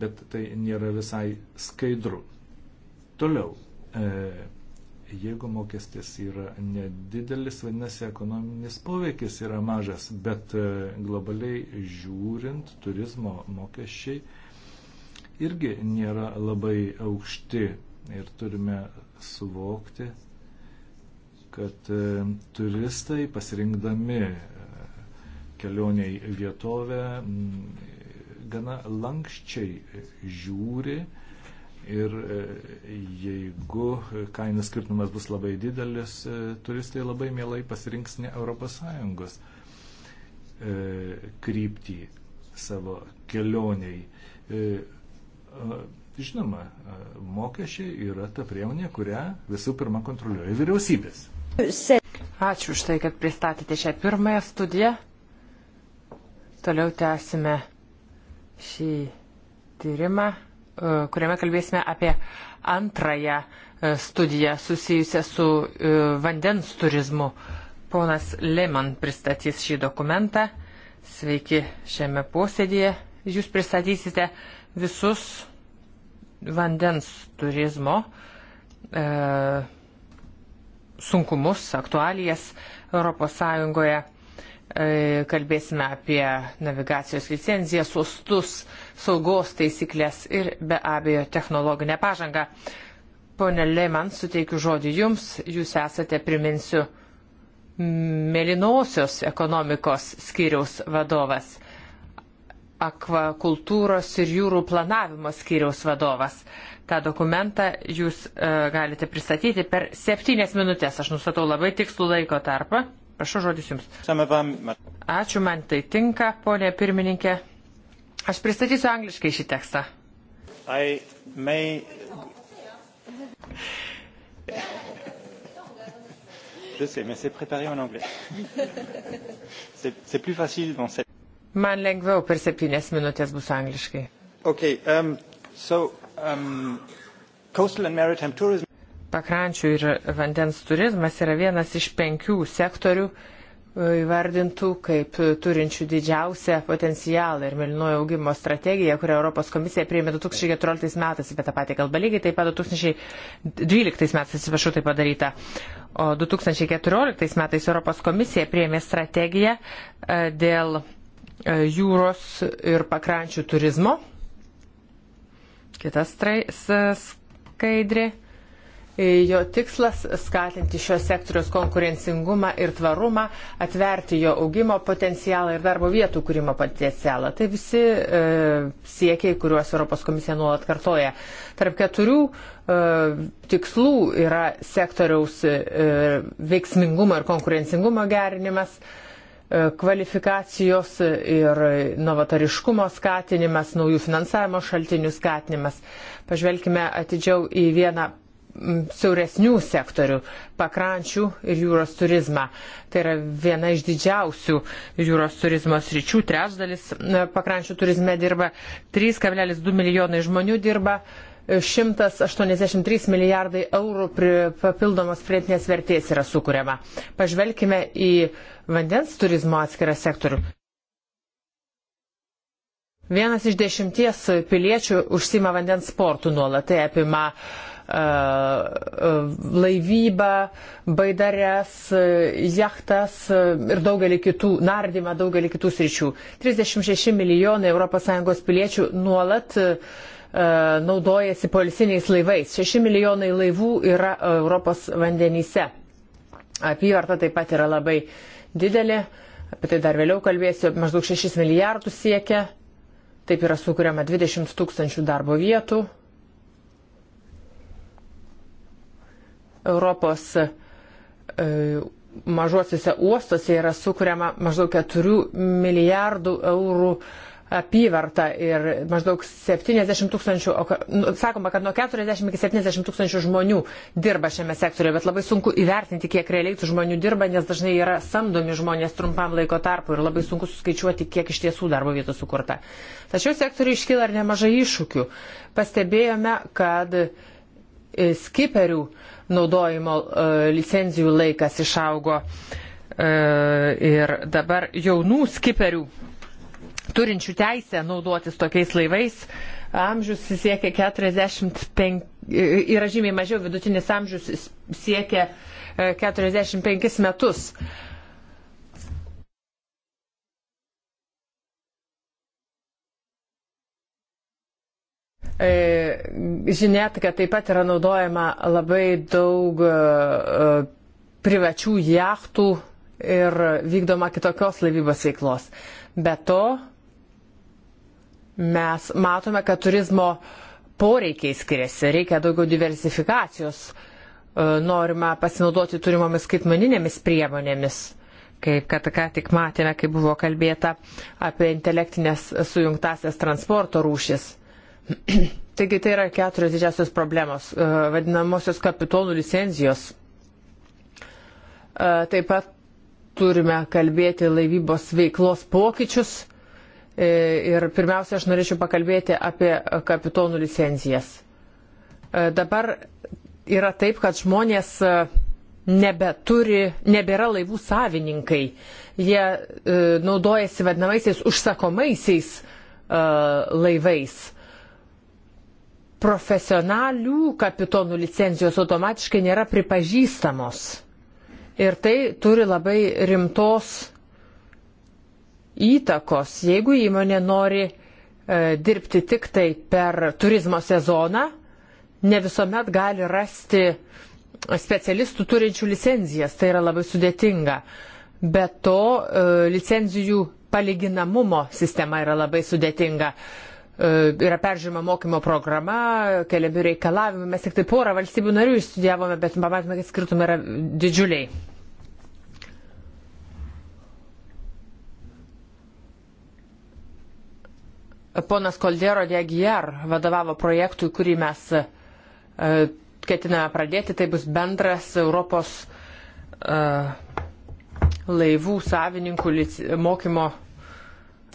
Speaker 3: bet tai nėra visai skaidru. Toliau Jeigu mokestis yra nedidelis, vadinasi, ekonominis poveikis yra mažas, bet e, globaliai žiūrint, turizmo mokesčiai irgi nėra labai aukšti ir turime suvokti, kad e, turistai pasirinkdami e, kelioniai vietovę gana lankščiai žiūri, Ir e, jeigu kainų skirtumas bus labai didelis, e, turistai labai mielai pasirinks ne ES e, kryptį savo kelioniai. Žinoma, mokesčiai yra ta priemonė, kurią visų pirma kontroliuoja vyriausybės.
Speaker 2: Ačiū už tai, kad pristatėte šią pirmąją studiją. Toliau tęsime šį tyrimą. E, kuriame kalbėsime apie antrąją e, studiją susijusią su e, vandens turizmu. Ponas Lehman pristatys šį dokumentą. Sveiki šiame posėdėje. Jūs pristatysite visus vandens turizmo e, sunkumus, aktualijas ES. E, kalbėsime apie navigacijos licencijas, sustus, e, saugos taisyklės ir be abejo technologinę pažangą. Pone Leiman, suteikiu žodį Jums, Jūs esate, priminsiu, mėlynosios ekonomikos skyriaus vadovas, akvakultūros ir jūrų planavimo skyriaus vadovas. Ta dokumentą Jūs e, galite pristatyti per septynės minutės, aš nusatau labai tikslų laiko tarpą. Prašau žodis Jums. Ačiū, man tai tinka, ponė pirmininkė. Aš pristatysiu angliškai šį tekstą. I may... Je sais, mais c'est préparé en anglais.
Speaker 1: C'est plus facile dans cette...
Speaker 2: Man lengviau per septynias minutės bus angliškai.
Speaker 1: Okay, um, so, um, coastal and maritime tourism...
Speaker 2: Pakrančių ir vandens turizmas yra vienas iš penkių sektorių, uh, įvardintų kaip turinčių didžiausią potencialą ir mėlynojo augimo strategiją, kurią Europos komisija priėmė 2014 metais apie tą patį kalbą lygiai, taip pat 2012 metais, atsiprašau, tai padaryta. O 2014 metais Europos komisija priėmė strategiją e, dėl e, jūros ir pakrančių turizmo. Kitas skaidrė Jo tikslas - skatinti šios sektorius konkurencingumą ir tvarumą, atverti jo augimo potencialą ir darbo vietų kūrimo potencialą. Tai visi e, siekiai, kuriuos Europos komisija nuolat kartoja. Tarp keturių e, tikslų yra sektoriaus e, veiksmingumo ir konkurencingumo gerinimas, e, kvalifikacijos ir novatariškumo skatinimas, naujų finansavimo šaltinių skatinimas. Pažvelkime atidžiau į vieną siauresnių sektorių - pakrančių ir jūros turizmą. Tai yra viena iš didžiausių jūros turizmo sričių. Trečdalis pakrančių turizme dirba 3,2 milijonai žmonių dirba. 183 e, milijardai eurų papildomos prietinės vertės yra sukūriama. Pažvelkime į vandens turizmo atskirą sektorių. Vienas iš dešimties piliečių užsima vandens sportų nuolat, tai apima uh, E, e, laivybą, baidares, e, jachtas ir daugelį kitų, nardymą daugelį kitų sričių. 36 milijonai ES piliečių nuolat naudojasi polisiniais laivais. 6 milijonai laivų yra Europos vandenyse. Apyvarta taip pat yra labai didelė, apie tai dar vėliau kalbėsiu, maždaug 6 milijardus siekia. Taip yra sukuriama 20 tūkstančių darbo vietų, Europos e, mažuosiuose uostuose yra sukuriama maždaug 4 milijardų eurų apyvarta ir maždaug 70 tūkstančių, nu, sakoma, kad nuo 40 iki 70 tūkstančių žmonių dirba šiame sektoriuje, bet labai sunku įvertinti, kiek realiai tų žmonių dirba, nes dažnai yra samdomi žmonės trumpam laiko tarpu ir labai sunku suskaičiuoti, kiek iš tiesų darbo vietų sukurta. Tačiau sektoriui iškyla ir nemažai iššūkių. Pastebėjome, kad e, skiperių uh, naudojimo e, licenzijų laikas išaugo e, ir dabar jaunų skiperių turinčių teisę naudotis tokiais laivais amžius siekia 45, e, yra žymiai mažiau vidutinis amžius siekia 45 metus. E, Žinėt, kad taip pat yra naudojama labai daug e, e, privačių jachtų ir vykdoma kitokios laivybos veiklos. Be to, mes matome, kad turizmo poreikiai skiriasi, reikia daugiau diversifikacijos, norima pasinaudoti turimomis skaitmaninėmis priemonėmis kaip kad ką tik matėme, kai buvo kalbėta apie intelektinės sujungtasias transporto rūšis. Taigi tai yra keturios didžiasios problemos. E, vadinamosios kapitonų licenzijos. E, taip pat turime kalbėti laivybos veiklos pokyčius. E, ir pirmiausia, aš norėčiau pakalbėti apie kapitonų licenzijas. Dabar yra taip, kad žmonės nebeturi, nebėra laivų savininkai. Jie naudojasi vadinamaisiais užsakomaisiais laivais profesionalių kapitonų licencijos automatiškai nėra pripažįstamos. Ir tai turi labai rimtos įtakos. Jeigu įmonė nori e, dirbti tik tai per turizmo sezoną, ne visuomet gali rasti specialistų turinčių licenzijas. Tai yra labai sudėtinga. Be to, e, licenzijų palyginamumo sistema yra labai sudėtinga. E, E, yra peržiūrima mokymo programa, keliami reikalavimai. Mes tik tai porą valstybių narių studijavome, bet pamatėme, kad skirtumai yra didžiuliai. Ponas Koldero Degijar vadovavo projektui, kurį mes e, ketiname pradėti. Tai bus bendras Europos e, laivų savininkų mokymo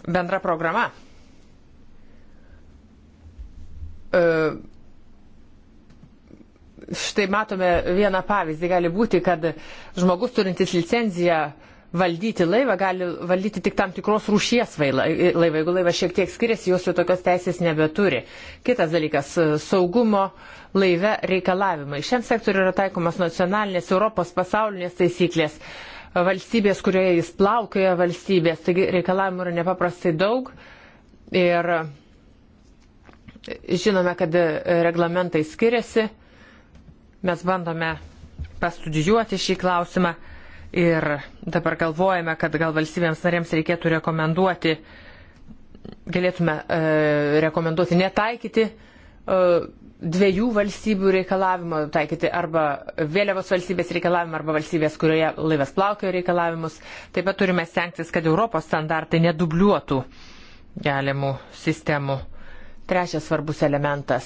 Speaker 2: bendra programa. E, štai matome vieną pavyzdį. Gali būti, kad žmogus turintis licenciją valdyti laivą gali valdyti tik tam tikros rūšies laivą. Jeigu laivas šiek tiek skiriasi, jos jau tokios teisės nebeturi. Kitas dalykas - saugumo laive reikalavimai. Šiam sektoriu yra taikomas nacionalinės, Europos, pasaulinės taisyklės. Valstybės, kurioje jis plaukioja, valstybės. Taigi reikalavimų yra nepaprastai daug. Ir Žinome, kad e, reglamentai skiriasi. Mes bandome pastudijuoti šį klausimą ir dabar galvojame, kad gal valstybėms narėms reikėtų rekomenduoti, galėtume e, rekomenduoti netaikyti e, dviejų valstybių reikalavimo, taikyti arba vėliavos valstybės reikalavimą, arba valstybės, kurioje laivas plaukio reikalavimus. Taip pat turime stengtis, kad Europos standartai nedubliuotų galimų sistemų. Trečias svarbus elementas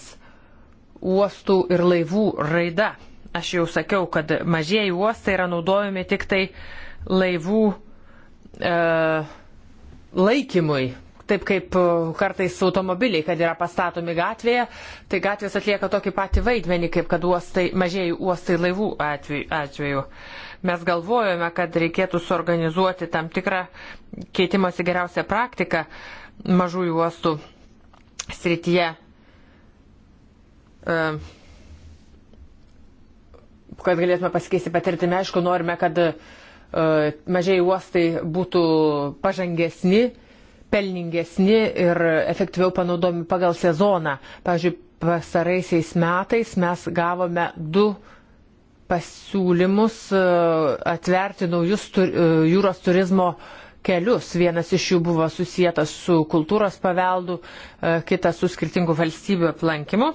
Speaker 2: - uostų ir laivų raida. Aš jau sakiau, kad mažieji uostai yra naudojami tik tai laivų e, laikymui, taip kaip e, kartais automobiliai, kad yra pastatomi gatvėje, tai gatvės atlieka tokį patį vaidmenį, kaip kad uostai, mažieji uostai laivų atveju. Mes galvojame, kad reikėtų suorganizuoti tam tikrą keitimąsi geriausią praktiką mažųjų uostų srityje, e, kad galėtume pasikeisti patirtimi. Aišku, norime, kad e, mažiai uostai būtų pažangesni, pelningesni ir efektyviau panaudomi pagal sezoną. Pavyzdžiui, pasaraisiais metais mes gavome du pasiūlymus e, atverti naujus tur, jūros turizmo uh, kelius. Vienas iš jų buvo susijęs su kultūros paveldu, e, kitas su skirtingų valstybių aplankimu.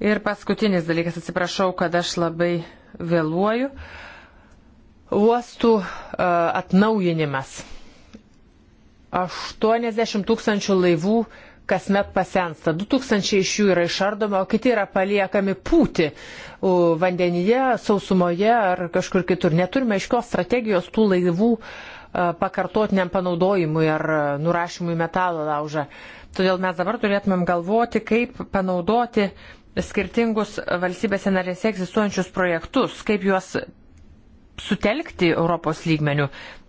Speaker 2: Ir paskutinis dalykas, atsiprašau, kad aš labai vėluoju. Uostų e, atnaujinimas. 80 tūkstančių laivų kasmet pasensta. 2000 iš jų yra išardoma, o kiti yra paliekami pūti vandenyje, sausumoje ar kažkur kitur. Neturime aiškios strategijos tų laivų uh, E, pakartotiniam panaudojimui ar e, nurašymui metalo laužą. Todėl mes dabar turėtumėm galvoti, kaip panaudoti skirtingus valstybėse narėse egzistuojančius projektus, kaip juos sutelkti Europos lygmenių.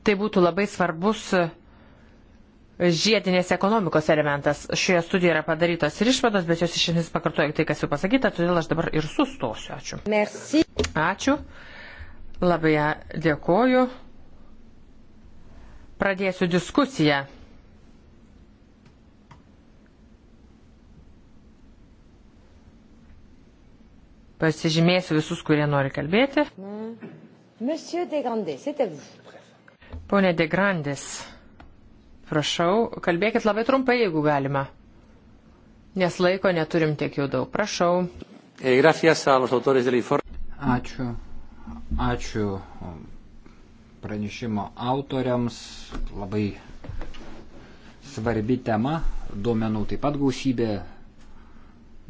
Speaker 2: Tai būtų labai svarbus e, žiedinės ekonomikos elementas. Šioje studijoje yra padarytos ir išvados, bet jos iš esmės pakartoja tai, kas jau pasakyta, todėl aš dabar ir sustosiu. Ačiū. Merci. Ačiū. Labai dėkoju. Pradėsiu diskusiją. Pasižymėsiu visus, kurie nori kalbėti. Pone De Grandes, prašau, kalbėkit labai trumpai, jeigu galima. Nes laiko neturim tiek jau daug. Prašau.
Speaker 1: Eh, Ačiū. Ačiū pranešimo autoriams. Labai svarbi tema, duomenų taip pat gausybė,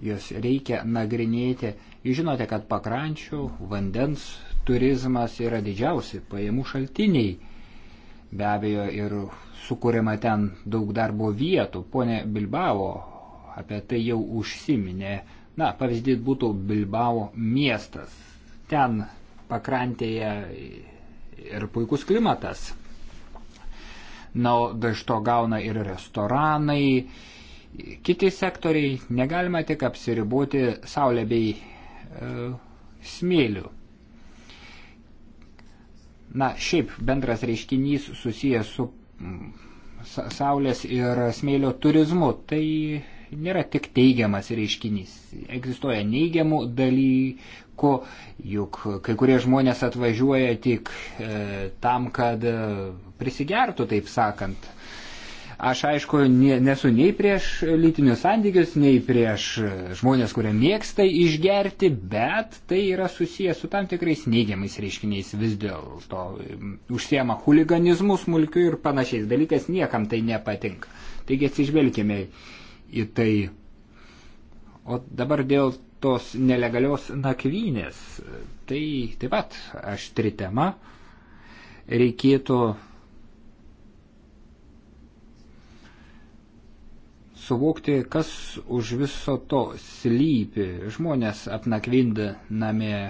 Speaker 1: jos reikia nagrinėti. Jūs žinote, kad pakrančių, vandens, turizmas yra didžiausi pajamų šaltiniai. Be abejo, ir sukūrėma ten daug darbo vietų. Pone Bilbao apie tai jau užsiminė. Na, pavyzdys būtų Bilbao miestas. Ten pakrantėje ir puikus klimatas. Naudą iš to gauna ir restoranai, kiti sektoriai, negalima tik apsiriboti saulė bei e, smėliu. Na, šiaip bendras reiškinys susijęs su saulės ir smėlio turizmu, tai nėra tik teigiamas reiškinys. Egzistuoja neigiamų dalykų, juk kai kurie žmonės atvažiuoja tik e, tam, kad e, prisigertų, taip sakant. Aš aišku, nesu nei prieš lytinius santykius, nei prieš e, žmonės, kurie mėgsta išgerti, bet tai yra susijęs su tam tikrais neigiamais reiškiniais vis dėlto. Užsiema huliganizmu smulkiu ir panašiais dalykais, niekam tai nepatinka. Taigi atsižvelgime į į tai. O dabar dėl tos nelegalios nakvynės, tai taip pat aštri tema. Reikėtų suvokti, kas už viso to slypi. Žmonės apnakvinda namie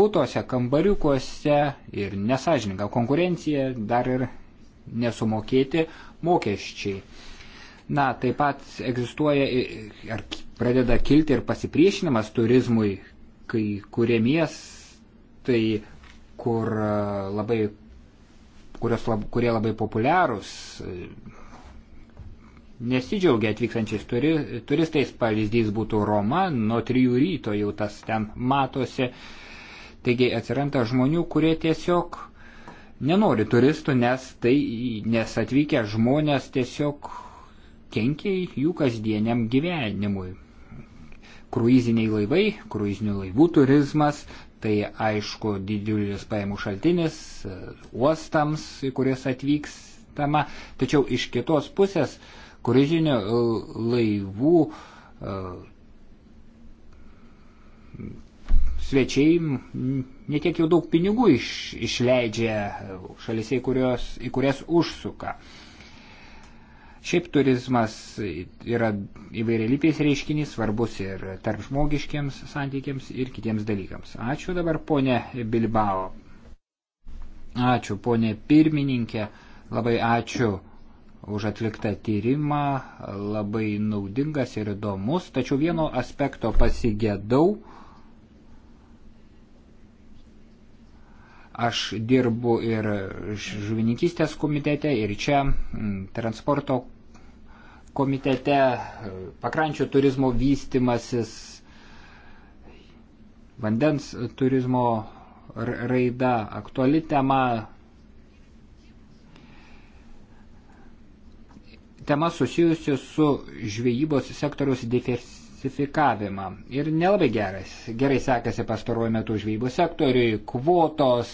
Speaker 1: būtose, kambariukuose ir nesažininga konkurencija, dar ir nesumokėti mokesčiai. Na, taip pat egzistuoja ar pradeda kilti ir pasipriešinimas turizmui, kai kurie miestai, kur e, labai, kurios, lab, kurie labai populiarūs, e, nesidžiaugia atvykstančiais turi, turistais. Pavyzdys būtų Roma, nuo trijų ryto jau tas ten matosi. Taigi atsiranda žmonių, kurie tiesiog nenori turistų, nes, tai, nes atvykę žmonės tiesiog kenkia jų kasdieniam gyvenimui. Kruiziniai laivai, kruizinių laivų turizmas, tai aišku didžiulis pajamų šaltinis e, uostams, į kurias atvykstama, tačiau iš kitos pusės kruizinių e, laivų e, svečiai netiek jau daug pinigų iš, išleidžia šalise, į, kurios, į kurias užsuka. Uh, Šiaip turizmas yra įvairialypės reiškinys, svarbus ir tarp žmogiškiams santykiams ir kitiems dalykams. Ačiū dabar ponė Bilbao. Ačiū ponė pirmininkė, labai ačiū už atliktą tyrimą, labai naudingas ir įdomus, tačiau vieno aspekto pasigėdau. Aš dirbu ir žuvininkystės komitete, ir čia mm, transporto komitete, pakrančio turizmo vystimasis, vandens turizmo raida aktuali tema. Tema susijusi su žvejybos sektoriaus diversifikacija falsifikavimą. Ir nelabai geras. Gerai sekasi pastaruoju metu žvejybų sektoriui, kvotos,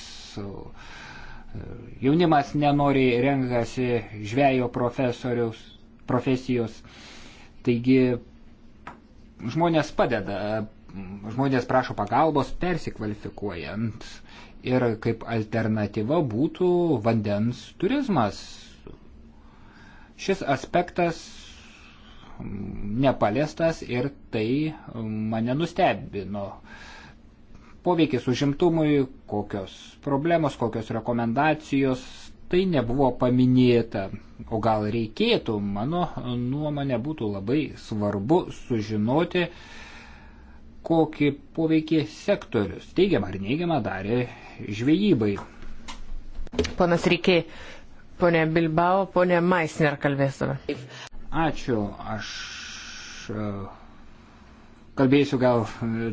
Speaker 1: jaunimas nenori rengasi žvejo profesijos. Taigi žmonės padeda, žmonės prašo pagalbos persikvalifikuojant. Ir kaip alternatyva būtų vandens turizmas. Šis aspektas nepaliestas ir tai mane nustebino. Poveikis užimtumui, kokios problemos, kokios rekomendacijos, tai nebuvo paminėta. O gal reikėtų, mano nuomonė, būtų labai svarbu sužinoti, kokį poveikį sektorius, teigiamą ar neigiamą, darė žvejybai.
Speaker 2: Ponas Reikiai, ponė Bilbao, ponė Maisner kalbėsime.
Speaker 1: Ačiū. Aš e, kalbėsiu gal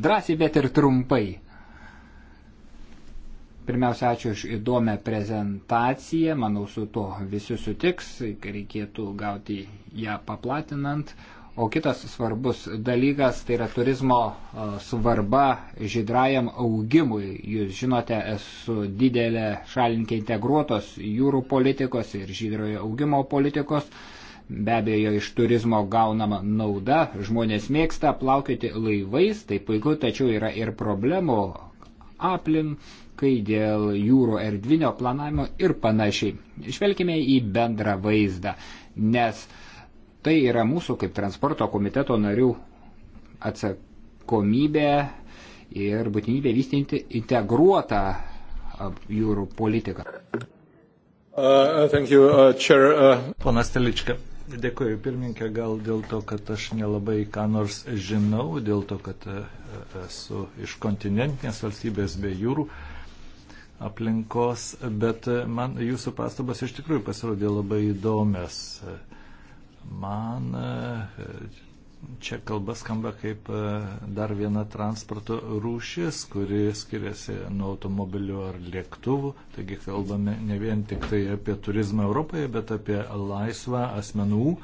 Speaker 1: drąsiai, bet ir trumpai. Pirmiausia, ačiū už įdomią prezentaciją. Manau, su to visi sutiks, reikėtų gauti ją paplatinant. O kitas svarbus dalykas tai yra turizmo e, svarba žydrajam augimui. Jūs žinote, esu didelė šalinkė integruotos jūrų politikos ir žydrojo augimo politikos. Be abejo, iš turizmo gaunama nauda, žmonės mėgsta plaukioti laivais, tai puiku, tačiau yra ir problemų aplinkai dėl jūrų erdvinio planavimo ir panašiai. Žvelgime į bendrą vaizdą, nes tai yra mūsų kaip transporto komiteto narių atsakomybė ir būtinybė vystinti integruotą
Speaker 3: jūrų politiką. Uh, you, uh, chair, uh... Ponas Telička. Dėkuoju pirmininkė, gal dėl to, kad aš nelabai ką nors žinau, dėl to, kad e, e, esu iš kontinentinės valstybės be jūrų aplinkos, bet e, man jūsų pastabas iš tikrųjų pasirodė labai įdomias. Man Čia kalba skamba kaip e, dar viena transporto rūšis, kuri skiriasi nuo automobilių ar lėktuvų. Taigi kalbame ne vien tik tai apie turizmą Europoje, bet apie laisvą asmenų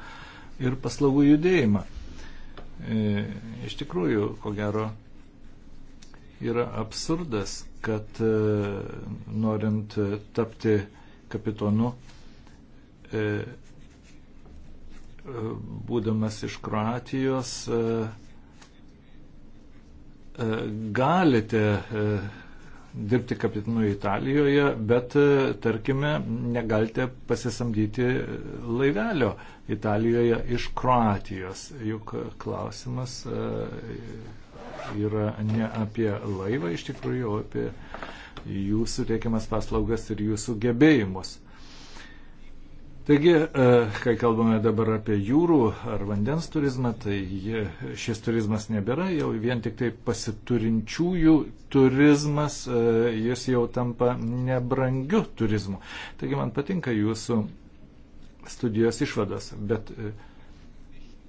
Speaker 3: ir paslaugų judėjimą. E, iš tikrųjų, ko gero, yra absurdas, kad e, norint tapti kapitonu būdamas iš Kroatijos, e, e, galite e, dirbti kapitinu Italijoje, bet, tarkime, negalite pasisamdyti laivelio Italijoje iš Kroatijos. Juk klausimas yra ne apie laivą, iš tikrųjų, o apie jūsų teikiamas paslaugas ir jūsų gebėjimus. Taigi, e, kai kalbame dabar apie jūrų ar vandens turizmą, tai šis turizmas nebėra jau vien tik tai pasiturinčiųjų turizmas, e, jis jau tampa nebrangiu turizmu. Taigi man patinka jūsų studijos išvados, bet e,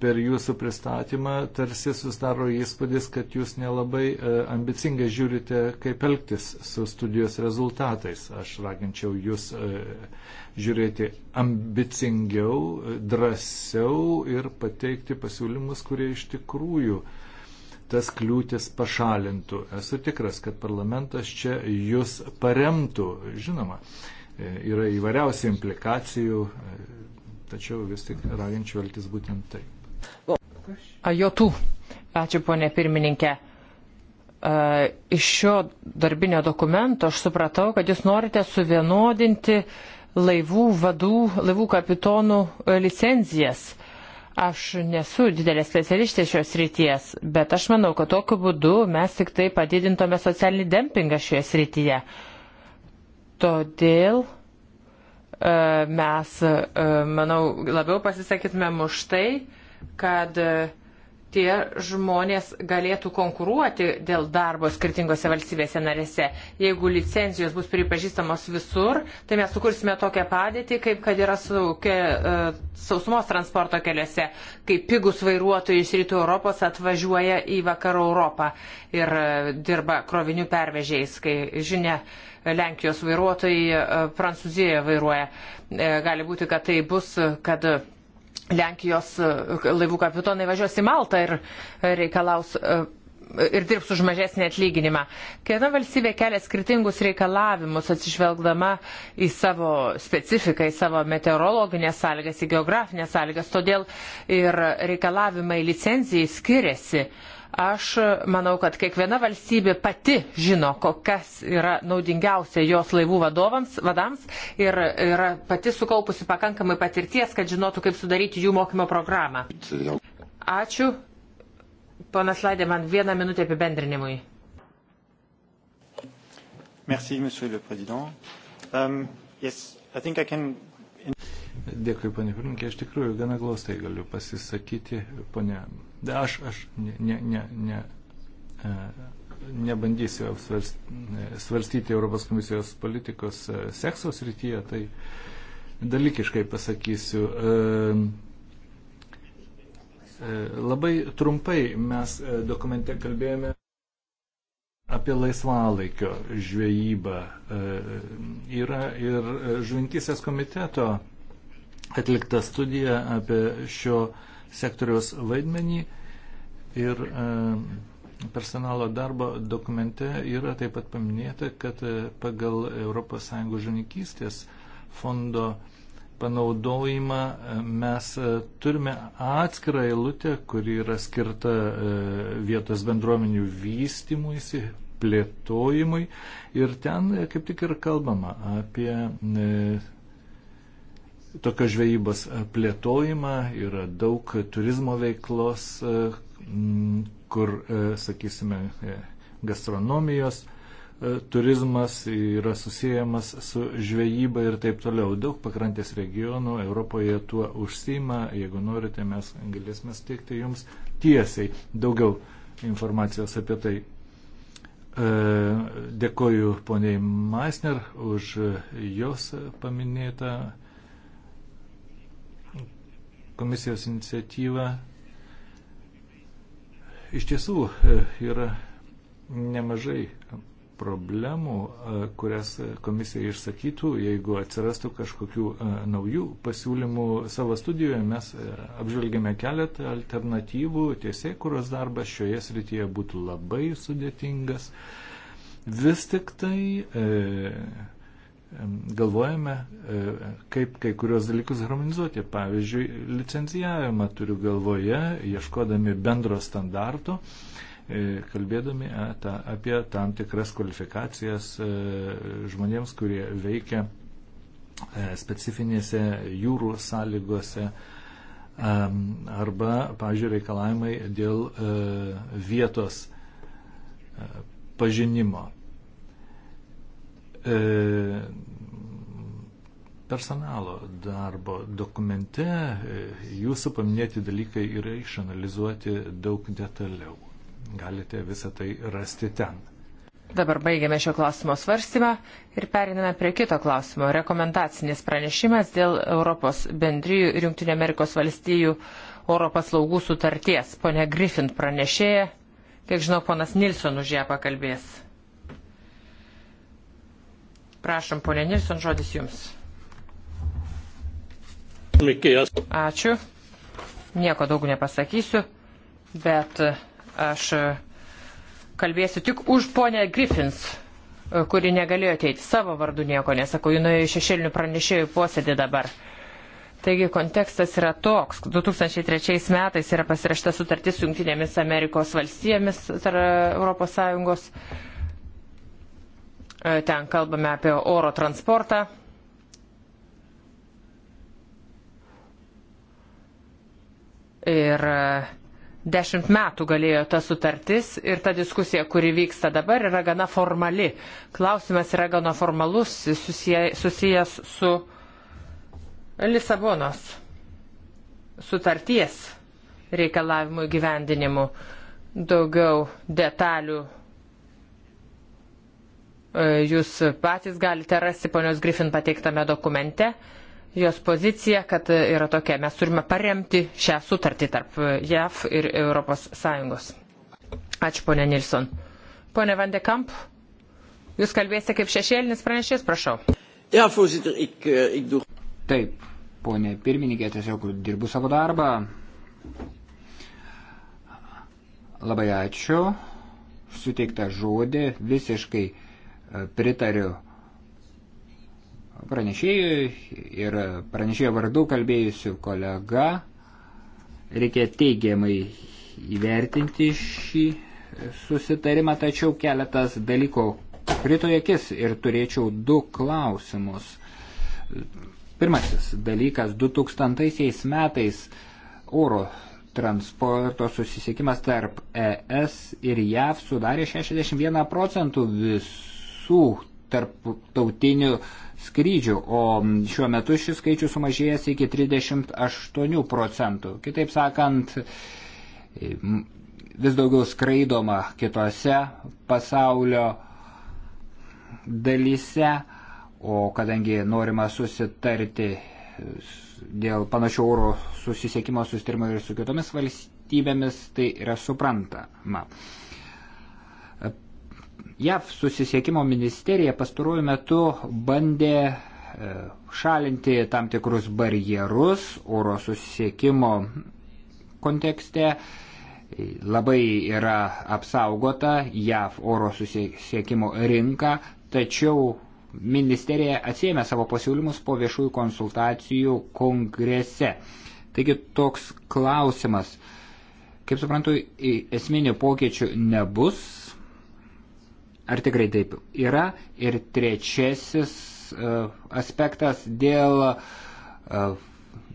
Speaker 3: per jūsų pristatymą tarsi susidaro įspūdis, kad jūs nelabai e, ambicingai žiūrite, kaip elgtis su studijos rezultatais. Aš raginčiau jūs e, žiūrėti ambicingiau, drąsiau ir pateikti pasiūlymus, kurie iš tikrųjų tas kliūtis pašalintų. Esu tikras, kad parlamentas čia jūs paremtų. Žinoma, e, yra įvairiausių implikacijų, tačiau vis tik raginčiau elgtis būtent taip.
Speaker 2: Ajotų. Ačiū, ponė pirmininkė. E, iš šio darbinio dokumento aš supratau, kad jūs norite suvienodinti laivų vadų, laivų kapitonų e, licenzijas. Aš nesu didelė specialistė šios ryties, bet aš manau, kad tokiu būdu mes tik tai padidintume socialinį dempingą šioje srityje. Todėl e, mes, manau, labiau pasisakytumėm už tai, kad e, tie žmonės galėtų konkuruoti dėl darbo skirtingose valstybėse narėse. Jeigu licencijos bus pripažįstamos visur, tai mes sukursime tokią padėtį, kaip kad yra saukia, e, sausumos transporto keliuose, kai pigus vairuotojai iš rytų Europos atvažiuoja į vakarų Europą ir e, dirba krovinių pervežiais, kai žinia. Lenkijos vairuotojai Prancūzijoje vairuoja. Gali būti, kad tai bus, kad Lenkijos e, laivų kapitonai važiuos į Maltą ir e, reikalaus e, ir dirbs už mažesnį atlyginimą. Kiekviena valstybė kelia skirtingus reikalavimus atsižvelgdama į savo specifiką, į savo meteorologinės sąlygas, į geografinės sąlygas, todėl ir reikalavimai licencijai skiriasi. Uh, Aš manau, kad kiekviena valstybė pati žino, kas yra naudingiausia jos laivų vadovams, vadams ir yra pati sukaupusi pakankamai patirties, kad žinotų, kaip sudaryti jų mokymo programą. Ačiū. Ponas Laidė, man vieną minutę apibendrinimui.
Speaker 1: Merci, monsieur le président. Um, yes, I think I can...
Speaker 3: Dėkui, ponė Pirinkė, iš tikrųjų gana glaustai galiu pasisakyti, ponė Aš, aš ne, ne, ne, e, nebandysiu e, svarstyti Europos komisijos politikos e, sekso srityje, tai dalykiškai pasakysiu. Labai trumpai mes dokumente kalbėjome apie laisvalaikio žvejybą. Yra ir žuvinkysės komiteto atlikta studija apie šio sektoriaus vaidmenį ir e, personalo darbo dokumente yra taip pat paminėta, kad e, pagal ES žuvininkystės fondo panaudojimą e, mes turime atskirą eilutę, kuri yra skirta vietos bendruomenių vystimuisi, plėtojimui ir ten kaip tik ir kalbama apie tokios žvejybos e, plėtojimą, yra daug turizmo veiklos, e, kur, e, sakysime, gastronomijos turizmas yra susijęs su žvejyba ir taip toliau. Daug pakrantės regionų Europoje tuo užsima. Jeigu norite, mes galėsime steikti jums tiesiai daugiau informacijos apie tai. Dėkoju poniai Maisner už jos paminėtą komisijos iniciatyvą. Iš tiesų e, yra nemažai problemų, e, kurias komisija išsakytų, jeigu atsirastų kažkokių e, naujų pasiūlymų. Savo studijoje mes apžvelgėme keletą alternatyvų, tiesiai, kurios darbas šioje srityje būtų labai sudėtingas. Vis tik tai e, galvojame, e, kaip kai kurios dalykus harmonizuoti. Pavyzdžiui, licencijavimą turiu galvoje, ieškodami bendro standarto, e, kalbėdami apie tam tikras kvalifikacijas e, žmonėms, kurie veikia specifinėse jūrų sąlygose arba, pavyzdžiui, reikalavimai dėl vietos pažinimo E, personalo darbo dokumente e, jūsų paminėti dalykai yra išanalizuoti daug detaliau. Galite visą tai rasti ten.
Speaker 2: Dabar baigiame šio klausimo svarstymą ir periname prie kito klausimo. Rekomendacinis pranešimas dėl Europos bendryjų ir Junktinio Amerikos valstijų oro paslaugų sutarties. Pone Griffin pranešėja, kiek žinau, ponas Nilson už ją pakalbės. Prašom, ponė Nilsson, žodis jums. Ačiū. Nieko daug nepasakysiu, bet aš kalbėsiu tik už ponę Griffins, kuri negalėjo ateiti. Savo vardu nieko nesakau, jinai šešėlinių pranešėjų posėdė dabar. Taigi kontekstas yra toks. 2003 metais yra pasirašta sutartis su Junktinėmis Amerikos valstijomis tarp Europos Sąjungos. E, ten kalbame apie oro transportą. Ir e, dešimt metų galėjo ta sutartis ir ta diskusija, kuri vyksta dabar, yra gana formali. Klausimas yra gana formalus, susijęs su Lisabonos sutarties reikalavimų gyvendinimu. Daugiau detalių E, jūs patys galite rasti ponios Griffin pateiktame dokumente jos poziciją, kad yra tokia. Mes turime paremti šią sutartį tarp JAV ir ES. Ačiū, ponė Nilsson. Pone Vandekamp, jūs kalbėsite kaip šešėlinis pranešės, prašau.
Speaker 1: Eh, Taip, ponė pirmininkė, tiesiog dirbu savo darbą. Labai ačiū. Suteikta žodė visiškai pritariu pranešėjui ir pranešėjo vardu kalbėjusių kolega. Reikia teigiamai įvertinti šį susitarimą, tačiau keletas dalykų krito akis ir turėčiau du klausimus. Pirmasis dalykas, 2000 metais oro transporto susisiekimas tarp ES ir JAV sudarė 61 procentų visų visų tarptautinių skrydžių, o šiuo metu šis skaičius sumažėjęs iki 38 procentų. Kitaip sakant, vis daugiau skraidoma kitose pasaulio dalyse, o kadangi norima susitarti dėl panašių oro susisiekimo sustarimo ir su kitomis valstybėmis, tai yra suprantama. JAV susisiekimo ministerija pastaruoju metu bandė e, šalinti tam tikrus barjerus oro susisiekimo kontekste. Labai yra apsaugota JAV oro susisiekimo rinka, tačiau ministerija atsiemė savo pasiūlymus po viešųjų konsultacijų kongrese. Taigi toks klausimas. Kaip suprantu, esminių pokyčių nebus, Ar tikrai taip yra? Ir trečiasis e, aspektas dėl e,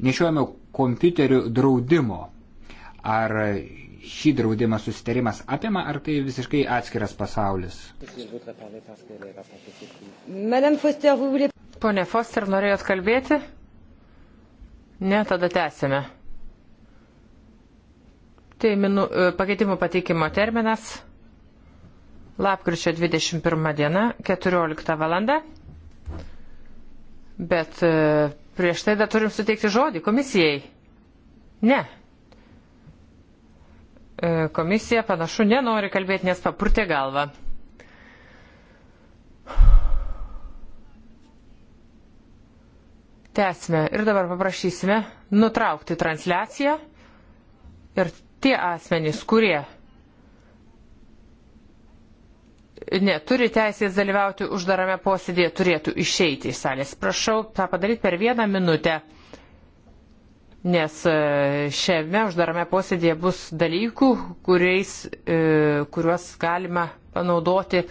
Speaker 1: nešiojamų kompiuterių draudimo. Ar šį draudimą susitarimas apima, ar tai visiškai atskiras pasaulis?
Speaker 2: Pone Foster, norėjot kalbėti? Ne, tada tęsime. Tai minu, e, pakeitimo pateikimo terminas Lapkričio 21 diena, 14 valanda. Bet e, prieš tai dar turim suteikti žodį komisijai. Ne. E, komisija panašu nenori kalbėti, nes papurtė galvą. Tęsime ir dabar paprašysime nutraukti transliaciją ir tie asmenys, kurie neturi teisės dalyvauti uždarame posėdėje, turėtų išeiti iš salės. Prašau tą padaryti per vieną minutę, nes e, šiame uždarame posėdėje bus dalykų, kuriais, e, kuriuos galima panaudoti